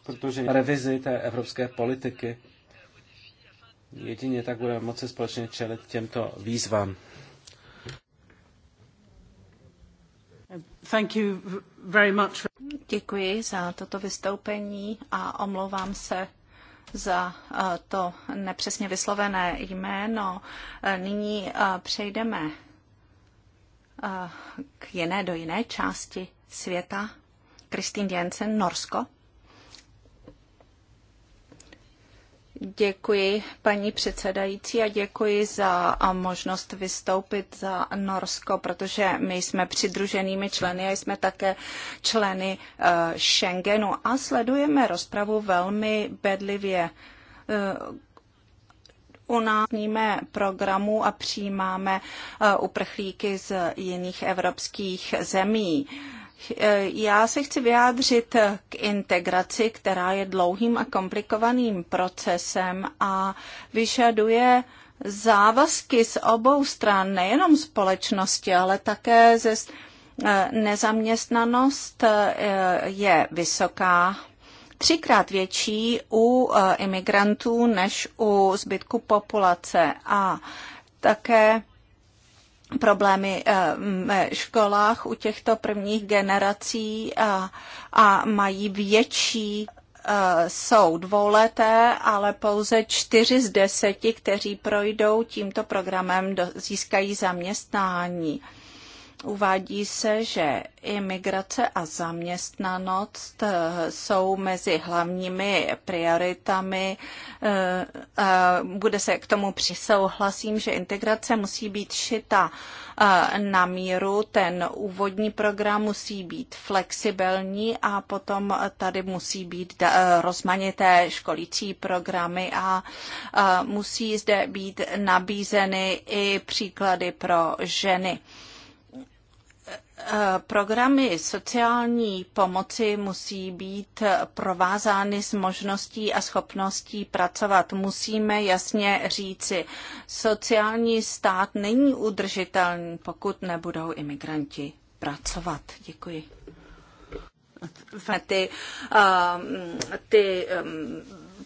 protože revizi té evropské politiky jedině tak budeme moci společně čelit těmto výzvám. Děkuji za toto vystoupení a omlouvám se za eh, to nepřesně vyslovené jméno. Eh, nyní eh, přejdeme k jiné, do jiné části světa. Kristín Jensen, Norsko. Děkuji paní předsedající a děkuji za možnost vystoupit za Norsko, protože my jsme přidruženými členy a jsme také členy eh, Schengenu a sledujeme rozpravu velmi bedlivě. Eh, u nás vníme programu a přijímáme eh, uprchlíky z jiných evropských zemí. Eh, já se chci vyjádřit k integraci, která je dlouhým a komplikovaným procesem a vyžaduje závazky z obou stran, nejenom společnosti, ale také ze eh, nezaměstnanost eh, je vysoká, třikrát větší u imigrantů než u zbytku populace a také problémy eh, v školách u těchto prvních generací a, eh, a mají větší eh, jsou dvouleté, ale pouze čtyři z deseti, kteří projdou tímto programem, získají zaměstnání. Uvádí se, že imigrace a zaměstnanost eh, jsou mezi hlavními prioritami. Eh, eh, bude se k tomu přisouhlasím, že integrace musí být šita na míru, ten úvodní program musí být flexibilní a potom tady musí být rozmanité školící programy a musí zde být nabízeny i příklady pro ženy. Programy sociální pomoci musí být provázány s možností a schopností pracovat. Musíme jasně říci, sociální stát není udržitelný, pokud nebudou imigranti pracovat. Děkuji. Ty, um, ty um,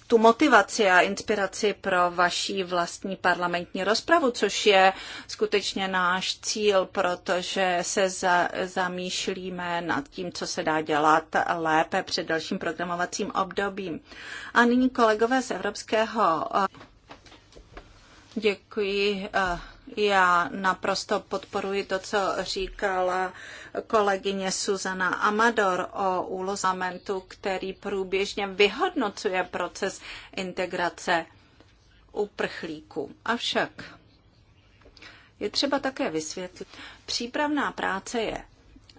tu motivaci a inspiraci pro vaší vlastní parlamentní rozpravu, což je skutečně náš cíl, protože se za, zamýšlíme nad tím, co se dá dělat lépe před dalším programovacím obdobím. A nyní kolegové z Evropského. Eh, děkuji. Uh, já naprosto podporuji to, co říkala kolegyně Suzana Amador o úlozamentu, který průběžně vyhodnocuje proces integrace uprchlíků. Avšak je třeba také vysvětlit, přípravná práce je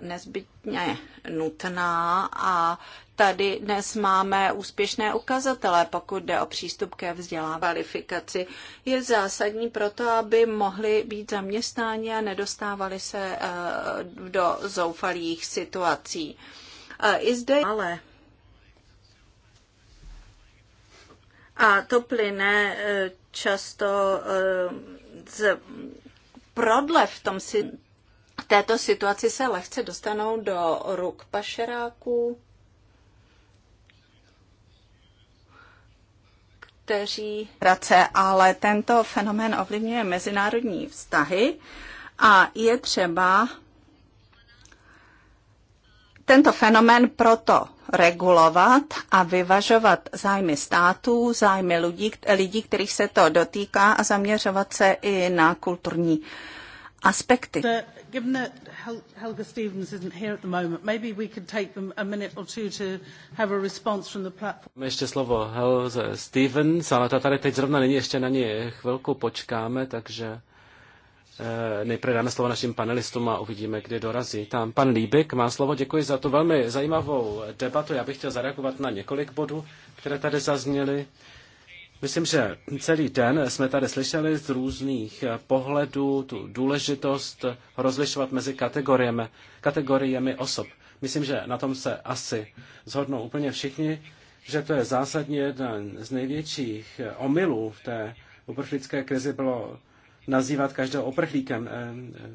nezbytně nutná a tady dnes máme úspěšné ukazatele, pokud jde o přístup ke vzdělávání. Kvalifikaci je zásadní proto, aby mohli být zaměstnáni a nedostávali se eh, do zoufalých situací. Eh, I zde ale a to plyne eh, často z prodlev v tom si této situaci se lehce dostanou do ruk pašeráků, kteří... Ale tento fenomén ovlivňuje mezinárodní vztahy a je třeba tento fenomén proto regulovat a vyvažovat zájmy států, zájmy lidí, lidí, kterých se to dotýká a zaměřovat se i na kulturní aspekty. Given that Hel Helga Stevens isn't here at the moment, maybe we could take them a minute or two to have a response from the platform. Ještě slovo Helze Stevens, ale ta tady teď zrovna není, ještě na ně chvilku počkáme, takže eh, nejprve dáme slovo našim panelistům a uvidíme, kdy dorazí. Tam pan Líbik má slovo, děkuji za tu velmi zajímavou debatu. Já bych chtěl zareagovat na několik bodů, které tady zazněly. Myslím, že celý den jsme tady slyšeli z různých eh, pohledů tu důležitost rozlišovat mezi kategoriemi, kategoriemi osob. Myslím, že na tom se asi zhodnou úplně všichni, že to je zásadně jeden z největších eh, omylů v té uprchlické krizi bylo nazývat každého oprchlíkem. Eh,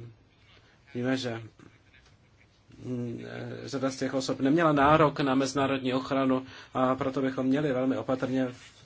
víme, že mm, řada z těch osob neměla nárok na mezinárodní ochranu a proto bychom měli velmi opatrně v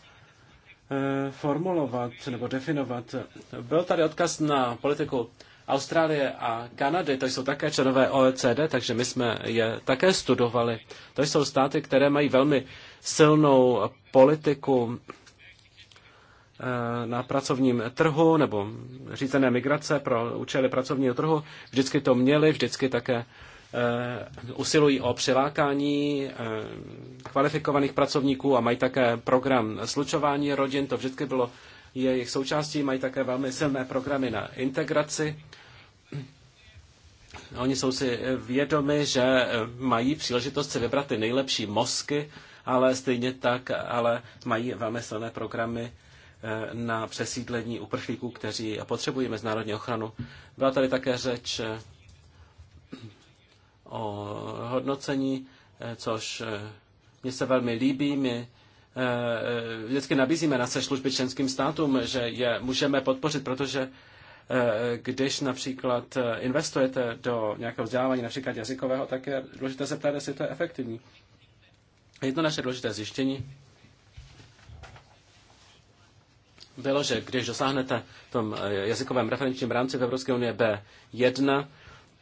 Eh, formulovat nebo definovat. Byl tady odkaz na politiku Austrálie a Kanady, to jsou také členové OECD, takže my jsme je také studovali. To jsou státy, které mají velmi silnou politiku eh, na pracovním trhu nebo řízené migrace pro účely pracovního trhu. Vždycky to měli, vždycky také Eh, usilují o přilákání eh, kvalifikovaných pracovníků a mají také program slučování rodin, to vždycky bylo jejich součástí, mají také velmi silné programy na integraci. Oni jsou si vědomi, že eh, mají příležitost si vybrat ty nejlepší mozky, ale stejně tak ale mají velmi silné programy na přesídlení uprchlíků, kteří potřebují mezinárodní ochranu. Byla tady také řeč o hodnocení, eh, což eh, mně se velmi líbí. My eh, vždycky nabízíme naše služby členským státům, že je můžeme podpořit, protože když například investujete do nějakého vzdělávání, například jazykového, tak je důležité se ptát, jestli to je efektivní. Jedno naše důležité zjištění bylo, že když dosáhnete v tom jazykovém referenčním rámci v Evropské unie B1,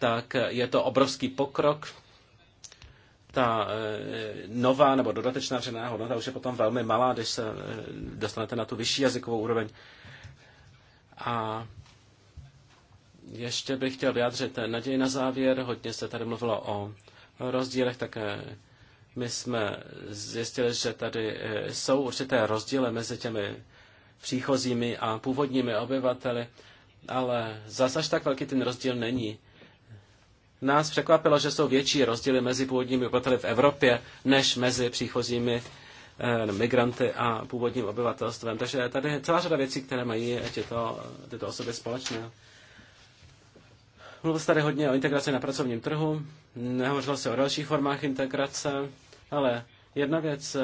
tak je to obrovský pokrok. Ta eh, nová nebo dodatečná přidaná hodnota už je potom velmi malá, když se eh, dostanete na tu vyšší jazykovou úroveň. A ještě bych chtěl vyjádřit naději na závěr. Hodně se tady mluvilo o rozdílech, tak eh, my jsme zjistili, že tady jsou určité rozdíly mezi těmi příchozími a původními obyvateli, ale zase až tak velký ten rozdíl není nás překvapilo, že jsou větší rozdíly mezi původními obyvateli v Evropě než mezi příchozími eh, migranty a původním obyvatelstvem. Takže tady je celá řada věcí, které mají tyto, tyto osoby společné. Mluvil se tady hodně o integraci na pracovním trhu, nehovořilo se o dalších formách integrace, ale jedna věc,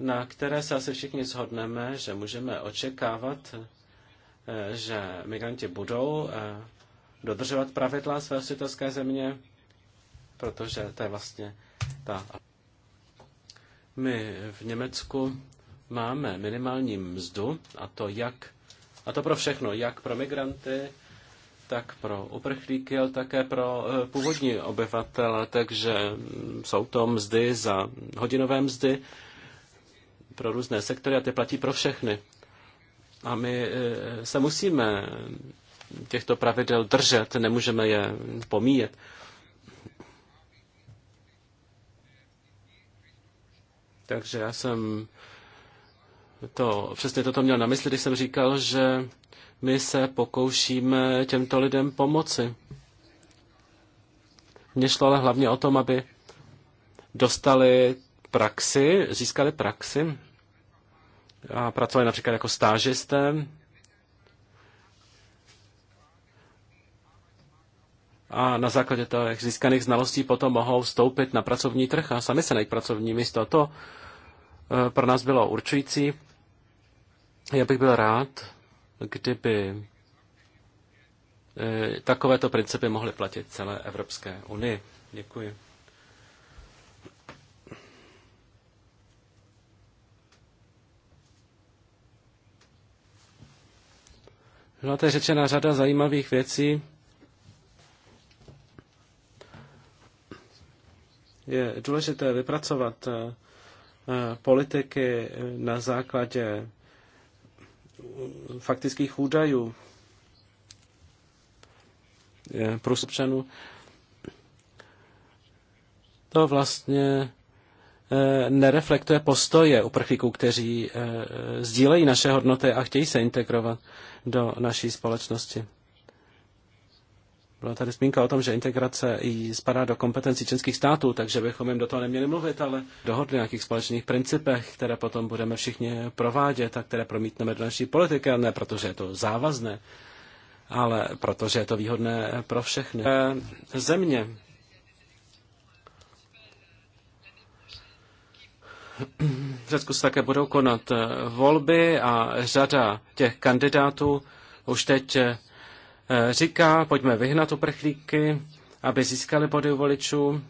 na které se asi všichni shodneme, že můžeme očekávat, eh, že migranti budou eh, dodržovat pravidla své světovské země, protože to je vlastně ta. My v Německu máme minimální mzdu a to jak a to pro všechno, jak pro migranty, tak pro uprchlíky, ale také pro eh, původní obyvatele, takže mm, jsou to mzdy za hodinové mzdy pro různé sektory a ty platí pro všechny. A my eh, se musíme těchto pravidel držet, nemůžeme je pomíjet. Takže já jsem to, přesně toto měl na mysli, když jsem říkal, že my se pokoušíme těmto lidem pomoci. Mně šlo ale hlavně o tom, aby dostali praxi, získali praxi a pracovali například jako stážisté a na základě těch získaných znalostí potom mohou vstoupit na pracovní trh a sami se najít pracovní místo. To eh, pro nás bylo určující. Já bych byl rád, kdyby eh, takovéto principy mohly platit celé Evropské unii. Děkuji. Byla tady řečena řada zajímavých věcí. je důležité vypracovat eh, eh, politiky na základě faktických údajů pro občanů. To vlastně eh, nereflektuje postoje uprchlíků, kteří sdílejí naše hodnoty a chtějí se integrovat do naší společnosti. Byla tady zmínka o tom, že integrace i spadá do kompetencí českých států, takže bychom jim do toho neměli mluvit, ale dohodli nějakých společných principech, které potom budeme všichni provádět a které promítneme do naší politiky, a ne protože je to závazné, ale protože je to výhodné pro všechny. E, země. V Řecku se také budou konat volby a řada těch kandidátů už teď Eh, říká, pojďme vyhnat uprchlíky, aby získali body u voličů.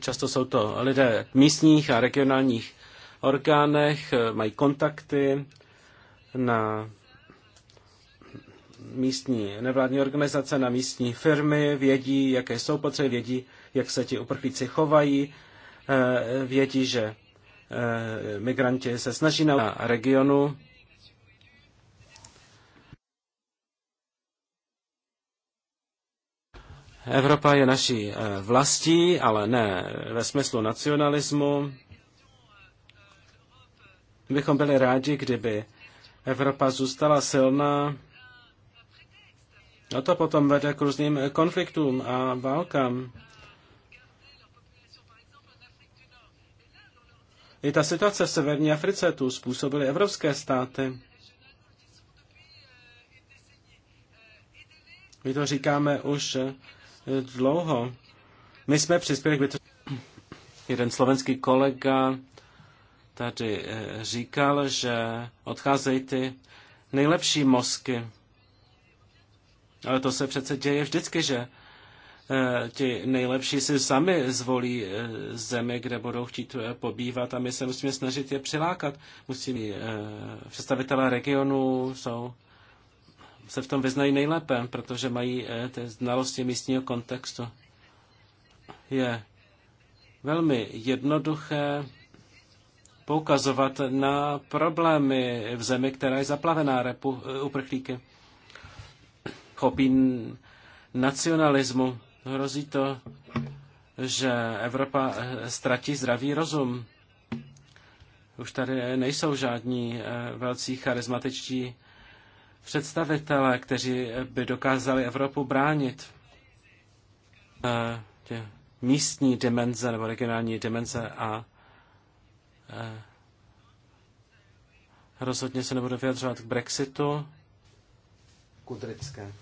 Často jsou to lidé v místních a regionálních orgánech, eh, mají kontakty na místní nevládní organizace, na místní firmy, vědí, jaké jsou potřeby, vědí, jak se ti uprchlíci chovají, eh, vědí, že migranti se snaží na regionu Evropa je naší eh, vlastí, ale ne ve smyslu nacionalismu. Bychom byli rádi, kdyby Evropa zůstala silná. A to potom vede k různým konfliktům a válkám. I ta situace v severní Africe tu způsobily evropské státy. My to říkáme už dlouho. My jsme přispěli k to Jeden slovenský kolega tady eh, říkal, že odcházejí ty nejlepší mozky. Ale to se přece děje vždycky, že eh, ti nejlepší si sami zvolí eh, zemi, kde budou chtít pobývat a my se musíme snažit je přilákat. Musíme představitelé regionu jsou se v tom vyznají nejlépe, protože mají eh, ty znalosti místního kontextu. Je velmi jednoduché poukazovat na problémy v zemi, která je zaplavená repu, eh, uprchlíky. Chopí nacionalismu. Hrozí to, že Evropa eh, ztratí zdravý rozum. Už tady nejsou žádní velcí charizmatičtí představitele, kteří by dokázali Evropu bránit. Eh, tě místní dimenze nebo regionální dimenze a eh, rozhodně se nebudu vyjadřovat k Brexitu. Kudrické.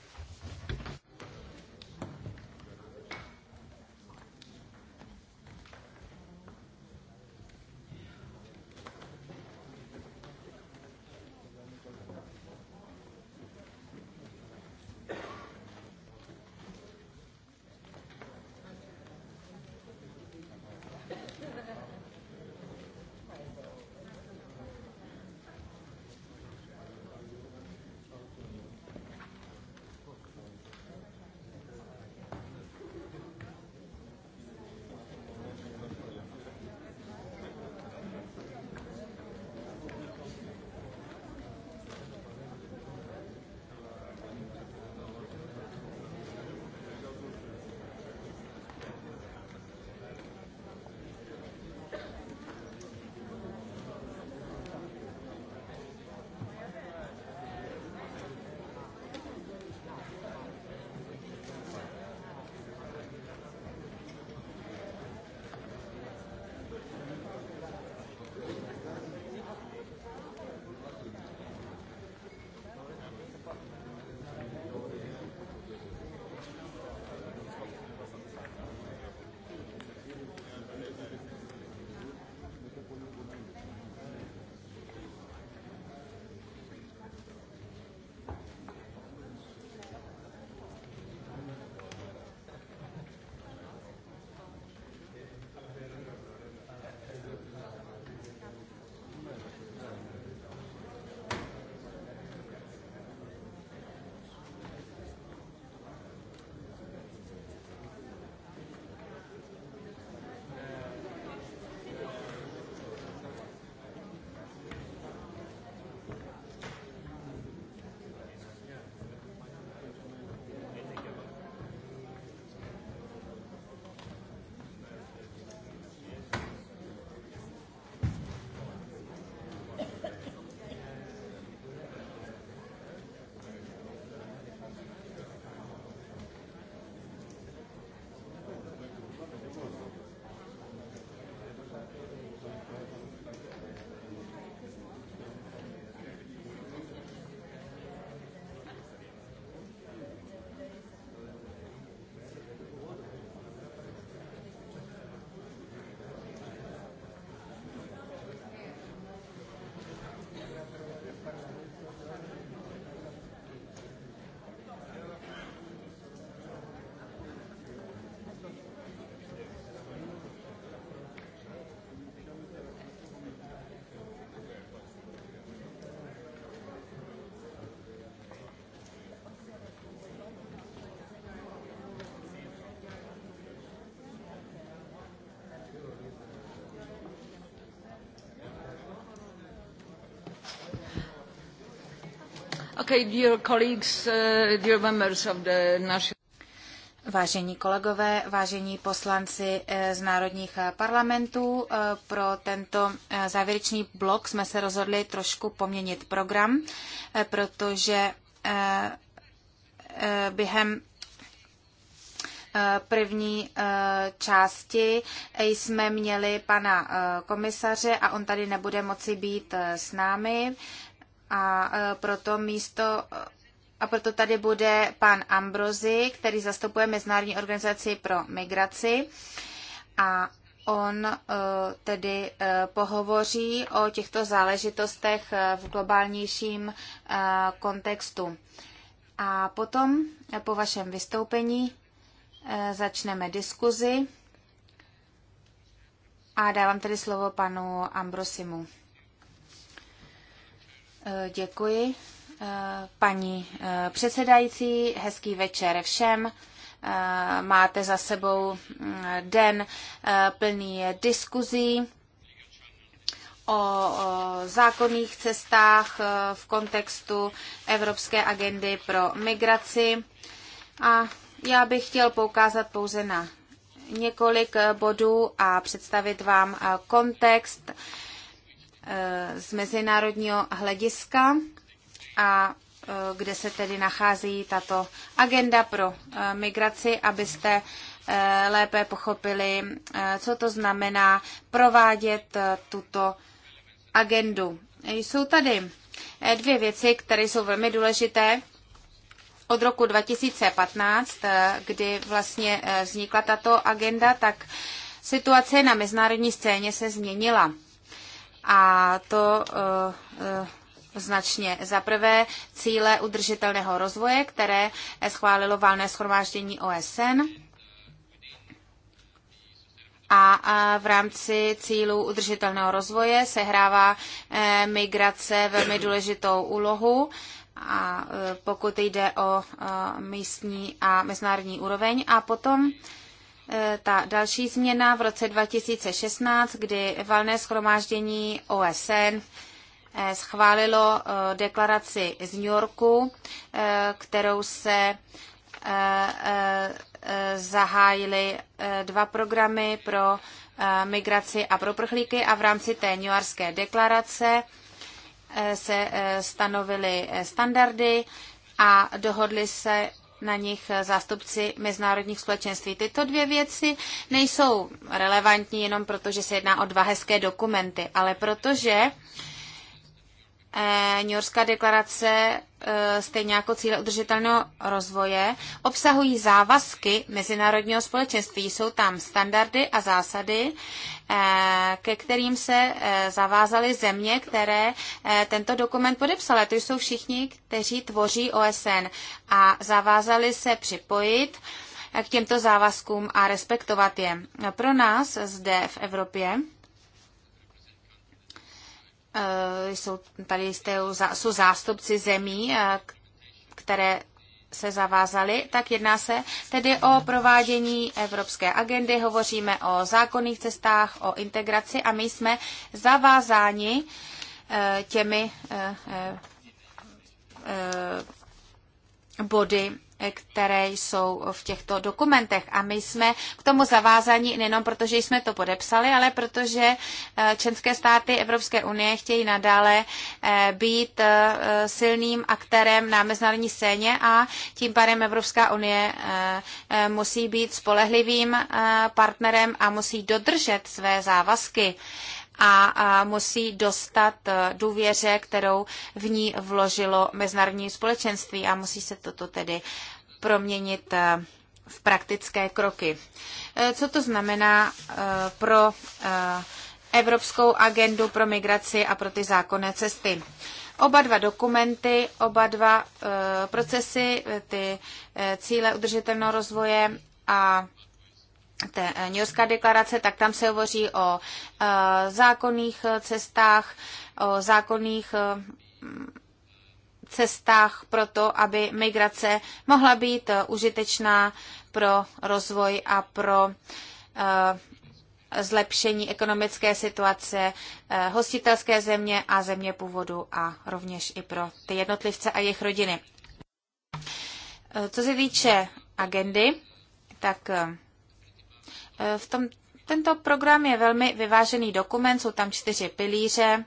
Uh, vážení kolegové, vážení poslanci eh, z národních eh, parlamentů, eh, pro tento závěrečný blok jsme se rozhodli trošku poměnit program, protože během první části jsme měli pana komisaře a on tady nebude moci být s námi a e, proto místo a proto tady bude pan Ambrozi, který zastupuje Mezinárodní organizaci pro migraci a on e, tedy e, pohovoří o těchto záležitostech v globálnějším kontextu. A potom po vašem vystoupení začneme diskuzi a dávám tedy slovo panu Ambrosimu. Děkuji, eh, paní eh, předsedající. Hezký večer všem. Eh, máte za sebou mm, den plný diskuzí o zákonných cestách v kontextu Evropské agendy pro migraci. A já bych chtěl poukázat pouze na několik bodů a představit vám kontext Eh, z mezinárodního hlediska a eh, kde se tedy nachází tato agenda pro eh, migraci, abyste lépe pochopili, co to znamená provádět tuto agendu. Jsou tady dvě věci, které jsou velmi důležité. Od roku 2015, kdy vlastně vznikla tato agenda, tak situace na mezinárodní scéně se změnila a to eh, eh, značně. Za prvé cíle udržitelného rozvoje, které schválilo válné schromáždění OSN a v rámci cílů udržitelného rozvoje sehrává eh, migrace velmi důležitou úlohu. A pokud jde o místní a mezinárodní úroveň. A potom Eh, ta další změna v roce 2016, kdy valné schromáždění OSN eh, schválilo eh, deklaraci z New Yorku, kterou se zahájily dva programy pro migraci a pro prchlíky a v rámci té New Yorkské deklarace se stanovily standardy a dohodly se na nich zástupci mezinárodních společenství. Tyto dvě věci nejsou relevantní jenom proto, že se jedná o dva hezké dokumenty, ale protože Eh, New Yorkská deklarace, eh, stejně jako cíle udržitelného rozvoje, obsahují závazky mezinárodního společenství. Jsou tam standardy a zásady, eh, ke kterým se zavázaly země, které tento dokument podepsaly. To jsou všichni, kteří tvoří OSN a zavázali se připojit k těmto závazkům a respektovat je. Pro nás zde v Evropě Eh, jsou tady jste, jsou zástupci zemí, eh, které se zavázaly, tak jedná se tedy o provádění evropské agendy, hovoříme o zákonných cestách, o integraci a my jsme zavázáni eh, těmi body které jsou v těchto dokumentech. A my jsme k tomu zavázaní nejenom protože jsme to podepsali, ale protože eh, členské státy Evropské unie chtějí nadále eh, být eh, silným aktérem na mezinárodní scéně a tím pádem Evropská unie musí být spolehlivým partnerem a musí dodržet své závazky a musí dostat důvěře, kterou v ní vložilo mezinárodní společenství a musí se toto tedy proměnit eh, v praktické kroky. Eh, co to znamená eh, pro Evropskou agendu pro migraci a pro ty zákonné cesty? Oba dva dokumenty, oba dva procesy, ty cíle udržitelného rozvoje a té New Yorkská deklarace, tak tam se hovoří o zákonných cestách, o zákonných cestách pro to, aby migrace mohla být eh, užitečná pro rozvoj a pro eh, zlepšení ekonomické situace eh, hostitelské země a země původu a rovněž i pro ty jednotlivce a jejich rodiny. Co se týče agendy, tak v tom, tento program je velmi vyvážený dokument, jsou tam čtyři pilíře,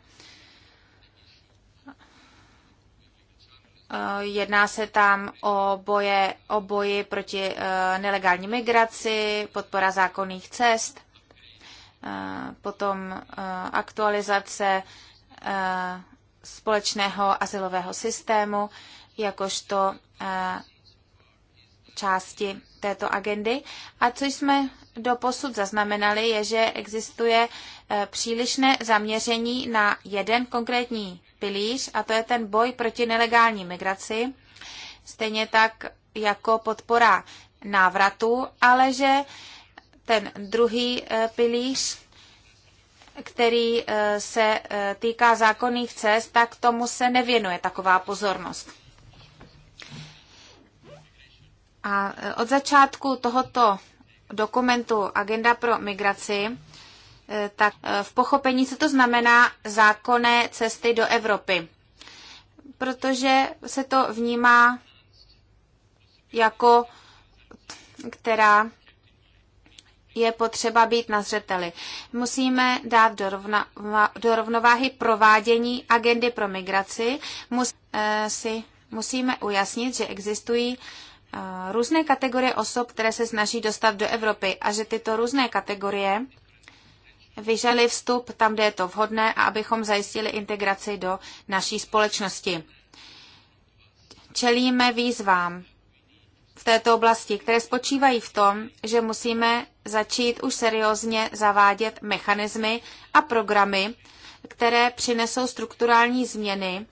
Eh, jedná se tam o, boje, o boji proti eh, nelegální migraci, podpora zákonných cest, eh, potom aktualizace společného asilového systému, jakožto části této agendy. A co jsme do posud zaznamenali, je, že existuje přílišné zaměření na jeden konkrétní pilíř a to je ten boj proti nelegální migraci, stejně tak jako podpora návratu, ale že ten druhý eh, pilíř, který eh, se eh, týká zákonných cest, tak tomu se nevěnuje taková pozornost. A od začátku tohoto dokumentu Agenda pro migraci tak eh, v pochopení, co to znamená zákonné cesty do Evropy. Protože se to vnímá jako která je potřeba být na zřeteli. Musíme dát do, rovna, do rovnováhy provádění agendy pro migraci. Mus, eh, si musíme ujasnit, že existují eh, různé kategorie osob, které se snaží dostat do Evropy a že tyto různé kategorie vyžali vstup tam, kde je to vhodné a abychom zajistili integraci do naší společnosti. Čelíme výzvám v této oblasti, které spočívají v tom, že musíme začít už seriózně zavádět mechanismy a programy, které přinesou strukturální změny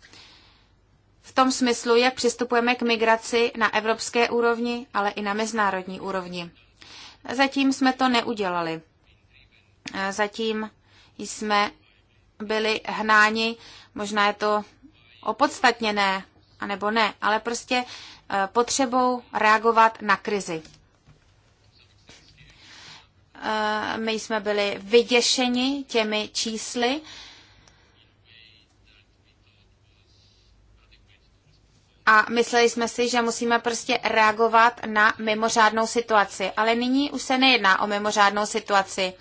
v tom smyslu, jak přistupujeme k migraci na evropské úrovni, ale i na mezinárodní úrovni. Zatím jsme to neudělali zatím jsme byli hnáni, možná je to opodstatněné, anebo ne, ale prostě e, potřebou reagovat na krizi. E, my jsme byli vyděšeni těmi čísly, a mysleli jsme si, že musíme prostě reagovat na mimořádnou situaci. Ale nyní už se nejedná o mimořádnou situaci.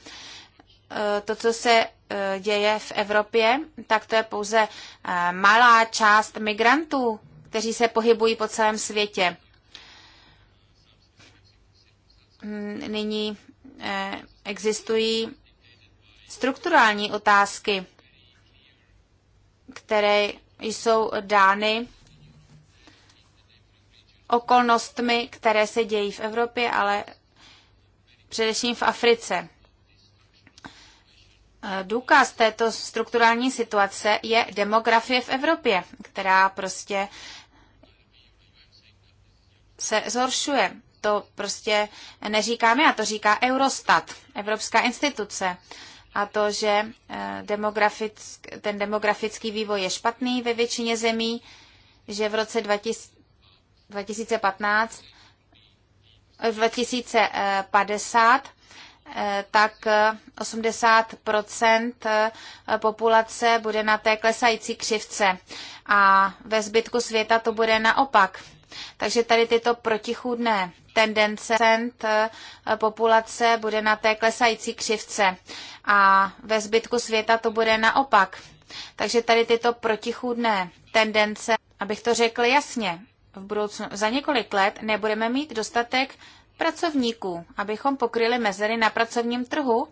Eh, to, co se eh, děje v Evropě, tak to je pouze eh, malá část migrantů, kteří se pohybují po celém světě. Nyní existují strukturální otázky, které jsou dány okolnostmi, které se dějí v Evropě, ale především v Africe. Důkaz této strukturální situace je demografie v Evropě, která prostě se zhoršuje. To prostě neříkáme, já, to říká Eurostat, Evropská instituce. A to, že eh, demografick, ten demografický vývoj je špatný ve většině zemí, že v roce 2015, v 2050 Eh, tak 80 eh, eh, populace bude na té klesající křivce a ve zbytku světa to bude naopak. Takže tady tyto protichůdné tendence populace bude na té klesající křivce a ve zbytku světa to bude naopak. Takže tady tyto protichůdné tendence, abych to řekl jasně, v budoucnu za několik let nebudeme mít dostatek pracovníků, abychom pokryli mezery na pracovním trhu,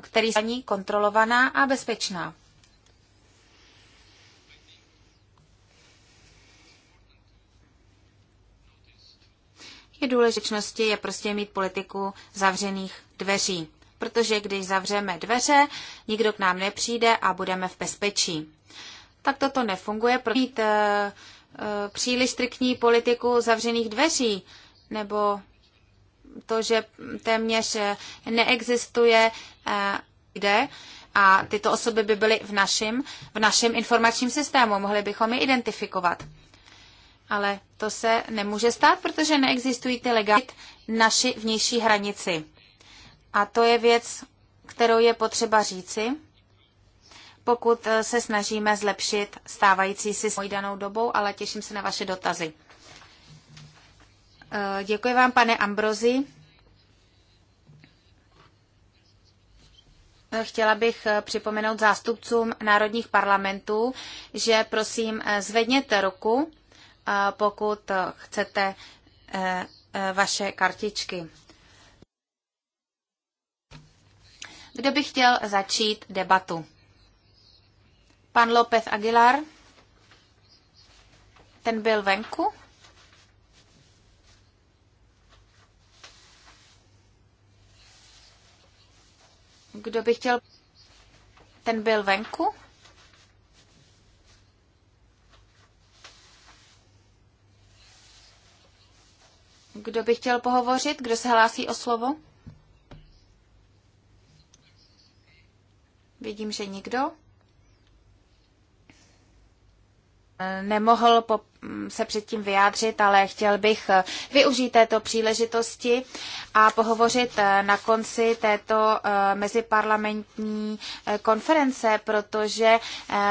který je kontrolovaná a bezpečná. je důležitosti je prostě mít politiku zavřených dveří. Protože když zavřeme dveře, nikdo k nám nepřijde a budeme v bezpečí. Tak toto nefunguje, protože mít uh, uh, příliš striktní politiku zavřených dveří nebo to, že téměř eh, neexistuje, kde eh, a tyto osoby by byly v našem, v našem informačním systému, mohli bychom je identifikovat. Ale to se nemůže stát, protože neexistují ty legalit naši vnější hranici. A to je věc, kterou je potřeba říci, pokud eh, se snažíme zlepšit stávající si s danou dobou, ale těším se na vaše dotazy. Eh, děkuji vám, pane Ambrozi. Eh, chtěla bych eh, připomenout zástupcům národních parlamentů, že prosím zvedněte ruku, pokud chcete vaše kartičky. Kdo by chtěl začít debatu? Pan López Aguilar? Ten byl venku? Kdo by chtěl? Ten byl venku? Kdo by chtěl pohovořit? Kdo se hlásí o slovo? Vidím, že nikdo. nemohl se předtím vyjádřit, ale chtěl bych eh, využít této příležitosti a pohovořit eh, na konci této eh, meziparlamentní konference, protože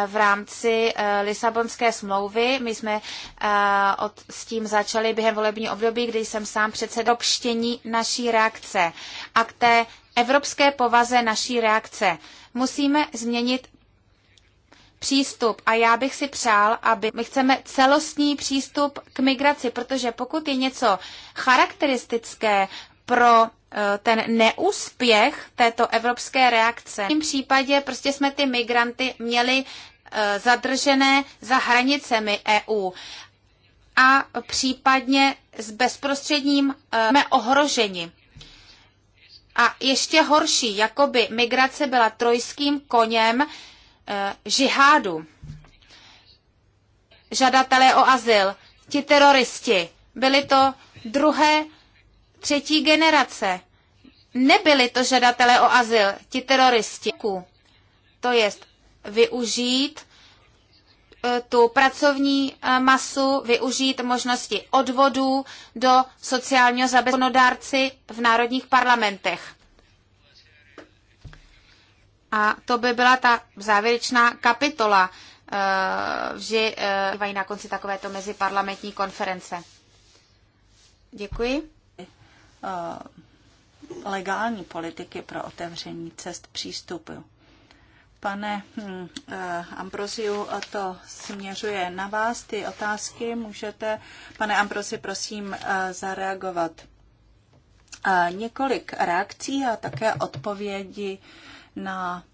v rámci Lisabonské smlouvy my jsme od, s tím začali během volební období, kdy jsem sám předsedal obštění naší reakce a k té evropské povaze naší reakce. Musíme změnit přístup a já bych si přál, aby my chceme celostní přístup k migraci, protože pokud je něco charakteristické pro e, ten neúspěch této evropské reakce. V tom případě prostě jsme ty migranty měli e, zadržené za hranicemi EU a případně s bezprostředním e, jsme ohroženi. A ještě horší, jakoby migrace byla trojským koněm, Eh, žihádu, žadatelé o azyl, ti teroristi, byli to druhé, třetí generace. Nebyli to žadatelé o azyl, ti teroristi. To je využít eh, tu pracovní eh, masu, využít možnosti odvodů do sociálního zabezpečení v národních parlamentech. A to by byla ta závěrečná kapitola, eh, vždy eh, bývají na konci takovéto meziparlamentní konference. Děkuji. Eh, legální politiky pro otevření cest přístupu. Pane Ambroziu, hm, Ambrosiu, to směřuje na vás. Ty otázky můžete, pane Ambrosi, prosím, zareagovat. Několik reakcí a také odpovědi na